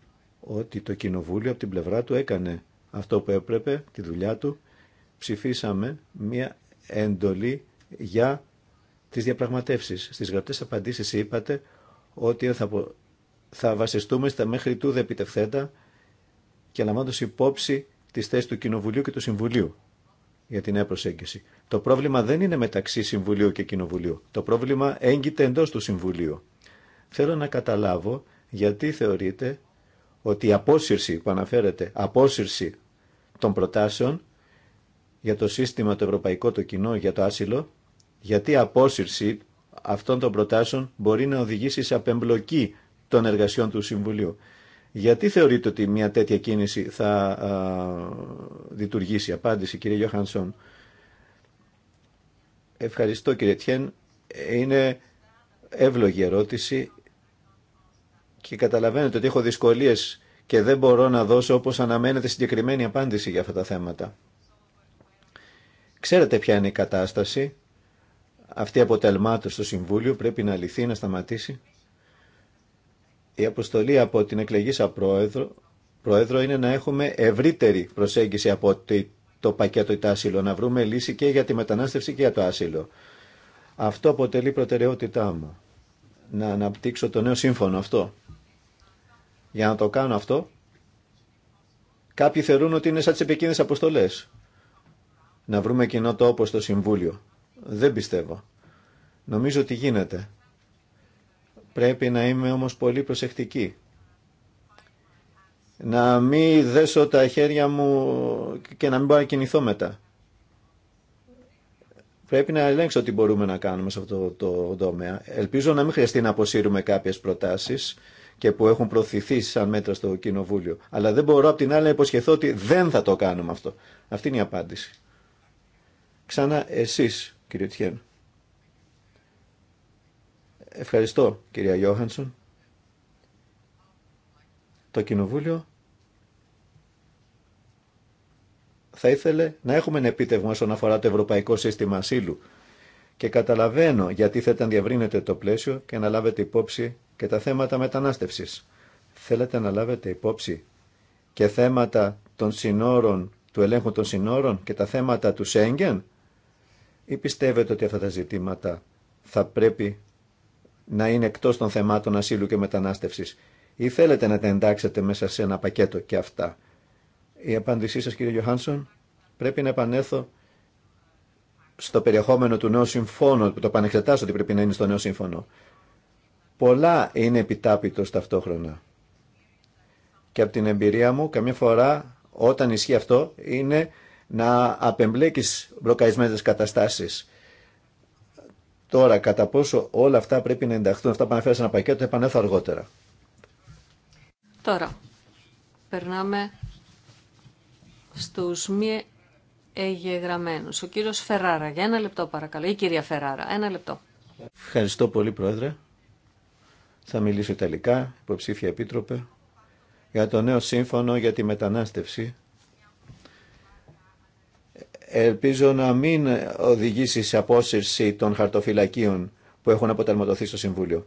ότι το Κοινοβούλιο από την πλευρά του έκανε αυτό που έπρεπε, τη δουλειά του. Ψηφίσαμε μία εντολή για τις διαπραγματεύσεις. Στις γραπτές απαντήσεις είπατε ότι θα, θα βασιστούμε στα μέχρι τούδε επιτευθέντα και λαμβάνοντας υπόψη τις θέσεις του Κοινοβουλίου και του Συμβουλίου για την νέα προσέγγιση. Το πρόβλημα δεν είναι μεταξύ Συμβουλίου και Κοινοβουλίου. Το πρόβλημα έγκυται εντός του Συμβουλίου. Θέλω να καταλάβω γιατί θεωρείτε ότι η απόσυρση που αναφέρεται, απόσυρση των προτάσεων για το σύστημα το ευρωπαϊκό το κοινό για το άσυλο, γιατί η απόσυρση αυτών των προτάσεων μπορεί να οδηγήσει σε απεμπλοκή των εργασιών του Συμβουλίου. Γιατί θεωρείτε ότι μια τέτοια κίνηση θα διτουργήσει Απάντηση κύριε Γιώχανσον. Ευχαριστώ κύριε Τιέν. Είναι εύλογη ερώτηση και καταλαβαίνετε ότι έχω δυσκολίες και δεν μπορώ να δώσω όπως αναμένεται συγκεκριμένη απάντηση για αυτά τα θέματα. Ξέρετε ποια είναι η κατάσταση. Αυτή η αποτελμάτωση στο Συμβούλιο πρέπει να λυθεί, να σταματήσει. Η αποστολή από την εκλεγήσα πρόεδρο, πρόεδρο είναι να έχουμε ευρύτερη προσέγγιση από το πακέτο το άσυλο, να βρούμε λύση και για τη μετανάστευση και για το άσυλο. Αυτό αποτελεί προτεραιότητά μου. Να αναπτύξω το νέο σύμφωνο αυτό. Για να το κάνω αυτό, κάποιοι θεωρούν ότι είναι σαν τι επικίνδυνες αποστολέ. Να βρούμε κοινό τόπο στο Συμβούλιο. Δεν πιστεύω. Νομίζω ότι γίνεται. Πρέπει να είμαι όμως πολύ προσεκτική. Να μην δέσω τα χέρια μου και να μην μπορώ να κινηθώ μετά. Πρέπει να ελέγξω τι μπορούμε να κάνουμε σε αυτό το τομέα. Ελπίζω να μην χρειαστεί να αποσύρουμε κάποιες προτάσεις και που έχουν προωθηθεί σαν μέτρα στο Κοινοβούλιο. Αλλά δεν μπορώ απ' την άλλη να υποσχεθώ ότι δεν θα το κάνουμε αυτό. Αυτή είναι η απάντηση. Ξανά εσείς, κύριε Τιέν. Ευχαριστώ κυρία Γιώχανσον. Το Κοινοβούλιο θα ήθελε να έχουμε ένα επίτευγμα όσον αφορά το Ευρωπαϊκό Σύστημα Ασύλου και καταλαβαίνω γιατί θέλετε να διαβρύνετε το πλαίσιο και να λάβετε υπόψη και τα θέματα μετανάστευσης. Θέλετε να λάβετε υπόψη και θέματα των συνόρων, του ελέγχου των συνόρων και τα θέματα του Σέγγεν ή πιστεύετε ότι αυτά τα ζητήματα θα πρέπει να είναι εκτός των θεμάτων ασύλου και μετανάστευση. ή θέλετε να τα εντάξετε μέσα σε ένα πακέτο και αυτά. Η απάντησή σας κύριε Γιωχάνσον πρέπει να επανέλθω στο περιεχόμενο του νέου συμφώνου, που το επανεξετάσω ότι πρέπει να είναι στο νέο σύμφωνο. Πολλά είναι επιτάπητο ταυτόχρονα. Και από την εμπειρία μου, καμιά φορά, όταν ισχύει αυτό, είναι να απεμπλέκεις μπλοκαρισμένες καταστάσεις Τώρα, κατά πόσο όλα αυτά πρέπει να ενταχθούν, αυτά που αναφέρατε σε ένα πακέτο, επανέλθω αργότερα. Τώρα, περνάμε στους μη εγγεγραμμένους. Ο κύριος Φεράρα, για ένα λεπτό παρακαλώ. Η κυρία Φεράρα, ένα λεπτό. Ευχαριστώ πολύ, Πρόεδρε. Θα μιλήσω Ιταλικά, υποψήφια επίτροπε, για το νέο σύμφωνο για τη μετανάστευση ελπίζω να μην οδηγήσει σε απόσυρση των χαρτοφυλακίων που έχουν αποτελματωθεί στο Συμβούλιο.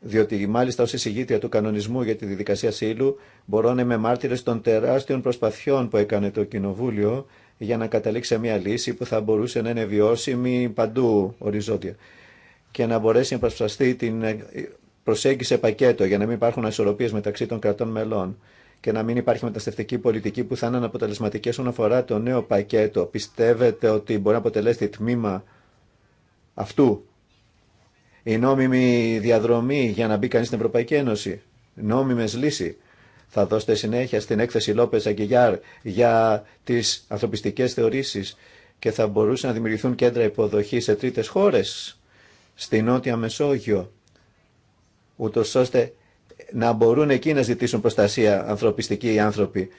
Διότι μάλιστα ω εισηγήτρια του κανονισμού για τη διδικασία σύλλου μπορώ να είμαι μάρτυρε των τεράστιων προσπαθειών που έκανε το Κοινοβούλιο για να καταλήξει μια λύση που θα μπορούσε να είναι βιώσιμη παντού οριζόντια και να μπορέσει να προσφραστεί την ε, προσέγγιση σε πακέτο για να μην υπάρχουν ασορροπίες μεταξύ των κρατών μελών και να μην υπάρχει μεταστευτική πολιτική που θα είναι αναποτελεσματική όσον αφορά το νέο πακέτο. Πιστεύετε ότι μπορεί να αποτελέσει τμήμα αυτού. Η νόμιμη διαδρομή για να μπει κανείς στην Ευρωπαϊκή Ένωση. Νόμιμες λύσεις. Θα δώσετε συνέχεια στην έκθεση Λόπε Αγγιγιάρ για τις ανθρωπιστικές θεωρήσει και θα μπορούσαν να δημιουργηθούν κέντρα υποδοχή σε τρίτε χώρε στη Νότια Μεσόγειο, ούτως ώστε να μπορούν εκεί να ζητήσουν προστασία ανθρωπιστικοί οι άνθρωποι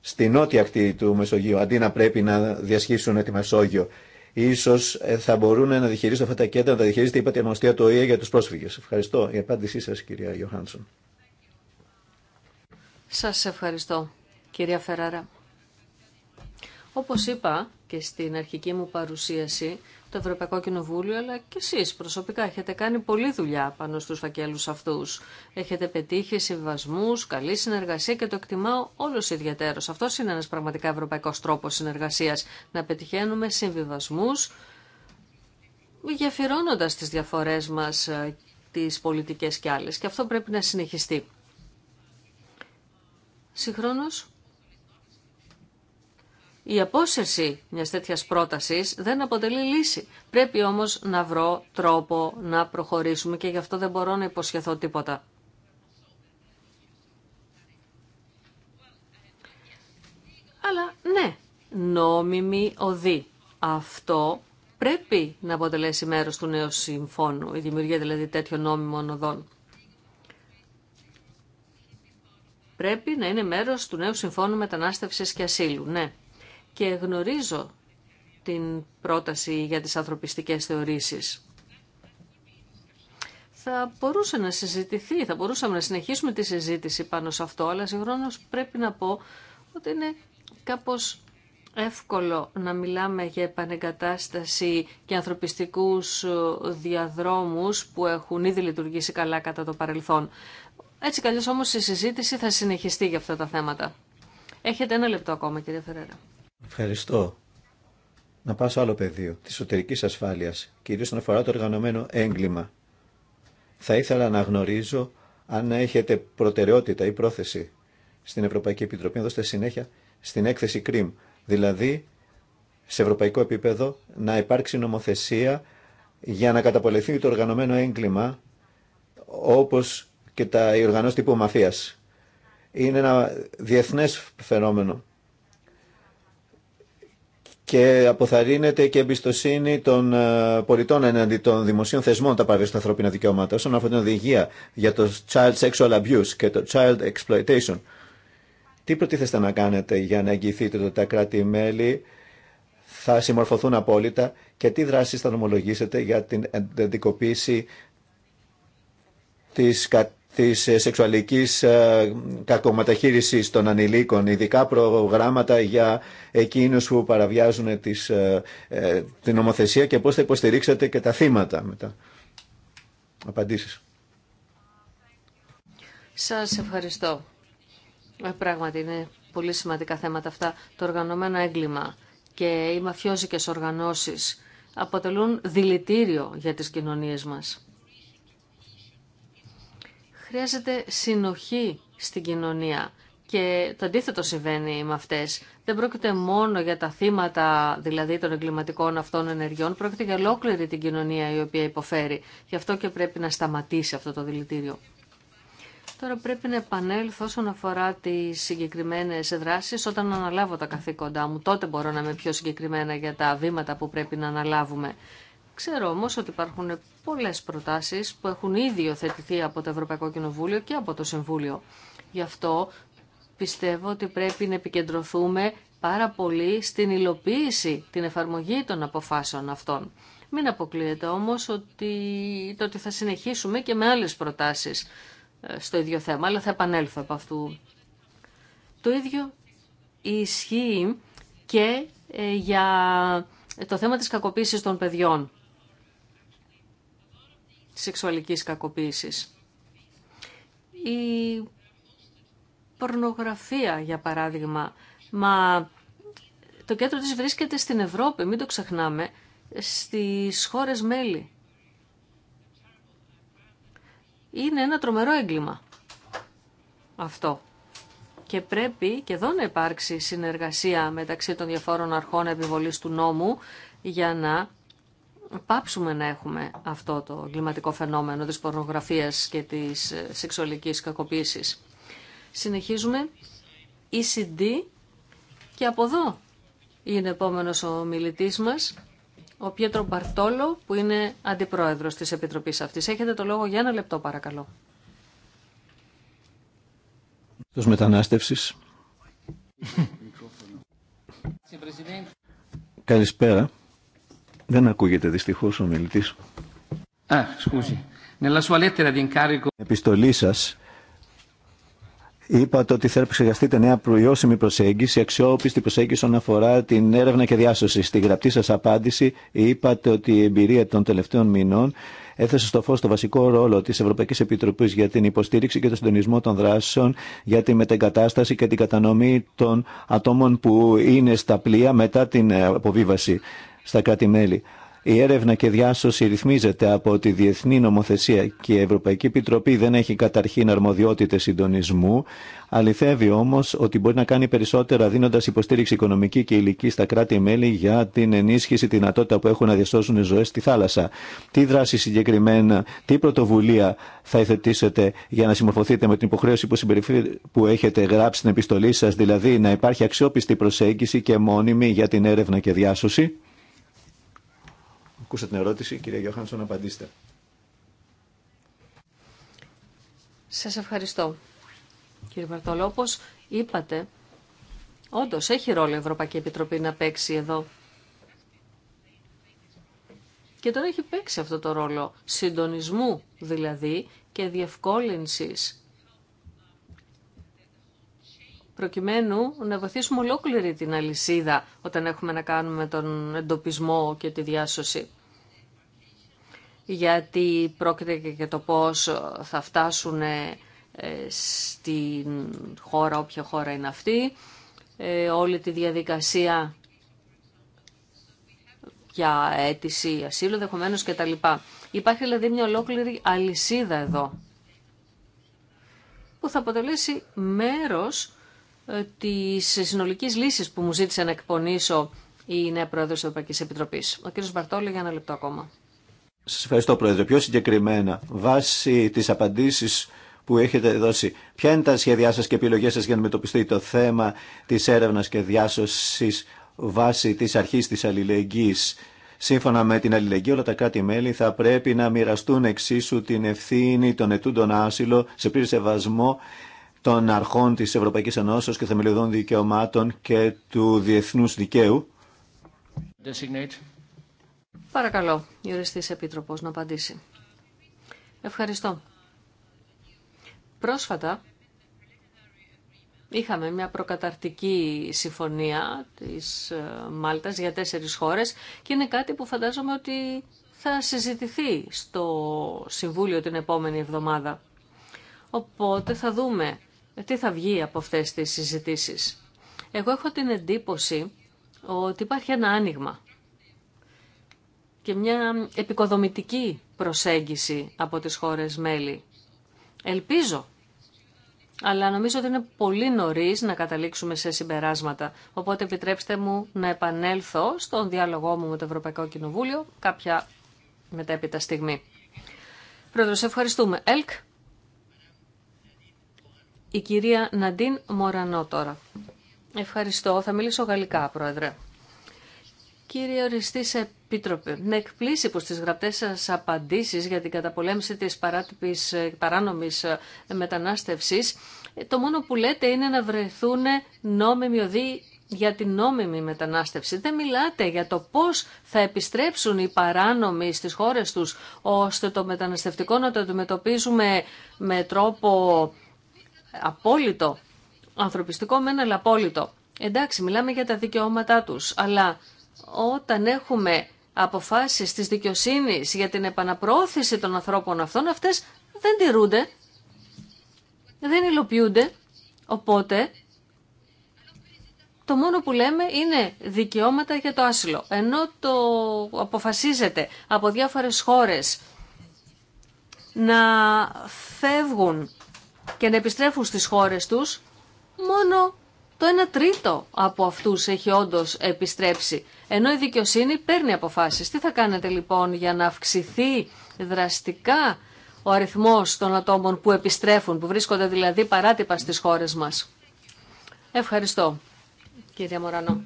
στην νότια ακτή του Μεσογείου, αντί να πρέπει να διασχίσουν τη Μεσόγειο. Ίσως ε, θα μπορούν να διχειρίζονται αυτά τα κέντρα, να τα διχειρίζεται η Πατιαμοστία του ΟΗΕ για τους πρόσφυγες. Ευχαριστώ. Η απάντησή σας, κυρία Γιωχάνσον. Σας ευχαριστώ, κυρία Φεράρα. Όπως είπα και στην αρχική μου παρουσίαση, το Ευρωπαϊκό Κοινοβούλιο, αλλά και εσείς προσωπικά έχετε κάνει πολλή δουλειά πάνω στους φακέλους αυτούς. Έχετε πετύχει συμβασμούς, καλή συνεργασία και το εκτιμάω όλος ιδιαίτερος. Αυτό είναι ένας πραγματικά ευρωπαϊκός τρόπος συνεργασίας, να πετυχαίνουμε συμβιβασμούς, γεφυρώνοντας τις διαφορές μας, ε, τις πολιτικές και άλλες. Και αυτό πρέπει να συνεχιστεί. Συγχρόνως, η απόσυρση μιας τέτοιας πρότασης δεν αποτελεί λύση. Πρέπει όμως να βρω τρόπο να προχωρήσουμε και γι' αυτό δεν μπορώ να υποσχεθώ τίποτα. Αλλά ναι, νόμιμη οδή. Αυτό πρέπει να αποτελέσει μέρος του νέου συμφώνου, η δημιουργία δηλαδή τέτοιων νόμιμων οδών. Πρέπει να είναι μέρος του νέου συμφώνου μετανάστευσης και ασύλου, ναι και γνωρίζω την πρόταση για τις ανθρωπιστικές θεωρήσεις. Θα μπορούσε να συζητηθεί, θα μπορούσαμε να συνεχίσουμε τη συζήτηση πάνω σε αυτό, αλλά συγχρόνως πρέπει να πω ότι είναι κάπως εύκολο να μιλάμε για επανεγκατάσταση και ανθρωπιστικούς διαδρόμους που έχουν ήδη λειτουργήσει καλά κατά το παρελθόν. Έτσι καλώς όμως η συζήτηση θα συνεχιστεί για αυτά τα θέματα. Έχετε ένα λεπτό ακόμα κύριε Φερέρα. Ευχαριστώ. Να πάω σε άλλο πεδίο, τη εσωτερική ασφάλεια, κυρίω όσον αφορά το οργανωμένο έγκλημα. Θα ήθελα να γνωρίζω αν έχετε προτεραιότητα ή πρόθεση στην Ευρωπαϊκή Επιτροπή να δώσετε συνέχεια στην έκθεση ΚΡΙΜ. Δηλαδή, σε ευρωπαϊκό επίπεδο, να υπάρξει νομοθεσία για να καταπολεθεί το οργανωμένο έγκλημα, όπω και τα οργανώσει τύπου Μαφία. Είναι ένα διεθνέ φαινόμενο και αποθαρρύνεται και εμπιστοσύνη των ε, πολιτών εναντί των δημοσίων θεσμών τα παραβίαση των ανθρώπινων δικαιώματα. Όσον αφορά την οδηγία για το child sexual abuse και το child exploitation, τι προτίθεστε να κάνετε για να εγγυηθείτε ότι τα κράτη-μέλη θα συμμορφωθούν απόλυτα και τι δράσεις θα νομολογήσετε για την εντεντικοποίηση της, κατάστασης της ε, σεξουαλικής ε, κακομεταχείρισης των ανηλίκων, ειδικά προγράμματα για εκείνους που παραβιάζουν τις, ε, την νομοθεσία και πώς θα υποστηρίξετε και τα θύματα μετά. Απαντήσεις. Σας ευχαριστώ. πράγματι είναι πολύ σημαντικά θέματα αυτά. Το οργανωμένο έγκλημα και οι μαφιόζικες οργανώσεις αποτελούν δηλητήριο για τις κοινωνίες μας. Χρειάζεται συνοχή στην κοινωνία και το αντίθετο συμβαίνει με αυτέ. Δεν πρόκειται μόνο για τα θύματα δηλαδή των εγκληματικών αυτών ενεργειών, πρόκειται για ολόκληρη την κοινωνία η οποία υποφέρει. Γι' αυτό και πρέπει να σταματήσει αυτό το δηλητήριο. Τώρα πρέπει να επανέλθω όσον αφορά τι συγκεκριμένε δράσει όταν αναλάβω τα καθήκοντά μου. Τότε μπορώ να είμαι πιο συγκεκριμένα για τα βήματα που πρέπει να αναλάβουμε. Ξέρω όμω ότι υπάρχουν πολλέ προτάσει που έχουν ήδη υιοθετηθεί από το Ευρωπαϊκό Κοινοβούλιο και από το Συμβούλιο. Γι' αυτό πιστεύω ότι πρέπει να επικεντρωθούμε πάρα πολύ στην υλοποίηση, την εφαρμογή των αποφάσεων αυτών. Μην αποκλείεται όμως ότι, το ότι θα συνεχίσουμε και με άλλες προτάσεις ε, στο ίδιο θέμα, αλλά θα επανέλθω από αυτού. Το ίδιο ισχύει και ε, για το θέμα της κακοποίησης των παιδιών σεξουαλικής κακοποίησης. Η πορνογραφία, για παράδειγμα, μα το κέντρο της βρίσκεται στην Ευρώπη, μην το ξεχνάμε, στις χώρες μέλη. Είναι ένα τρομερό έγκλημα αυτό. Και πρέπει και εδώ να υπάρξει συνεργασία μεταξύ των διαφόρων αρχών επιβολής του νόμου για να πάψουμε να έχουμε αυτό το κλιματικό φαινόμενο της πορνογραφίας και της ε, σεξουαλικής κακοποίησης. Συνεχίζουμε. ECD και από εδώ είναι επόμενος ο μιλητής μας, ο Πιέτρο Μπαρτόλο, που είναι αντιπρόεδρος της Επιτροπής αυτής. Έχετε το λόγο για ένα λεπτό παρακαλώ. Τους μετανάστευσης. Καλησπέρα. Δεν ακούγεται δυστυχώ ο μιλητή. Α, ναι, Επιστολή σα, Είπατε ότι θέλετε να εξεργαστείτε νέα προϊόσιμη προσέγγιση, αξιόπιστη προσέγγιση όσον αφορά την έρευνα και διάσωση. Στη γραπτή σα απάντηση είπατε ότι η εμπειρία των τελευταίων μηνών έθεσε στο φω το βασικό ρόλο τη Ευρωπαϊκή Επιτροπή για την υποστήριξη και τον συντονισμό των δράσεων για τη μετεγκατάσταση και την κατανομή των ατόμων που είναι στα πλοία μετά την αποβίβαση στα κράτη-μέλη. Η έρευνα και διάσωση ρυθμίζεται από τη Διεθνή Νομοθεσία και η Ευρωπαϊκή Επιτροπή δεν έχει καταρχήν αρμοδιότητες συντονισμού. Αληθεύει όμω ότι μπορεί να κάνει περισσότερα δίνοντα υποστήριξη οικονομική και ηλική στα κράτη-μέλη για την ενίσχυση τη δυνατότητα που έχουν να διασώσουν ζωέ στη θάλασσα. Τι δράση συγκεκριμένα, τι πρωτοβουλία θα υθετήσετε για να συμμορφωθείτε με την υποχρέωση που, που έχετε γράψει στην επιστολή σα, δηλαδή να υπάρχει αξιόπιστη προσέγγιση και μόνιμη για την έρευνα και διάσωση. Ακούσα την ερώτηση, κυρία Γιώχανσον, απαντήστε. Σας ευχαριστώ. Κύριε Βαρτόλο, είπατε, όντως έχει ρόλο η Ευρωπαϊκή Επιτροπή να παίξει εδώ. Και τώρα έχει παίξει αυτό το ρόλο συντονισμού δηλαδή και διευκόλυνσης προκειμένου να βοηθήσουμε ολόκληρη την αλυσίδα όταν έχουμε να κάνουμε τον εντοπισμό και τη διάσωση γιατί πρόκειται και για το πώς θα φτάσουν ε, στην χώρα, όποια χώρα είναι αυτή, ε, όλη τη διαδικασία για αίτηση ασύλου δεχομένως και τα λοιπά. Υπάρχει δηλαδή μια ολόκληρη αλυσίδα εδώ που θα αποτελέσει μέρος ε, της συνολικής λύσης που μου ζήτησε να εκπονήσω η νέα πρόεδρος της Ευρωπαϊκής Επιτροπής. Ο κ. Μπαρτόλη για ένα λεπτό ακόμα. Σα ευχαριστώ Πρόεδρε. Πιο συγκεκριμένα, βάσει τις απαντήσεις που έχετε δώσει, ποια είναι τα σχέδιά σα και επιλογέ σα για να μετωπιστεί το θέμα τη έρευνα και διάσωση βάσει τη αρχή τη αλληλεγγύη. Σύμφωνα με την αλληλεγγύη, όλα τα κράτη-μέλη θα πρέπει να μοιραστούν εξίσου την ευθύνη των ετούντων άσυλο σε πλήρη σεβασμό των αρχών τη Ευρωπαϊκή Ενώσεω και θεμελιωδών δικαιωμάτων και του Διεθνού δικαίου. Παρακαλώ, η οριστής Επίτροπος να απαντήσει. Ευχαριστώ. Πρόσφατα είχαμε μια προκαταρτική συμφωνία της ε, Μάλτας για τέσσερις χώρες και είναι κάτι που φαντάζομαι ότι θα συζητηθεί στο Συμβούλιο την επόμενη εβδομάδα. Οπότε θα δούμε τι θα βγει από αυτές τις συζητήσεις. Εγώ έχω την εντύπωση ότι υπάρχει ένα άνοιγμα και μια επικοδομητική προσέγγιση από τις χώρες μέλη. Ελπίζω, αλλά νομίζω ότι είναι πολύ νωρίς να καταλήξουμε σε συμπεράσματα. Οπότε επιτρέψτε μου να επανέλθω στον διάλογό μου με το Ευρωπαϊκό Κοινοβούλιο κάποια μετέπειτα στιγμή. Πρόεδρος, ευχαριστούμε. ΕΛΚ. Η κυρία Ναντίν Μορανό τώρα. Ευχαριστώ. Θα μιλήσω γαλλικά, Πρόεδρε. Κύριε Οριστή, Επίτροπε, με εκπλήσει πως τις γραπτές σας απαντήσεις για την καταπολέμηση της παράτυπης, παράνομης μετανάστευσης, το μόνο που λέτε είναι να βρεθούν νόμιμοι οδοί για την νόμιμη μετανάστευση. Δεν μιλάτε για το πώς θα επιστρέψουν οι παράνομοι στις χώρες τους, ώστε το μεταναστευτικό να το αντιμετωπίζουμε με τρόπο απόλυτο, ανθρωπιστικό μεν, αλλά απόλυτο. Εντάξει, μιλάμε για τα δικαιώματά τους, αλλά όταν έχουμε αποφάσεις της δικαιοσύνης για την επαναπρόθεση των ανθρώπων αυτών, αυτές δεν τηρούνται, δεν υλοποιούνται, οπότε το μόνο που λέμε είναι δικαιώματα για το άσυλο. Ενώ το αποφασίζεται από διάφορες χώρες να φεύγουν και να επιστρέφουν στις χώρες τους, μόνο το 1 τρίτο από αυτού έχει όντω επιστρέψει, ενώ η δικαιοσύνη παίρνει αποφάσει. Τι θα κάνετε λοιπόν για να αυξηθεί δραστικά ο αριθμό των ατόμων που επιστρέφουν, που βρίσκονται δηλαδή παράτυπα στι χώρε μα. Ευχαριστώ, κύριε Μωρανό.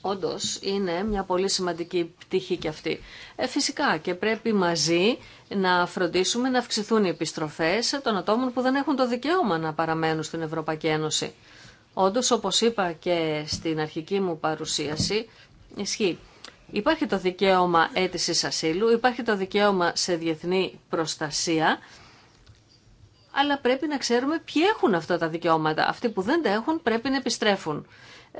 Όντω είναι μια πολύ σημαντική πτυχή και αυτή. Ε, φυσικά και πρέπει μαζί να φροντίσουμε να αυξηθούν οι επιστροφές των ατόμων που δεν έχουν το δικαίωμα να παραμένουν στην Ευρωπαϊκή Ένωση. Όντως, όπως είπα και στην αρχική μου παρουσίαση, ισχύει. Υπάρχει το δικαίωμα αίτησης ασύλου, υπάρχει το δικαίωμα σε διεθνή προστασία, αλλά πρέπει να ξέρουμε ποιοι έχουν αυτά τα δικαιώματα. Αυτοί που δεν τα έχουν πρέπει να επιστρέφουν.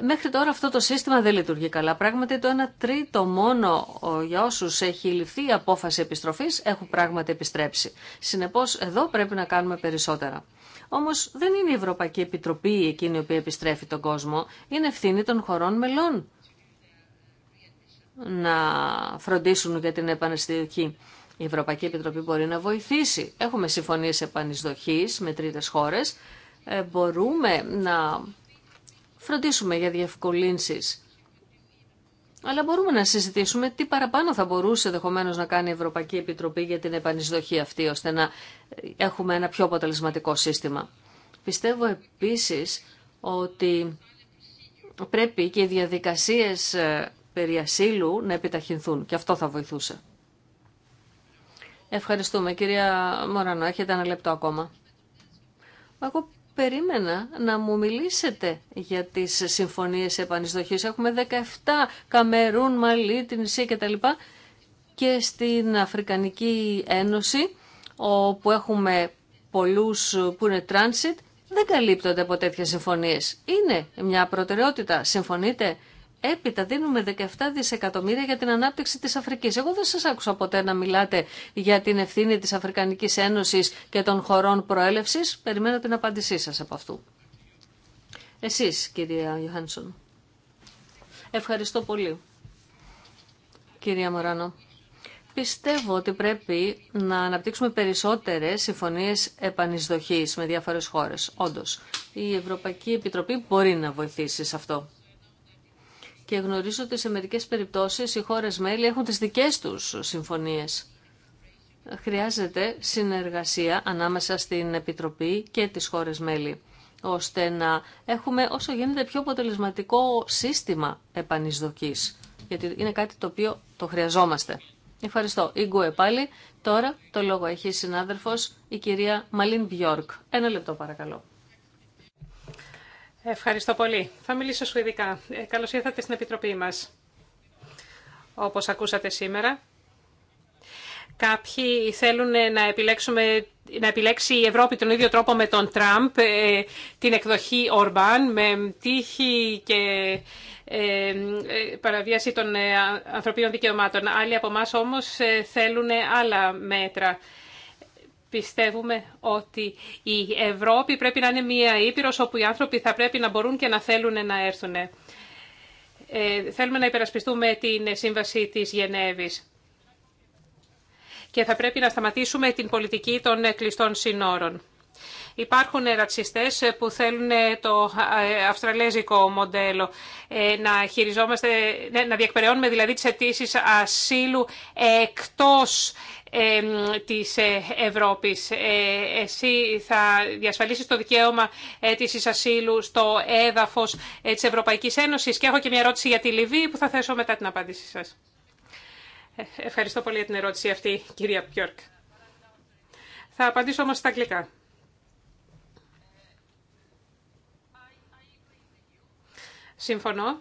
Μέχρι τώρα αυτό το σύστημα δεν λειτουργεί καλά. Πράγματι το ένα τρίτο μόνο για όσους έχει ληφθεί η απόφαση επιστροφής έχουν πράγματι επιστρέψει. Συνεπώς εδώ πρέπει να κάνουμε περισσότερα. Όμω δεν είναι η Ευρωπαϊκή Επιτροπή εκείνη η οποία επιστρέφει τον κόσμο. Είναι ευθύνη των χωρών μελών να φροντίσουν για την επανεστηρική. Η Ευρωπαϊκή Επιτροπή μπορεί να βοηθήσει. Έχουμε συμφωνίε επανεισδοχή με τρίτες χώρες. Ε, μπορούμε να φροντίσουμε για διευκολύνσεις αλλά μπορούμε να συζητήσουμε τι παραπάνω θα μπορούσε ενδεχομένω να κάνει η Ευρωπαϊκή Επιτροπή για την επανεισδοχή αυτή, ώστε να ε, έχουμε ένα πιο αποτελεσματικό σύστημα. Πιστεύω επίσης ότι πρέπει και οι διαδικασίες ε, περί να επιταχυνθούν και αυτό θα βοηθούσε. Ευχαριστούμε. Κυρία Μωρανό, έχετε ένα λεπτό ακόμα. Εγώ περίμενα να μου μιλήσετε για τις συμφωνίες επανεισδοχής. Έχουμε 17 Καμερούν, Μαλή, την Ισία κτλ. Και στην Αφρικανική Ένωση, όπου έχουμε πολλούς που είναι transit, δεν καλύπτονται από τέτοιες συμφωνίες. Είναι μια προτεραιότητα, συμφωνείτε, Έπειτα δίνουμε 17 δισεκατομμύρια για την ανάπτυξη της Αφρικής. Εγώ δεν σας άκουσα ποτέ να μιλάτε για την ευθύνη της Αφρικανικής Ένωσης και των χωρών προέλευσης. Περιμένω την απάντησή σας από αυτού. Εσείς, κυρία Ιωάννησον. Ευχαριστώ πολύ, κυρία Μωράνο. Πιστεύω ότι πρέπει να αναπτύξουμε περισσότερες συμφωνίες επανεισδοχής με διάφορες χώρες. Όντως, η Ευρωπαϊκή Επιτροπή μπορεί να βοηθήσει σε αυτό και γνωρίζω ότι σε μερικές περιπτώσεις οι χώρες μέλη έχουν τις δικές τους συμφωνίες. Χρειάζεται συνεργασία ανάμεσα στην Επιτροπή και τις χώρες μέλη, ώστε να έχουμε όσο γίνεται πιο αποτελεσματικό σύστημα επανεισδοκής, γιατί είναι κάτι το οποίο το χρειαζόμαστε. Ευχαριστώ. Η πάλι. Τώρα το λόγο έχει η συνάδελφος, η κυρία Μαλίν Μπιόρκ. Ένα λεπτό παρακαλώ. Ευχαριστώ πολύ. Θα μιλήσω σου ειδικά. Ε, καλώς ήρθατε στην Επιτροπή μας. Όπως ακούσατε σήμερα, κάποιοι θέλουν να, επιλέξουμε, να επιλέξει η Ευρώπη τον ίδιο τρόπο με τον Τραμπ, ε, την εκδοχή Ορμπάν, με τύχη και ε, παραβίαση των ανθρωπίνων δικαιωμάτων. Άλλοι από εμά όμως θέλουν άλλα μέτρα. Πιστεύουμε ότι η Ευρώπη πρέπει να είναι μία ήπειρος όπου οι άνθρωποι θα πρέπει να μπορούν και να θέλουν να έρθουν. Ε, θέλουμε να υπερασπιστούμε την σύμβαση της Γενέβης και θα πρέπει να σταματήσουμε την πολιτική των κλειστών συνόρων. Υπάρχουν ρατσιστές που θέλουν το ε, αυστραλέζικο μοντέλο. Ε, να, χειριζόμαστε, ναι, να διεκπαιρεώνουμε δηλαδή τις αιτήσει ασύλου εκτός ε, της Ευρώπης. Εσύ θα διασφαλίσεις το δικαίωμα αίτησης ασύλου στο έδαφος της Ευρωπαϊκής Ένωσης και έχω και μια ερώτηση για τη Λιβύη που θα θέσω μετά την απάντησή σας. Ευχαριστώ πολύ για την ερώτηση αυτή, κυρία Πιόρκ. Θα απαντήσω όμως στα αγγλικά. Συμφωνώ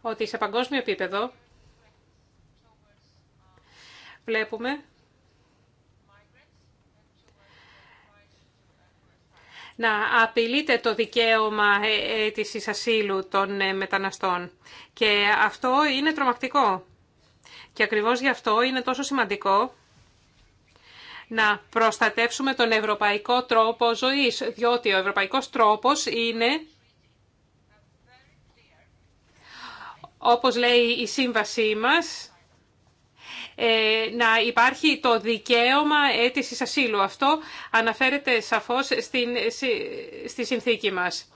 ότι σε παγκόσμιο επίπεδο βλέπουμε να απειλείται το δικαίωμα ε, ε, αίτηση ασύλου των ε, μεταναστών. Και αυτό είναι τρομακτικό. Και ακριβώς γι' αυτό είναι τόσο σημαντικό να προστατεύσουμε τον ευρωπαϊκό τρόπο ζωής, διότι ο ευρωπαϊκός τρόπος είναι όπως λέει η σύμβασή μας, ε, να υπάρχει το δικαίωμα αίτησης ασύλου. Αυτό αναφέρεται σαφώς στη συνθήκη μας.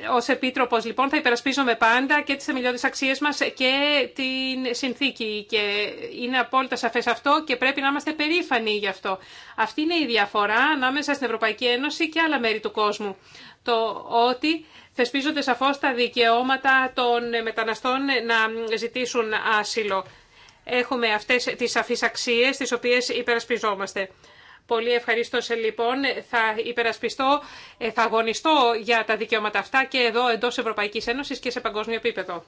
Ω επίτροπο, λοιπόν θα υπερασπίζομαι πάντα και τις θεμελιώδει αξίες μα και την συνθήκη και είναι απόλυτα σαφέ αυτό και πρέπει να είμαστε περήφανοι γι' αυτό. Αυτή είναι η διαφορά ανάμεσα στην Ευρωπαϊκή Ένωση και άλλα μέρη του κόσμου. Το ότι θεσπίζονται σαφώ τα δικαιώματα των μεταναστών να ζητήσουν άσυλο. Έχουμε αυτέ τι σαφεί αξίε τι οποίε υπερασπιζόμαστε. Πολύ ευχαριστώ σε λοιπόν. Θα υπερασπιστώ, ε, θα αγωνιστώ για τα δικαιώματα αυτά και εδώ εντό ευρωπαϊκή Ένωση και σε παγκόσμιο επίπεδο.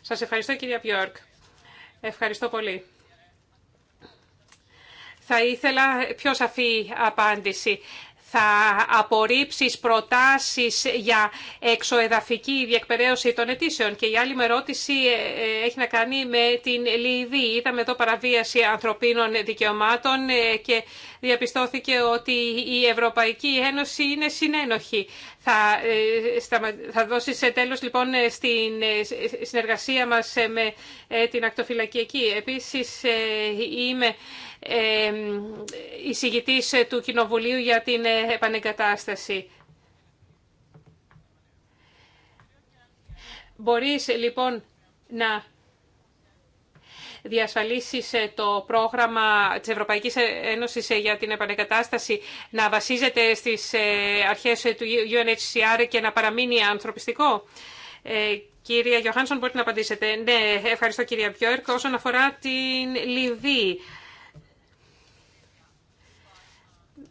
Σας ευχαριστώ κυρία Πιόρκ. Ευχαριστώ πολύ. Θα ήθελα πιο σαφή απάντηση θα απορρίψει προτάσεις για εξοεδαφική διεκπαιρέωση των αιτήσεων. Και η άλλη με ερώτηση ε, ε, έχει να κάνει με την Λιβύη. Είδαμε εδώ παραβίαση ανθρωπίνων δικαιωμάτων ε, και διαπιστώθηκε ότι η Ευρωπαϊκή Ένωση είναι συνένοχη. Θα, θα δώσει σε τέλος λοιπόν στην συνεργασία μας με την ακτοφυλακή εκεί. Επίσης είμαι εισηγητής του Κοινοβουλίου για την επανεγκατάσταση. Μπορείς λοιπόν να διασφαλίσεις ε, το πρόγραμμα της Ευρωπαϊκής ε- Ένωσης ε, για την επανεκατάσταση να βασίζεται στις αρχές του UNHCR και να παραμείνει ανθρωπιστικό. Κυρία Γιωχάνσον, μπορείτε να απαντήσετε. Ναι, ευχαριστώ κυρία Πιόρκ. Όσον αφορά την Λιβύη,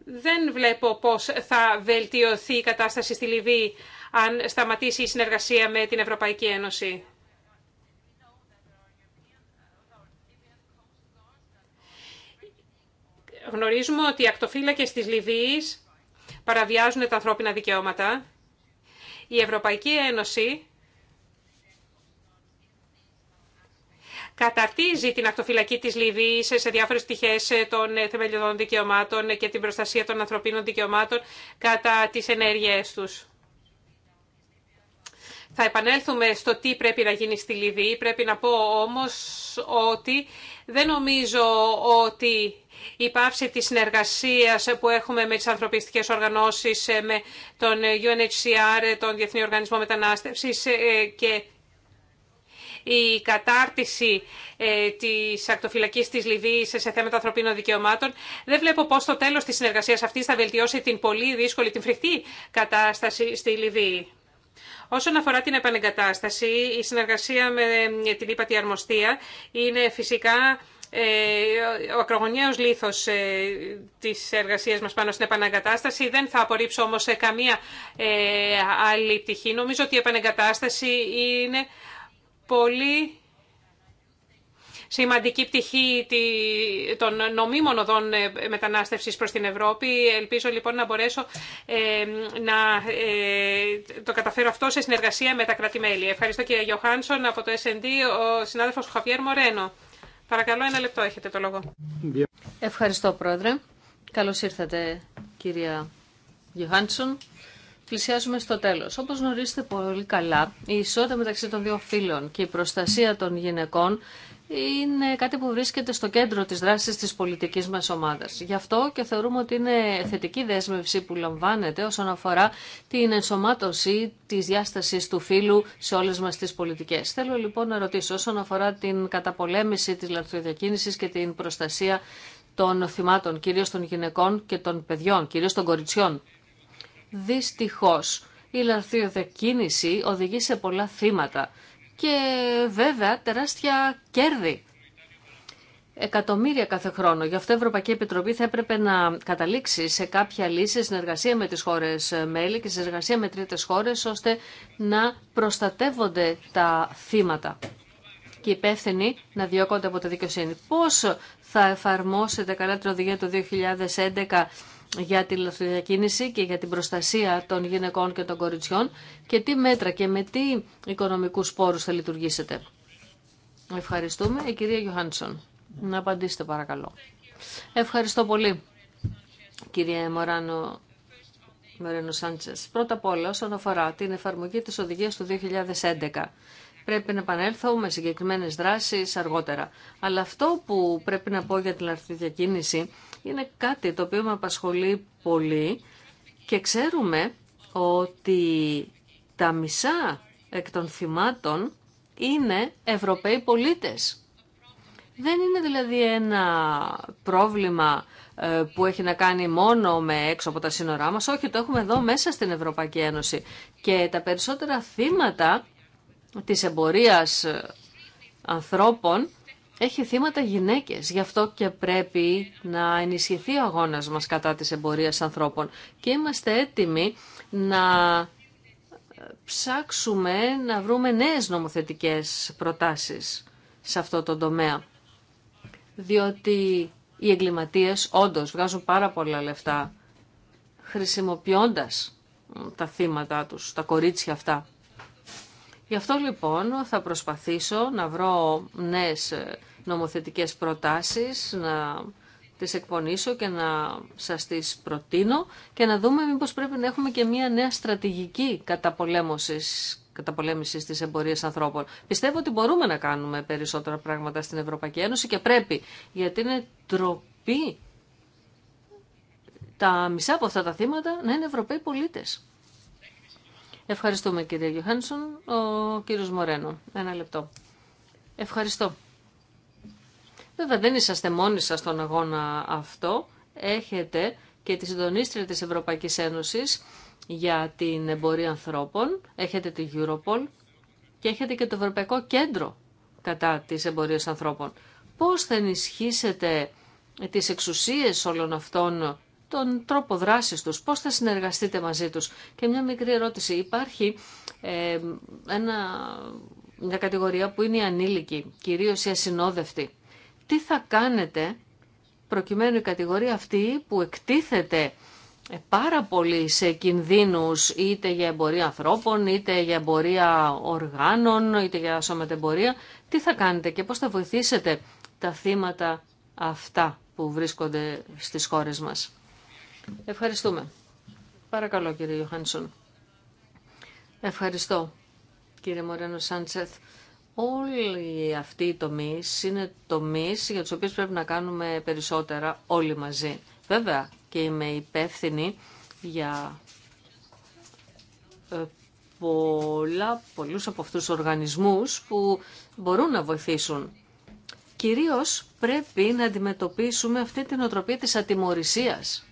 δεν βλέπω πώς θα βελτιωθεί η κατάσταση στη Λιβύη αν σταματήσει η συνεργασία με την Ευρωπαϊκή Ένωση. Γνωρίζουμε ότι οι ακτοφύλακες της Λιβύης παραβιάζουν τα ανθρώπινα δικαιώματα. Η Ευρωπαϊκή Ένωση καταρτίζει την ακτοφυλακή της Λιβύης σε διάφορες πτυχές ε, των ε, θεμελιωδών δικαιωμάτων και την προστασία των ανθρωπίνων δικαιωμάτων κατά τις ενέργειές τους. Θα επανέλθουμε στο τι πρέπει να γίνει στη Λιβύη. Πρέπει να πω όμως ότι δεν νομίζω ότι η πάυση της συνεργασίας που έχουμε με τις ανθρωπιστικές οργανώσεις, ε, με τον UNHCR, τον Διεθνή Οργανισμό Μετανάστευσης και η κατάρτιση ε, της ακτοφυλακή της Λιβύης σε θέματα ανθρωπίνων δικαιωμάτων. Δεν βλέπω πώ το τέλος τη συνεργασία αυτή θα βελτιώσει την πολύ δύσκολη, την φρικτή κατάσταση στη Λιβύη. Όσον αφορά την επανεγκατάσταση, η συνεργασία με ε, την ύπατη αρμοστία είναι φυσικά ε, ο ακρογωνιαίος λήθος της εργασίας μας πάνω στην επανεγκατάσταση. Δεν θα απορρίψω όμως σε καμία άλλη πτυχή. Νομίζω ότι η επανεγκατάσταση είναι πολύ σημαντική πτυχή των νομίμων οδών ε, μετανάστευσης προς την Ευρώπη. Ελπίζω λοιπόν να μπορέσω ε, να ε, το καταφέρω αυτό σε συνεργασία με τα κράτη-μέλη. Ευχαριστώ κύριε Γιωχάνσον από το S&D, ο συνάδελφος Χαβιέρ Μορένο. Παρακαλώ ένα λεπτό έχετε το λόγο. Ευχαριστώ πρόεδρε. Καλώς ήρθατε κυρία Γιωχάνσον πλησιάζουμε στο τέλο. Όπω γνωρίζετε πολύ καλά, η ισότητα μεταξύ των δύο φύλων και η προστασία των γυναικών είναι κάτι που βρίσκεται στο κέντρο της δράσης της πολιτικής μας ομάδας. Γι' αυτό και θεωρούμε ότι είναι θετική δέσμευση που λαμβάνεται όσον αφορά την ενσωμάτωση της διάστασης του φύλου σε όλες μας τις πολιτικές. Θέλω λοιπόν να ρωτήσω όσον αφορά την καταπολέμηση της λαθροδιακίνησης και την προστασία των θυμάτων, κυρίως των γυναικών και των παιδιών, κυρίως των κοριτσιών. Δυστυχώς, η λαρθιοδεκίνηση οδηγεί σε πολλά θύματα και βέβαια τεράστια κέρδη. Εκατομμύρια κάθε χρόνο. Γι' αυτό η Ευρωπαϊκή Επιτροπή θα έπρεπε να καταλήξει σε κάποια λύση συνεργασία με τις χώρες μέλη και συνεργασία με τρίτες χώρες ώστε να προστατεύονται τα θύματα και οι υπεύθυνοι να διώκονται από τη δικαιοσύνη. Πώς θα εφαρμόσετε καλά την οδηγία του 2011 για τη λαθροδιακίνηση και για την προστασία των γυναικών και των κοριτσιών και τι μέτρα και με τι οικονομικούς πόρους θα λειτουργήσετε. Ευχαριστούμε. Η κυρία Γιωάννησον, να απαντήσετε παρακαλώ. Ευχαριστώ πολύ, κυρία Μωράνο Μωρένο Σάντσες. Πρώτα απ' όλα, όσον αφορά την εφαρμογή της οδηγίας του 2011, Πρέπει να επανέλθω με συγκεκριμένες δράσεις αργότερα. Αλλά αυτό που πρέπει να πω για την κίνηση είναι κάτι το οποίο με απασχολεί πολύ και ξέρουμε ότι τα μισά εκ των θυμάτων είναι Ευρωπαίοι πολίτες. Δεν είναι δηλαδή ένα πρόβλημα ε, που έχει να κάνει μόνο με έξω από τα σύνορά μας, όχι, το έχουμε εδώ μέσα στην Ευρωπαϊκή Ένωση. Και τα περισσότερα θύματα της εμπορίας ε, ανθρώπων έχει θύματα γυναίκες. Γι' αυτό και πρέπει να ενισχυθεί ο αγώνας μας κατά της εμπορίας ανθρώπων. Και είμαστε έτοιμοι να ε, ψάξουμε να βρούμε νέες νομοθετικές προτάσεις σε αυτό το τομέα. Διότι οι εγκληματίες όντως βγάζουν πάρα πολλά λεφτά χρησιμοποιώντας ε, τα θύματα τους, τα κορίτσια αυτά. Γι' αυτό λοιπόν θα προσπαθήσω να βρω νέες ε, νομοθετικές προτάσεις, να τις εκπονήσω και να σας τις προτείνω και να δούμε μήπως πρέπει να έχουμε και μια νέα στρατηγική καταπολέμωσης καταπολέμησης της εμπορίας ανθρώπων. Πιστεύω ότι μπορούμε να κάνουμε περισσότερα πράγματα στην Ευρωπαϊκή Ένωση και πρέπει, γιατί είναι τροπή τα μισά από αυτά τα θύματα να είναι Ευρωπαίοι πολίτες. Ευχαριστούμε κύριε Γιουχάνσον. Ο κύριος Μορένο. Ένα λεπτό. Ευχαριστώ. Βέβαια δεν είσαστε μόνοι σας στον αγώνα αυτό. Έχετε και τη συντονίστρια της Ευρωπαϊκής Ένωσης για την εμπορία ανθρώπων. Έχετε τη Europol και έχετε και το Ευρωπαϊκό Κέντρο κατά της εμπορίας ανθρώπων. Πώς θα ενισχύσετε τις εξουσίες όλων αυτών τον τρόπο δράσης τους, πώς θα συνεργαστείτε μαζί τους. Και μια μικρή ερώτηση, υπάρχει ε, ένα, μια κατηγορία που είναι η ανήλικοι, κυρίως η ασυνόδευτοι. Τι θα κάνετε προκειμένου η κατηγορία αυτή που εκτίθεται ε, πάρα πολύ σε κινδύνους είτε για εμπορία ανθρώπων, είτε για εμπορία οργάνων, είτε για σωματεμπορία. Τι θα κάνετε και πώς θα βοηθήσετε τα θύματα αυτά που βρίσκονται στις χώρες μας. Ευχαριστούμε. Παρακαλώ κύριε Ιωάννησον. Ευχαριστώ κύριε Μωρένο Σάντσεθ. Όλοι αυτοί οι τομεί είναι τομεί για τους οποίους πρέπει να κάνουμε περισσότερα όλοι μαζί. Βέβαια και είμαι υπεύθυνη για ε, πολλά, πολλούς από αυτούς τους οργανισμούς που μπορούν να βοηθήσουν. Κυρίως πρέπει να αντιμετωπίσουμε αυτή την οτροπία της ατιμορρησίας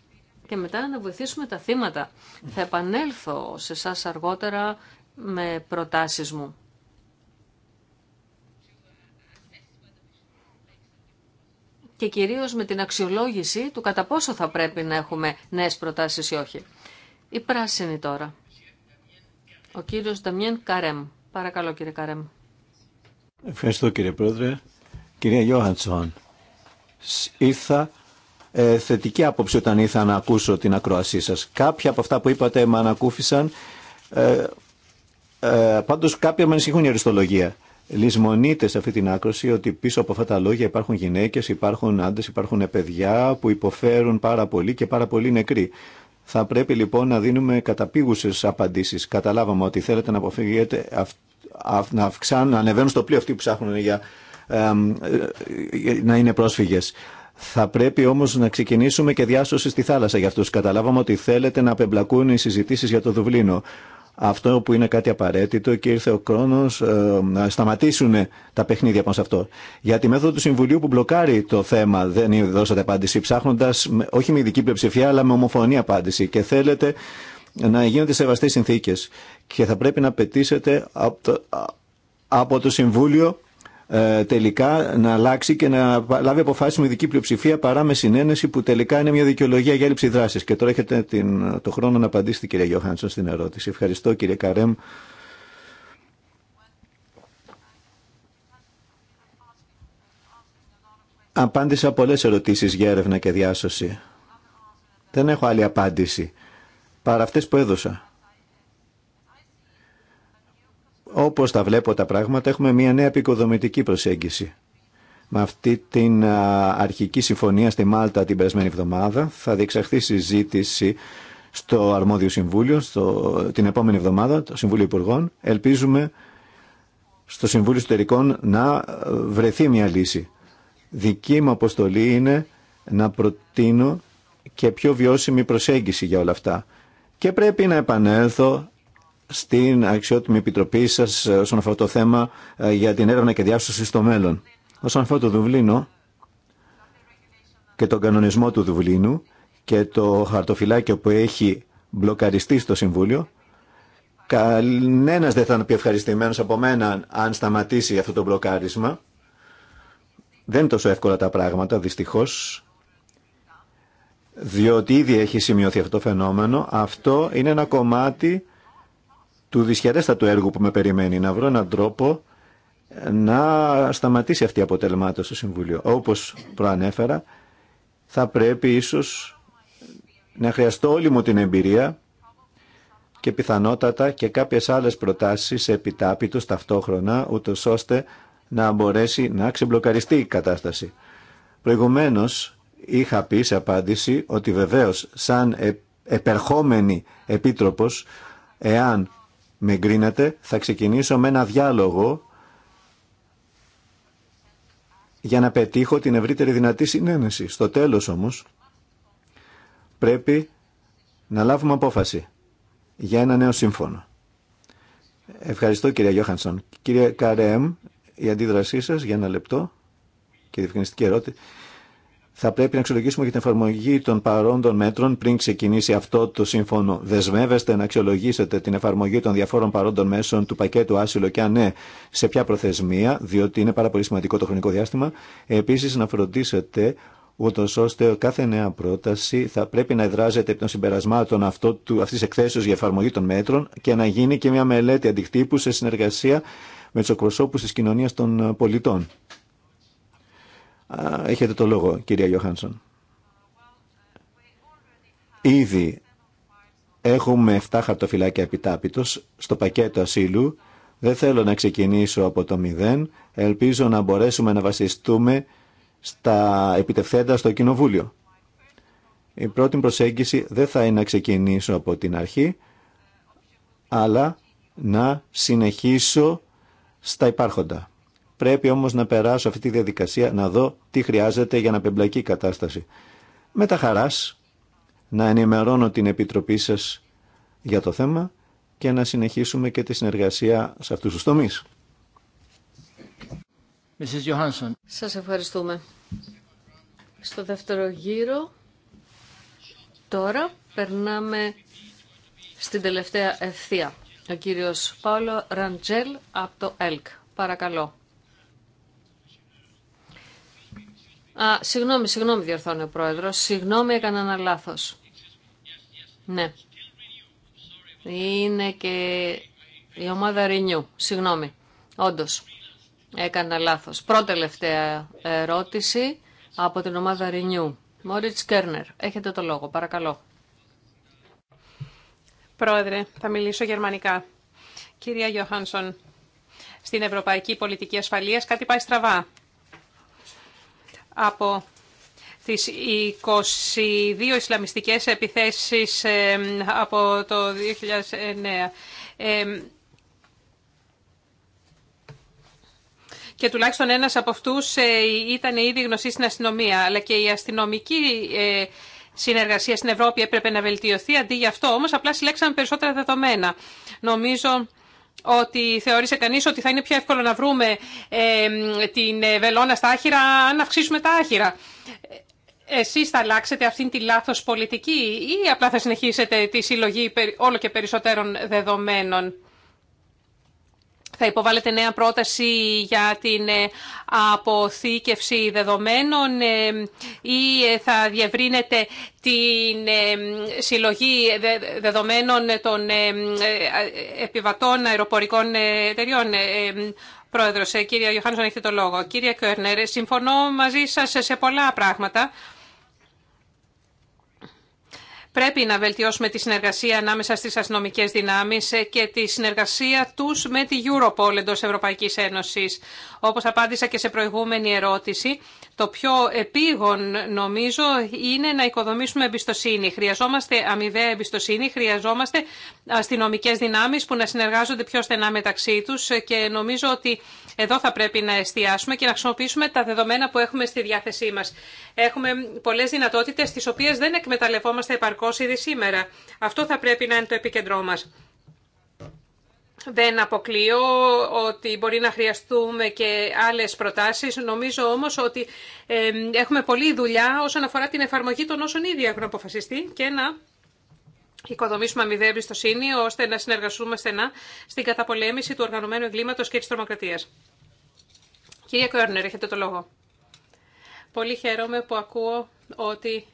και μετά να βοηθήσουμε τα θύματα. Θα επανέλθω σε εσά αργότερα με προτάσεις μου. Και κυρίως με την αξιολόγηση του κατά πόσο θα πρέπει να έχουμε νέες προτάσεις ή όχι. Η πράσινη τώρα. Ο κύριος Νταμιέν Καρέμ. Παρακαλώ κύριε Καρέμ. Ευχαριστώ κύριε Πρόεδρε. Κυρία Γιώχαντσον, ήρθα ε, θετική άποψη όταν ήθελα να ακούσω την ακροασή σας. Κάποια από αυτά που είπατε με ανακούφισαν, ε, ε, πάντως κάποια με ανησυχούν η αριστολογία. Λυσμονείται σε αυτή την άκρωση ότι πίσω από αυτά τα λόγια υπάρχουν γυναίκες, υπάρχουν άντρες, υπάρχουν παιδιά που υποφέρουν πάρα πολύ και πάρα πολύ νεκροί. Θα πρέπει λοιπόν να δίνουμε καταπήγουσες απαντήσεις. Καταλάβαμε ότι θέλετε να αποφύγετε να, αυξάνουν, να ανεβαίνουν στο πλοίο αυτοί που ψάχνουν για ε, ε, να είναι πρόσφυγες. Θα πρέπει όμω να ξεκινήσουμε και διάσωση στη θάλασσα για αυτού. Καταλάβαμε ότι θέλετε να απεμπλακούν οι συζητήσει για το Δουβλίνο. Αυτό που είναι κάτι απαραίτητο και ήρθε ο χρόνο ε, να σταματήσουν τα παιχνίδια πάνω σε αυτό. Για τη μέθοδο του Συμβουλίου που μπλοκάρει το θέμα δεν δώσατε απάντηση ψάχνοντα όχι με ειδική πλειοψηφία αλλά με ομοφωνή απάντηση και θέλετε να γίνονται σεβαστέ συνθήκε. και θα πρέπει να πετήσετε από το, από το Συμβούλιο ε, τελικά να αλλάξει και να λάβει αποφάσει με ειδική πλειοψηφία παρά με συνένεση που τελικά είναι μια δικαιολογία για έλλειψη δράση. Και τώρα έχετε την, το χρόνο να απαντήσετε κυρία Γιώχανσον στην ερώτηση. Ευχαριστώ κύριε Καρέμ. Απάντησα πολλές ερωτήσεις για έρευνα και διάσωση. Δεν έχω άλλη απάντηση παρά αυτές που έδωσα. Όπως τα βλέπω τα πράγματα, έχουμε μια νέα επικοδομητική προσέγγιση. Με αυτή την αρχική συμφωνία στη Μάλτα την περασμένη εβδομάδα θα διεξαχθεί συζήτηση στο αρμόδιο συμβούλιο στο, την επόμενη εβδομάδα, το Συμβούλιο Υπουργών. Ελπίζουμε στο Συμβούλιο Εσωτερικών να βρεθεί μια λύση. Δική μου αποστολή είναι να προτείνω και πιο βιώσιμη προσέγγιση για όλα αυτά. Και πρέπει να επανέλθω στην αξιότιμη επιτροπή σα ε, όσον αφορά το θέμα ε, για την έρευνα και διάσωση στο μέλλον. Όσον αφορά το Δουβλίνο και τον κανονισμό του Δουβλίνου και το χαρτοφυλάκιο που έχει μπλοκαριστεί στο Συμβούλιο, κανένα δεν θα είναι πιο ευχαριστημένο από μένα αν σταματήσει αυτό το μπλοκάρισμα. Δεν είναι τόσο εύκολα τα πράγματα, δυστυχώ. Διότι ήδη έχει σημειωθεί αυτό το φαινόμενο. Αυτό είναι ένα κομμάτι του δυσχερέστατου έργου που με περιμένει, να βρω έναν τρόπο να σταματήσει αυτή η αποτελμάτωση στο Συμβουλίο. Όπως προανέφερα, θα πρέπει ίσως να χρειαστώ όλη μου την εμπειρία και πιθανότατα και κάποιες άλλες προτάσεις επιτάπητος ταυτόχρονα, ούτως ώστε να μπορέσει να ξεμπλοκαριστεί η κατάσταση. Προηγουμένως είχα πει σε απάντηση ότι βεβαίως σαν επερχόμενη επίτροπος, εάν με εγκρίνετε, θα ξεκινήσω με ένα διάλογο για να πετύχω την ευρύτερη δυνατή συνένεση. Στο τέλος όμως πρέπει να λάβουμε απόφαση για ένα νέο σύμφωνο. Ευχαριστώ κυρία Γιώχανσον. Κύριε Καρέμ, η αντίδρασή σας για ένα λεπτό και διευκρινιστική ερώτηση θα πρέπει να αξιολογήσουμε για την εφαρμογή των παρόντων μέτρων πριν ξεκινήσει αυτό το σύμφωνο. Δεσμεύεστε να αξιολογήσετε την εφαρμογή των διαφόρων παρόντων μέσων του πακέτου άσυλο και αν ναι, σε ποια προθεσμία, διότι είναι πάρα πολύ σημαντικό το χρονικό διάστημα. Επίση, να φροντίσετε ούτω ώστε κάθε νέα πρόταση θα πρέπει να εδράζεται επί των συμπερασμάτων αυτή τη εκθέσεω για εφαρμογή των μέτρων και να γίνει και μια μελέτη αντικτύπου σε συνεργασία με του εκπροσώπου τη κοινωνία των πολιτών. Έχετε το λόγο, κυρία Γιώχανσον. Ήδη έχουμε 7 χαρτοφυλάκια επιτάπητος στο πακέτο ασύλου. Δεν θέλω να ξεκινήσω από το μηδέν. Ελπίζω να μπορέσουμε να βασιστούμε στα επιτευθέντα στο Κοινοβούλιο. Η πρώτη προσέγγιση δεν θα είναι να ξεκινήσω από την αρχή, αλλά να συνεχίσω στα υπάρχοντα. Πρέπει όμως να περάσω αυτή τη διαδικασία, να δω τι χρειάζεται για να πεμπλακεί η κατάσταση. Με τα χαράς να ενημερώνω την Επιτροπή σας για το θέμα και να συνεχίσουμε και τη συνεργασία σε αυτού τους τομείς. Σας ευχαριστούμε. Στο δεύτερο γύρο, τώρα περνάμε στην τελευταία ευθεία. Ο κύριος Πάολο Ραντζέλ από το ΕΛΚ. Παρακαλώ. Α, συγγνώμη, συγγνώμη διορθώνει ο Πρόεδρο. Συγγνώμη, έκανα ένα λάθο. Ναι. Είναι και η ομάδα Renew. Συγγνώμη. όντω, έκανα λάθο. Πρώτη τελευταία ερώτηση από την ομάδα Renew. Μόριτ Κέρνερ, έχετε το λόγο, παρακαλώ. Πρόεδρε, θα μιλήσω γερμανικά. Κυρία Γιωχάνσον, στην Ευρωπαϊκή Πολιτική Ασφαλείας κάτι πάει στραβά από τις 22 Ισλαμιστικές επιθέσεις από το 2009. Και τουλάχιστον ένας από αυτούς ε, ήταν ήδη γνωστή στην αστυνομία, αλλά και η αστυνομική ε, συνεργασία στην Ευρώπη έπρεπε να βελτιωθεί. Αντί για αυτό όμως απλά συλλέξαμε περισσότερα δεδομένα. Νομίζω ότι θεώρησε κανεί ότι θα είναι πιο εύκολο να βρούμε την ε, βελόνα στα άχυρα αν αυξήσουμε τα άχυρα. Ε, εσείς θα αλλάξετε αυτήν τη λάθος πολιτική ή απλά θα συνεχίσετε τη συλλογή όλο και περισσότερων δεδομένων. Θα υποβάλλετε νέα πρόταση για την ε, αποθήκευση δεδομένων ε, ή ε, θα διευρύνετε την συλλογή δεδομένων των επιβατών αεροπορικών εταιριών. Πρόεδρος, κύριε Ιωάννης, έχετε το λόγο. Κύριε Κέρνερ, συμφωνώ μαζί σας σε πολλά πράγματα. Πρέπει να βελτιώσουμε τη συνεργασία ανάμεσα στις αστυνομικές δυνάμεις και τη συνεργασία τους με τη Europol εντός Ευρωπαϊκής Ένωσης. Όπως απάντησα και σε προηγούμενη ερώτηση, το πιο επίγον νομίζω είναι να οικοδομήσουμε εμπιστοσύνη. Χρειαζόμαστε αμοιβαία εμπιστοσύνη, χρειαζόμαστε αστυνομικές δυνάμεις που να συνεργάζονται πιο στενά μεταξύ τους και νομίζω ότι εδώ θα πρέπει να εστιάσουμε και να χρησιμοποιήσουμε τα δεδομένα που έχουμε στη διάθεσή μας. Έχουμε πολλές δυνατότητες τι οποίες δεν εκμεταλλευόμαστε επαρκώ ήδη σήμερα. Αυτό θα πρέπει να είναι το επικεντρό μας. Δεν αποκλείω ότι μπορεί να χρειαστούμε και άλλες προτάσεις. Νομίζω όμως ότι ε, έχουμε πολλή δουλειά όσον αφορά την εφαρμογή των όσων ήδη έχουν αποφασιστεί και να οικοδομήσουμε αμοιβαία εμπιστοσύνη, ώστε να συνεργαστούμε στενά στην καταπολέμηση του οργανωμένου εγκλήματος και της τρομοκρατίας. Κυρία Κόρνερ, έχετε το λόγο. Πολύ χαίρομαι που ακούω ότι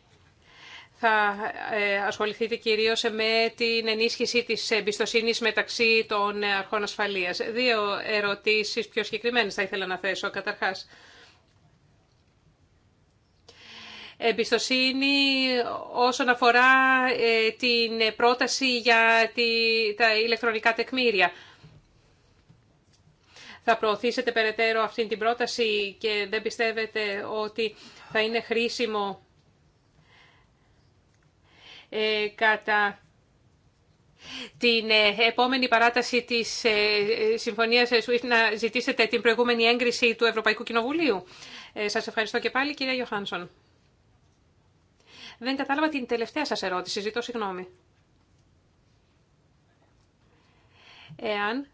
θα ε, ασχοληθείτε κυρίως με την ενίσχυση της εμπιστοσύνη μεταξύ των αρχών ασφαλείας. Δύο ερωτήσεις πιο συγκεκριμένες θα ήθελα να θέσω. Καταρχάς, εμπιστοσύνη όσον αφορά ε, την πρόταση για τα ηλεκτρονικά τεκμήρια. Θα προωθήσετε περαιτέρω αυτή την πρόταση και δεν πιστεύετε ότι θα είναι χρήσιμο ε, κατά την ε, επόμενη παράταση της Συμφωνίας να ζητήσετε την προηγούμενη έγκριση του Ευρωπαϊκού Κοινοβουλίου. Σας ευχαριστώ και πάλι, κυρία Γιωχάνσον. Δεν κατάλαβα την τελευταία σας ερώτηση, ζητώ συγγνώμη. Εάν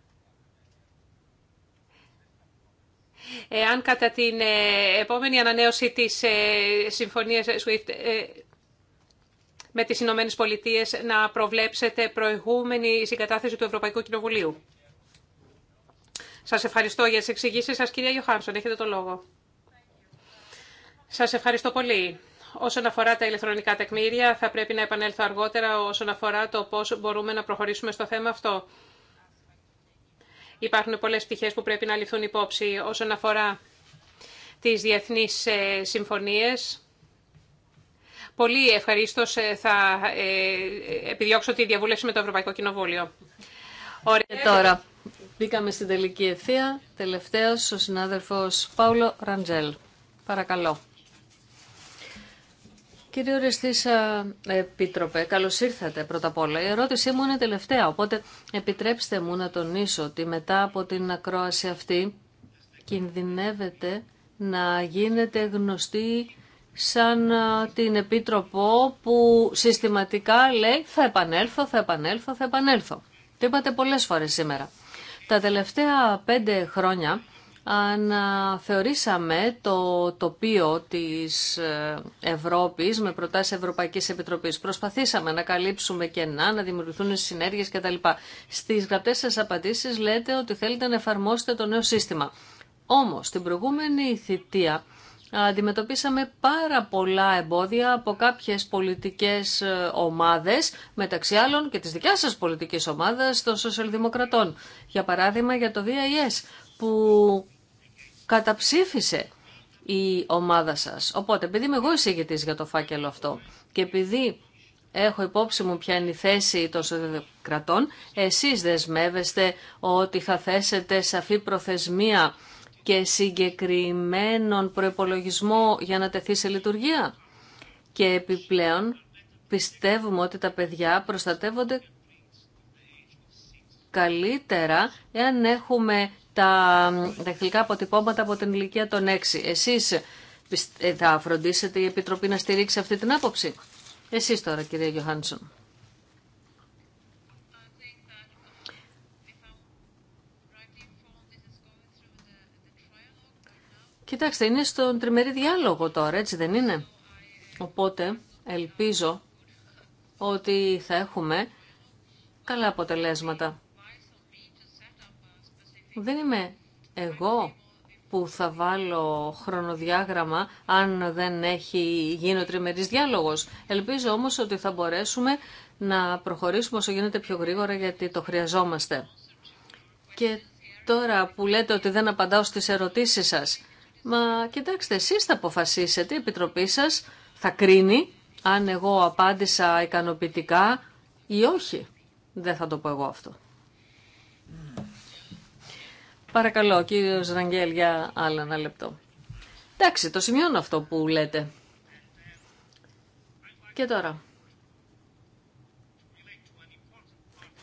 Εάν κατά την ε, επόμενη ανανέωση της ε, συμφωνίας ε, SWIFT με τις Ηνωμένε Πολιτείε να προβλέψετε προηγούμενη συγκατάθεση του Ευρωπαϊκού Κοινοβουλίου. Σας ευχαριστώ για τις εξηγήσεις σας, κυρία Γιωχάνσον. Έχετε το λόγο. Σας ευχαριστώ πολύ. Όσον αφορά τα ηλεκτρονικά τεκμήρια, θα πρέπει να επανέλθω αργότερα όσον αφορά το πώς μπορούμε να προχωρήσουμε στο θέμα αυτό. Υπάρχουν πολλές πτυχές που πρέπει να ληφθούν υπόψη όσον αφορά τις διεθνείς ε, συμφωνίες. Πολύ ευχαρίστω ε, θα ε, επιδιώξω τη διαβούλευση με το Ευρωπαϊκό Κοινοβούλιο. Ωραία. Και τώρα μπήκαμε στην τελική ευθεία. Τελευταίος ο συνάδελφος Πάουλο Ραντζέλ. Παρακαλώ. Κύριε Οριστήσα, Επίτροπε, καλώ ήρθατε πρώτα απ' όλα. Η ερώτησή μου είναι τελευταία, οπότε επιτρέψτε μου να τονίσω ότι μετά από την ακρόαση αυτή κινδυνεύεται να γίνεται γνωστή σαν την Επίτροπο που συστηματικά λέει θα επανέλθω, θα επανέλθω, θα επανέλθω. Το είπατε πολλές φορές σήμερα. Τα τελευταία πέντε χρόνια αναθεωρήσαμε το τοπίο της ε, Ευρώπης με προτάσεις Ευρωπαϊκής Επιτροπής. Προσπαθήσαμε να καλύψουμε κενά, να δημιουργηθούν συνέργειες κτλ. Στις γραπτές σας απαντήσεις λέτε ότι θέλετε να εφαρμόσετε το νέο σύστημα. Όμως, την προηγούμενη θητεία αντιμετωπίσαμε πάρα πολλά εμπόδια από κάποιες πολιτικές ε, ομάδες, μεταξύ άλλων και της δικιάς σας πολιτικής ομάδας των σοσιαλδημοκρατών. Για παράδειγμα για το VIS που καταψήφισε η ομάδα σας. Οπότε, επειδή είμαι εγώ εισηγητής για το φάκελο αυτό και επειδή έχω υπόψη μου ποια είναι η θέση των κρατών, εσείς δεσμεύεστε ότι θα θέσετε σαφή προθεσμία και συγκεκριμένον προπολογισμό για να τεθεί σε λειτουργία. Και επιπλέον πιστεύουμε ότι τα παιδιά προστατεύονται καλύτερα εάν έχουμε τα δαχτυλικά αποτυπώματα από την ηλικία των 6. Εσείς ε, θα φροντίσετε η Επιτροπή να στηρίξει αυτή την άποψη. Εσείς τώρα κυρία Γιωάννησον. Κοιτάξτε, είναι στον τριμερή διάλογο τώρα, έτσι δεν είναι. Οπότε ελπίζω ότι θα έχουμε καλά αποτελέσματα. Δεν είμαι εγώ που θα βάλω χρονοδιάγραμμα αν δεν έχει γίνει ο τριμερής διάλογος. Ελπίζω όμως ότι θα μπορέσουμε να προχωρήσουμε όσο γίνεται πιο γρήγορα γιατί το χρειαζόμαστε. Και τώρα που λέτε ότι δεν απαντάω στις ερωτήσεις σας, μα κοιτάξτε εσείς θα αποφασίσετε, η Επιτροπή σας θα κρίνει αν εγώ απάντησα ικανοποιητικά ή όχι. Δεν θα το πω εγώ αυτό. Παρακαλώ, κύριο Ραγγέλ, για άλλο ένα λεπτό. Εντάξει, το σημειώνω αυτό που λέτε. Και τώρα.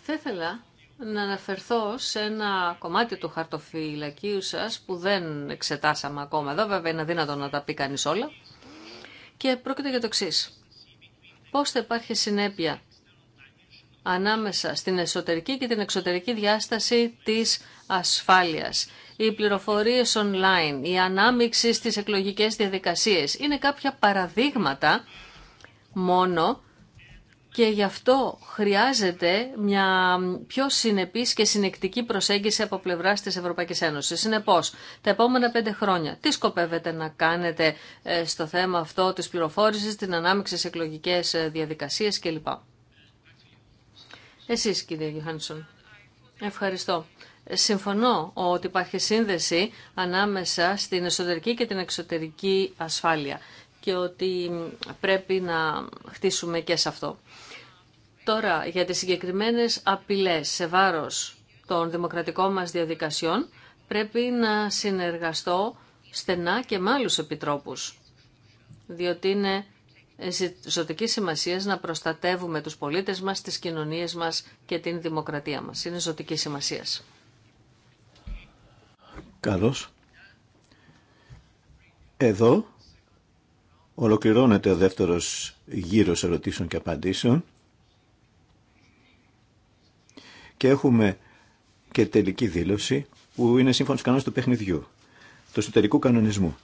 Θα ήθελα να αναφερθώ σε ένα κομμάτι του χαρτοφυλακίου σας που δεν εξετάσαμε ακόμα εδώ. Βέβαια είναι αδύνατο να τα πει κανείς όλα. Και πρόκειται για το εξή. Πώς θα υπάρχει συνέπεια ανάμεσα στην εσωτερική και την εξωτερική διάσταση της ασφάλειας. Οι πληροφορίες online, η ανάμειξη στις εκλογικές διαδικασίες είναι κάποια παραδείγματα μόνο και γι' αυτό χρειάζεται μια πιο συνεπής και συνεκτική προσέγγιση από πλευράς της Ευρωπαϊκής Ένωσης. Συνεπώς, τα επόμενα πέντε χρόνια, τι σκοπεύετε να κάνετε ε, στο θέμα αυτό της πληροφόρησης, την ανάμειξη σε εκλογικές ε, διαδικασίες κλπ. Εσείς κύριε Γιουχάνσον. Ευχαριστώ. Συμφωνώ ότι υπάρχει σύνδεση ανάμεσα στην εσωτερική και την εξωτερική ασφάλεια και ότι πρέπει να χτίσουμε και σε αυτό. Τώρα, για τις συγκεκριμένες απειλές σε βάρος των δημοκρατικών μας διαδικασιών, πρέπει να συνεργαστώ στενά και με άλλους επιτρόπους, διότι είναι ε, ζωτική σημασία να προστατεύουμε τους πολίτες μας, τις κοινωνίες μας και την δημοκρατία μας. Είναι ζωτική σημασία. Καλώ. Εδώ ολοκληρώνεται ο δεύτερος γύρος ερωτήσεων και απαντήσεων και έχουμε και τελική δήλωση που είναι σύμφωνα στους κανόνες του παιχνιδιού, του εσωτερικού κανονισμού.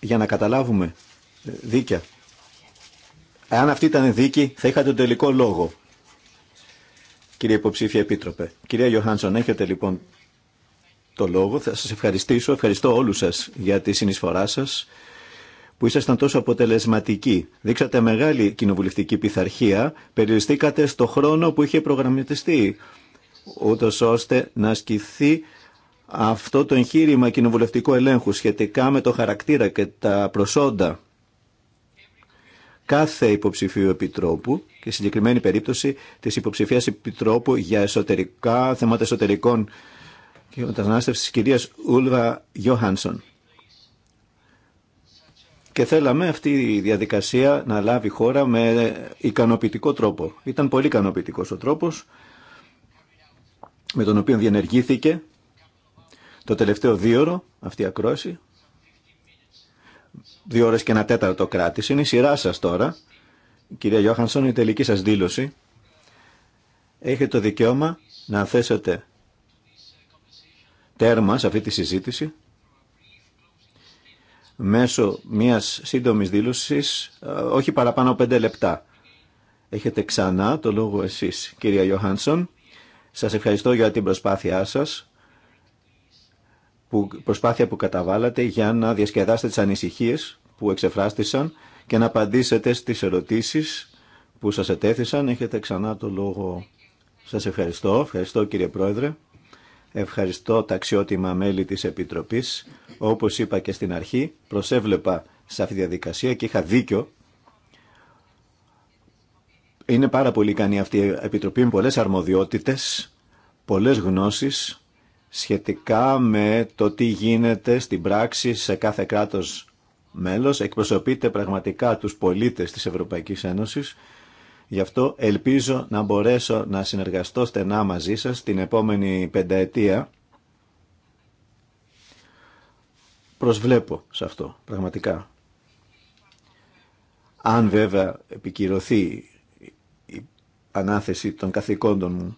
Για να καταλάβουμε δίκαια. Αν αυτή ήταν δίκη, θα είχατε τον τελικό λόγο. Κύριε Υποψήφια Επίτροπε, κυρία Γιωχάνσον, έχετε λοιπόν το λόγο. Θα σας ευχαριστήσω, ευχαριστώ όλους σας για τη συνεισφορά σας που ήσασταν τόσο αποτελεσματικοί. Δείξατε μεγάλη κοινοβουλευτική πειθαρχία, περιοριστήκατε στο χρόνο που είχε προγραμματιστεί, ούτω ώστε να ασκηθεί αυτό το εγχείρημα κοινοβουλευτικού ελέγχου σχετικά με το χαρακτήρα και τα προσόντα κάθε υποψηφίου επιτρόπου και συγκεκριμένη περίπτωση της υποψηφίας επιτρόπου για εσωτερικά θέματα εσωτερικών και της κυρίας Ούλβα Γιώχανσον. Και θέλαμε αυτή η διαδικασία να λάβει χώρα με ικανοποιητικό τρόπο. Ήταν πολύ ικανοποιητικό ο τρόπος με τον οποίο διενεργήθηκε το τελευταίο δίωρο αυτή η ακρόαση δύο ώρες και ένα τέταρτο κράτη. Είναι η σειρά σας τώρα. Κυρία Γιώχανσον, η τελική σας δήλωση. Έχετε το δικαίωμα να θέσετε τέρμα σε αυτή τη συζήτηση μέσω μιας σύντομης δήλωσης, ε, όχι παραπάνω πέντε λεπτά. Έχετε ξανά το λόγο εσείς, κυρία Γιώχανσον. Σας ευχαριστώ για την προσπάθειά σας, που, προσπάθεια που καταβάλατε για να διασκεδάσετε τις ανησυχίες που εξεφράστησαν και να απαντήσετε στις ερωτήσεις που σας ετέθησαν. Έχετε ξανά το λόγο. Σας ευχαριστώ. Ευχαριστώ κύριε Πρόεδρε. Ευχαριστώ τα αξιότιμα μέλη της Επιτροπής. Όπως είπα και στην αρχή, προσέβλεπα σε αυτή τη διαδικασία και είχα δίκιο. Είναι πάρα πολύ ικανή αυτή η Επιτροπή με πολλές αρμοδιότητες, πολλές γνώσεις σχετικά με το τι γίνεται στην πράξη σε κάθε κράτος μέλος, εκπροσωπείτε πραγματικά τους πολίτες της Ευρωπαϊκής Ένωσης. Γι' αυτό ελπίζω να μπορέσω να συνεργαστώ στενά μαζί σας την επόμενη πενταετία. Προσβλέπω σε αυτό, πραγματικά. Αν βέβαια επικυρωθεί η ανάθεση των καθηκόντων μου.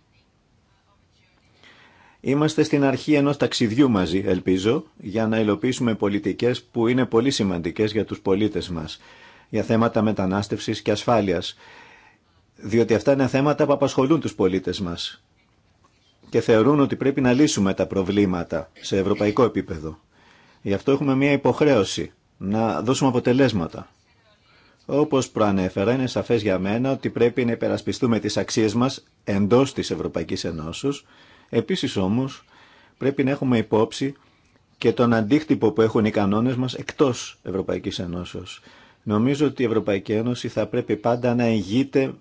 Είμαστε στην αρχή ενός ταξιδιού μαζί, ελπίζω, για να υλοποιήσουμε πολιτικές που είναι πολύ σημαντικές για τους πολίτες μας, για θέματα μετανάστευσης και ασφάλειας, διότι αυτά είναι θέματα που απασχολούν τους πολίτες μας και θεωρούν ότι πρέπει να λύσουμε τα προβλήματα σε ευρωπαϊκό επίπεδο. Γι' αυτό έχουμε μια υποχρέωση να δώσουμε αποτελέσματα. Όπως προανέφερα, είναι σαφές για μένα ότι πρέπει να υπερασπιστούμε τις αξίες μας εντός της Ευρωπαϊκής Ενώσης Επίσης όμως πρέπει να έχουμε υπόψη και τον αντίκτυπο που έχουν οι κανόνες μας εκτός Ευρωπαϊκής Ενώσεως. Νομίζω ότι η Ευρωπαϊκή Ένωση θα πρέπει πάντα να ηγείται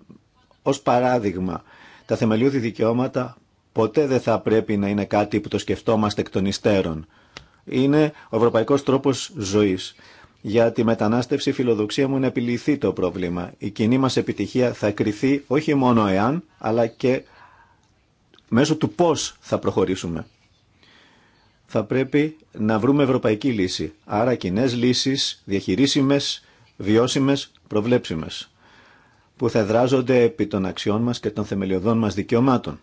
ως παράδειγμα. Τα θεμελιώδη δικαιώματα ποτέ δεν θα πρέπει να είναι κάτι που το σκεφτόμαστε εκ των υστέρων. Είναι ο ευρωπαϊκός τρόπος ζωής. Για τη μετανάστευση η φιλοδοξία μου να επιληθεί το πρόβλημα. Η κοινή μας επιτυχία θα κριθεί όχι μόνο εάν, αλλά και μέσω του πώς θα προχωρήσουμε. Θα πρέπει να βρούμε ευρωπαϊκή λύση. Άρα κοινέ λύσεις, διαχειρίσιμες, βιώσιμες, προβλέψιμες, που θα δράζονται επί των αξιών μας και των θεμελιωδών μας δικαιωμάτων.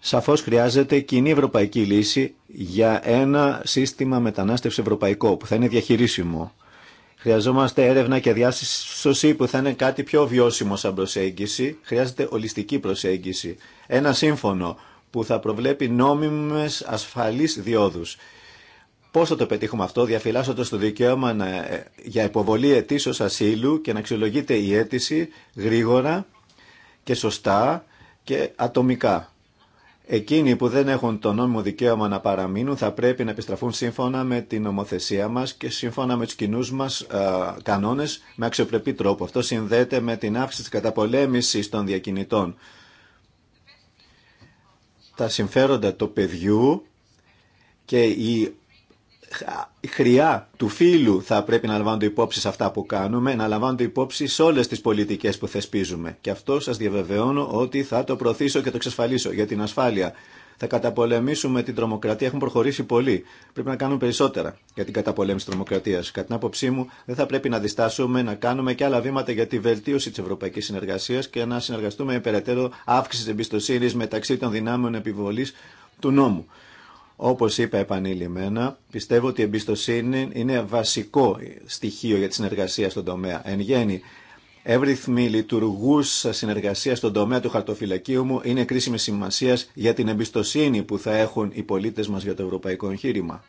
Σαφώς χρειάζεται κοινή ευρωπαϊκή λύση για ένα σύστημα μετανάστευσης ευρωπαϊκό που θα είναι διαχειρίσιμο Χρειαζόμαστε έρευνα και διάσωση που θα είναι κάτι πιο βιώσιμο σαν προσέγγιση. Χρειάζεται ολιστική προσέγγιση. Ένα σύμφωνο που θα προβλέπει νόμιμες ασφαλείς διόδους. Πώς θα το πετύχουμε αυτό, διαφυλάσσοντας το δικαίωμα να, ε, για υποβολή αιτήσεω ασύλου και να αξιολογείται η αίτηση γρήγορα και σωστά και ατομικά. Εκείνοι που δεν έχουν το νόμιμο δικαίωμα να παραμείνουν θα πρέπει να επιστραφούν σύμφωνα με την νομοθεσία μας και σύμφωνα με του κοινού μας κανόνε κανόνες με αξιοπρεπή τρόπο. Αυτό συνδέεται με την αύξηση της καταπολέμησης των διακινητών. Τα συμφέροντα του παιδιού και η χρειά του φίλου θα πρέπει να λαμβάνονται υπόψη σε αυτά που κάνουμε, να λαμβάνονται υπόψη σε όλε τι πολιτικέ που θεσπίζουμε. Και αυτό σα διαβεβαιώνω ότι θα το προωθήσω και το εξασφαλίσω για την ασφάλεια. Θα καταπολεμήσουμε την τρομοκρατία. Έχουμε προχωρήσει πολύ. Πρέπει να κάνουμε περισσότερα για την καταπολέμηση τη τρομοκρατία. Κατά την άποψή μου, δεν θα πρέπει να διστάσουμε να κάνουμε και άλλα βήματα για τη βελτίωση τη ευρωπαϊκή συνεργασία και να συνεργαστούμε με περαιτέρω αύξηση εμπιστοσύνη μεταξύ των δυνάμεων επιβολή του νόμου. Όπως είπα επανειλημμένα, πιστεύω ότι η εμπιστοσύνη είναι βασικό στοιχείο για τη συνεργασία στον τομέα. Εν γέννη, εύρυθμη λειτουργούσα συνεργασία στον τομέα του χαρτοφυλακίου μου είναι κρίσιμη σημασία για την εμπιστοσύνη που θα έχουν οι πολίτες μας για το ευρωπαϊκό εγχείρημα.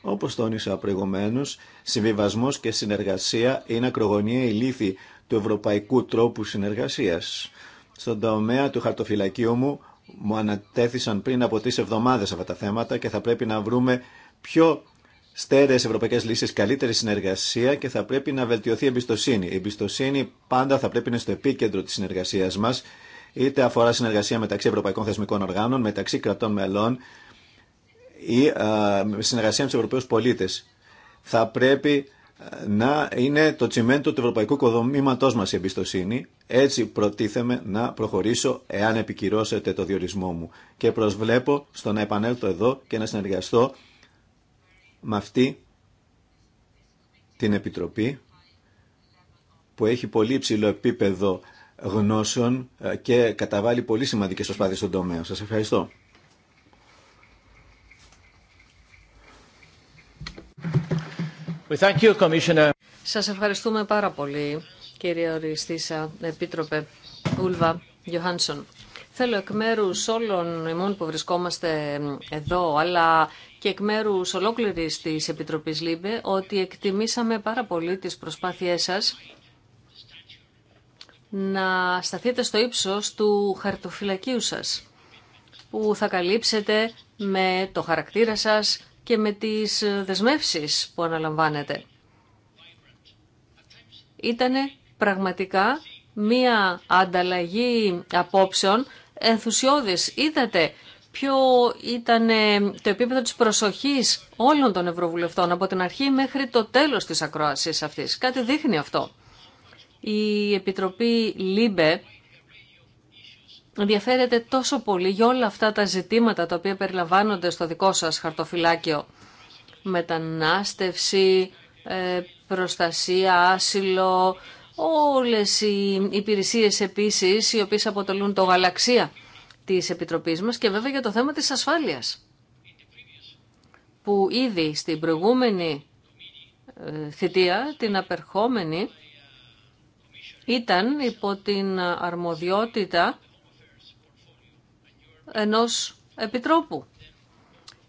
Όπως τόνισα προηγουμένω, συμβιβασμό και συνεργασία είναι ακρογωνία λύθη του ευρωπαϊκού τρόπου συνεργασίας. Στον τομέα του χαρτοφυλακίου μου μου ανατέθησαν πριν από τρει εβδομάδες αυτά τα θέματα και θα πρέπει να βρούμε πιο στέρεε ευρωπαϊκές λύσεις, καλύτερη συνεργασία και θα πρέπει να βελτιωθεί η εμπιστοσύνη. Η εμπιστοσύνη πάντα θα πρέπει να είναι στο επίκεντρο της συνεργασίας μας, είτε αφορά συνεργασία μεταξύ ευρωπαϊκών θεσμικών οργάνων, μεταξύ κρατών μελών ή συνεργασία με του Ευρωπαίου πολίτε. Θα πρέπει να είναι το τσιμέντο του ευρωπαϊκού οικοδομήματό μα η εμπιστοσύνη. Έτσι προτίθεμαι να προχωρήσω εάν επικυρώσετε το διορισμό μου. Και προσβλέπω στο να επανέλθω εδώ και να συνεργαστώ με αυτή την Επιτροπή που έχει πολύ υψηλό επίπεδο γνώσεων ε, και καταβάλει πολύ σημαντικές προσπάθειες στον τομέα. Σας ευχαριστώ. Thank Σας ευχαριστούμε πάρα πολύ, κύριε Οριστήσα, Επίτροπε Ούλβα Γιωάνσον. Θέλω εκ μέρου όλων ημών που βρισκόμαστε εδώ, αλλά και εκ μέρου ολόκληρη τη Επιτροπή ΛΥΜΠΕ, ότι εκτιμήσαμε πάρα πολύ τι προσπάθειέ σα να σταθείτε στο ύψο του χαρτοφυλακίου σας, που θα καλύψετε με το χαρακτήρα σας, και με τις ε, δεσμεύσεις που αναλαμβάνετε. Ήτανε πραγματικά μία ανταλλαγή απόψεων ενθουσιώδης. Είδατε ποιο ήταν το επίπεδο της προσοχής όλων των Ευρωβουλευτών από την αρχή μέχρι το τέλος της ακρόασης αυτής. Κάτι δείχνει αυτό. Η Επιτροπή ΛΥΜΠΕ ενδιαφέρεται τόσο πολύ για όλα αυτά τα ζητήματα τα οποία περιλαμβάνονται στο δικό σας χαρτοφυλάκιο. Μετανάστευση, ε, προστασία, άσυλο, όλες οι υπηρεσίες επίσης οι οποίες αποτελούν το γαλαξία της Επιτροπής μας και βέβαια για το θέμα της ασφάλειας που ήδη στην προηγούμενη ε, θητεία, την απερχόμενη, ήταν υπό την αρμοδιότητα ενός επιτρόπου.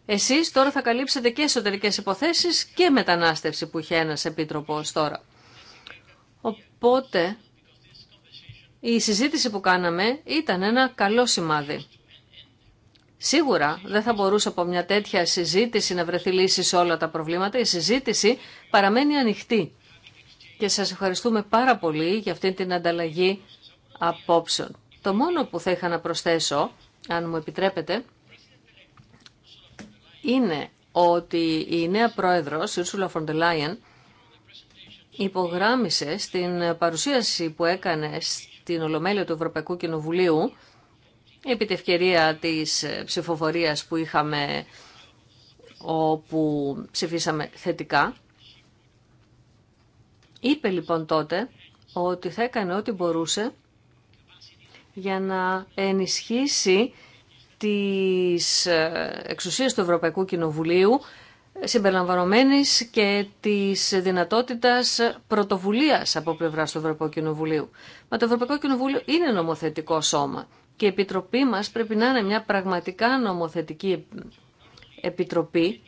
Εσείς τώρα θα καλύψετε και εσωτερικές υποθέσεις και μετανάστευση που είχε ένας επίτροπος τώρα. Οπότε η συζήτηση που κάναμε ήταν ένα καλό σημάδι. Σίγουρα δεν θα μπορούσε από μια τέτοια συζήτηση να βρεθεί λύση σε όλα τα προβλήματα. Η συζήτηση παραμένει ανοιχτή. Και σας ευχαριστούμε πάρα πολύ για αυτή την ανταλλαγή απόψεων. Το μόνο που θα είχα να προσθέσω αν μου επιτρέπετε, είναι ότι η νέα πρόεδρος, Ursula von der Leyen, υπογράμισε στην παρουσίαση που έκανε στην Ολομέλεια του Ευρωπαϊκού Κοινοβουλίου, επί τη ευκαιρία της ψηφοφορίας που είχαμε όπου ψηφίσαμε θετικά. Είπε λοιπόν τότε ότι θα έκανε ό,τι μπορούσε για να ενισχύσει τις ε, εξουσίες του Ευρωπαϊκού Κοινοβουλίου συμπεριλαμβανομένης και της δυνατότητας πρωτοβουλίας από πλευράς του Ευρωπαϊκού Κοινοβουλίου. Μα το Ευρωπαϊκό Κοινοβούλιο είναι νομοθετικό σώμα και η Επιτροπή μας πρέπει να είναι μια πραγματικά νομοθετική Επιτροπή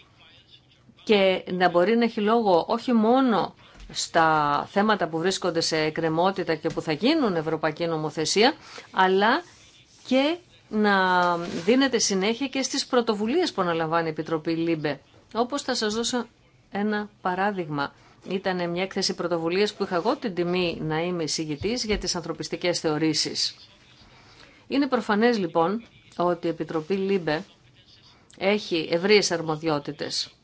και να μπορεί να έχει λόγο όχι μόνο στα θέματα που βρίσκονται σε εκκρεμότητα και που θα γίνουν ευρωπαϊκή νομοθεσία, αλλά και να δίνεται συνέχεια και στις πρωτοβουλίες που αναλαμβάνει η Επιτροπή ΛΥΜΠΕ. Όπως θα σας δώσω ένα παράδειγμα. Ήταν μια έκθεση πρωτοβουλίας που είχα εγώ την τιμή να είμαι εισηγητής για τις ανθρωπιστικές θεωρήσεις. Είναι προφανές λοιπόν ότι η Επιτροπή ΛΥΜΠΕ έχει ευρείες αρμοδιότητες.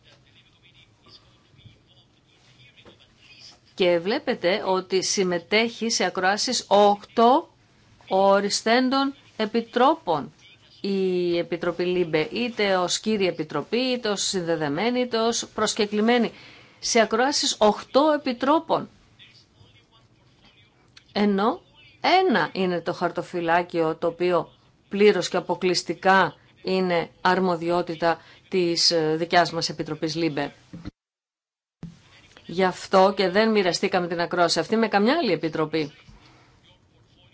και βλέπετε ότι συμμετέχει σε ακροάσεις 8 οριστέντων επιτρόπων η Επιτροπή Λίμπε. είτε ω κύριε επιτροπή, είτε ω συνδεδεμένη, είτε προσκεκλημένη, σε ακροάσεις 8 επιτρόπων. Ενώ ένα είναι το χαρτοφυλάκιο το οποίο πλήρως και αποκλειστικά είναι αρμοδιότητα της ε, δικιάς μας Επιτροπής ΛΥΜΠΕ. Γι' αυτό και δεν μοιραστήκαμε την ακρόαση αυτή με καμιά άλλη επιτροπή.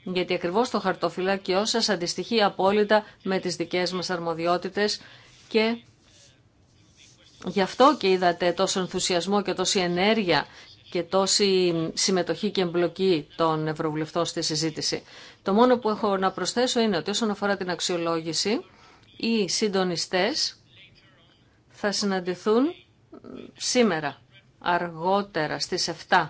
Γιατί ακριβώς το χαρτοφυλάκιό σας αντιστοιχεί απόλυτα με τις δικές μας αρμοδιότητες και γι' αυτό και είδατε τόσο ενθουσιασμό και τόση ενέργεια και τόση συμμετοχή και εμπλοκή των Ευρωβουλευτών στη συζήτηση. Το μόνο που έχω να προσθέσω είναι ότι όσον αφορά την αξιολόγηση, οι συντονιστές θα συναντηθούν σήμερα αργότερα στις 7.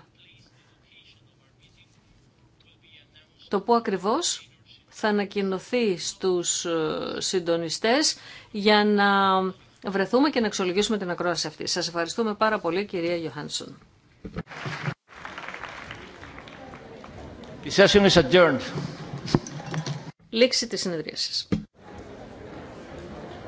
Το που ακριβώς θα ανακοινωθεί στους ε, συντονιστές για να βρεθούμε και να εξολογήσουμε την ακρόαση αυτή. Σας ευχαριστούμε πάρα πολύ κυρία Γιωχάνσον. Λήξη της συνεδρίασης.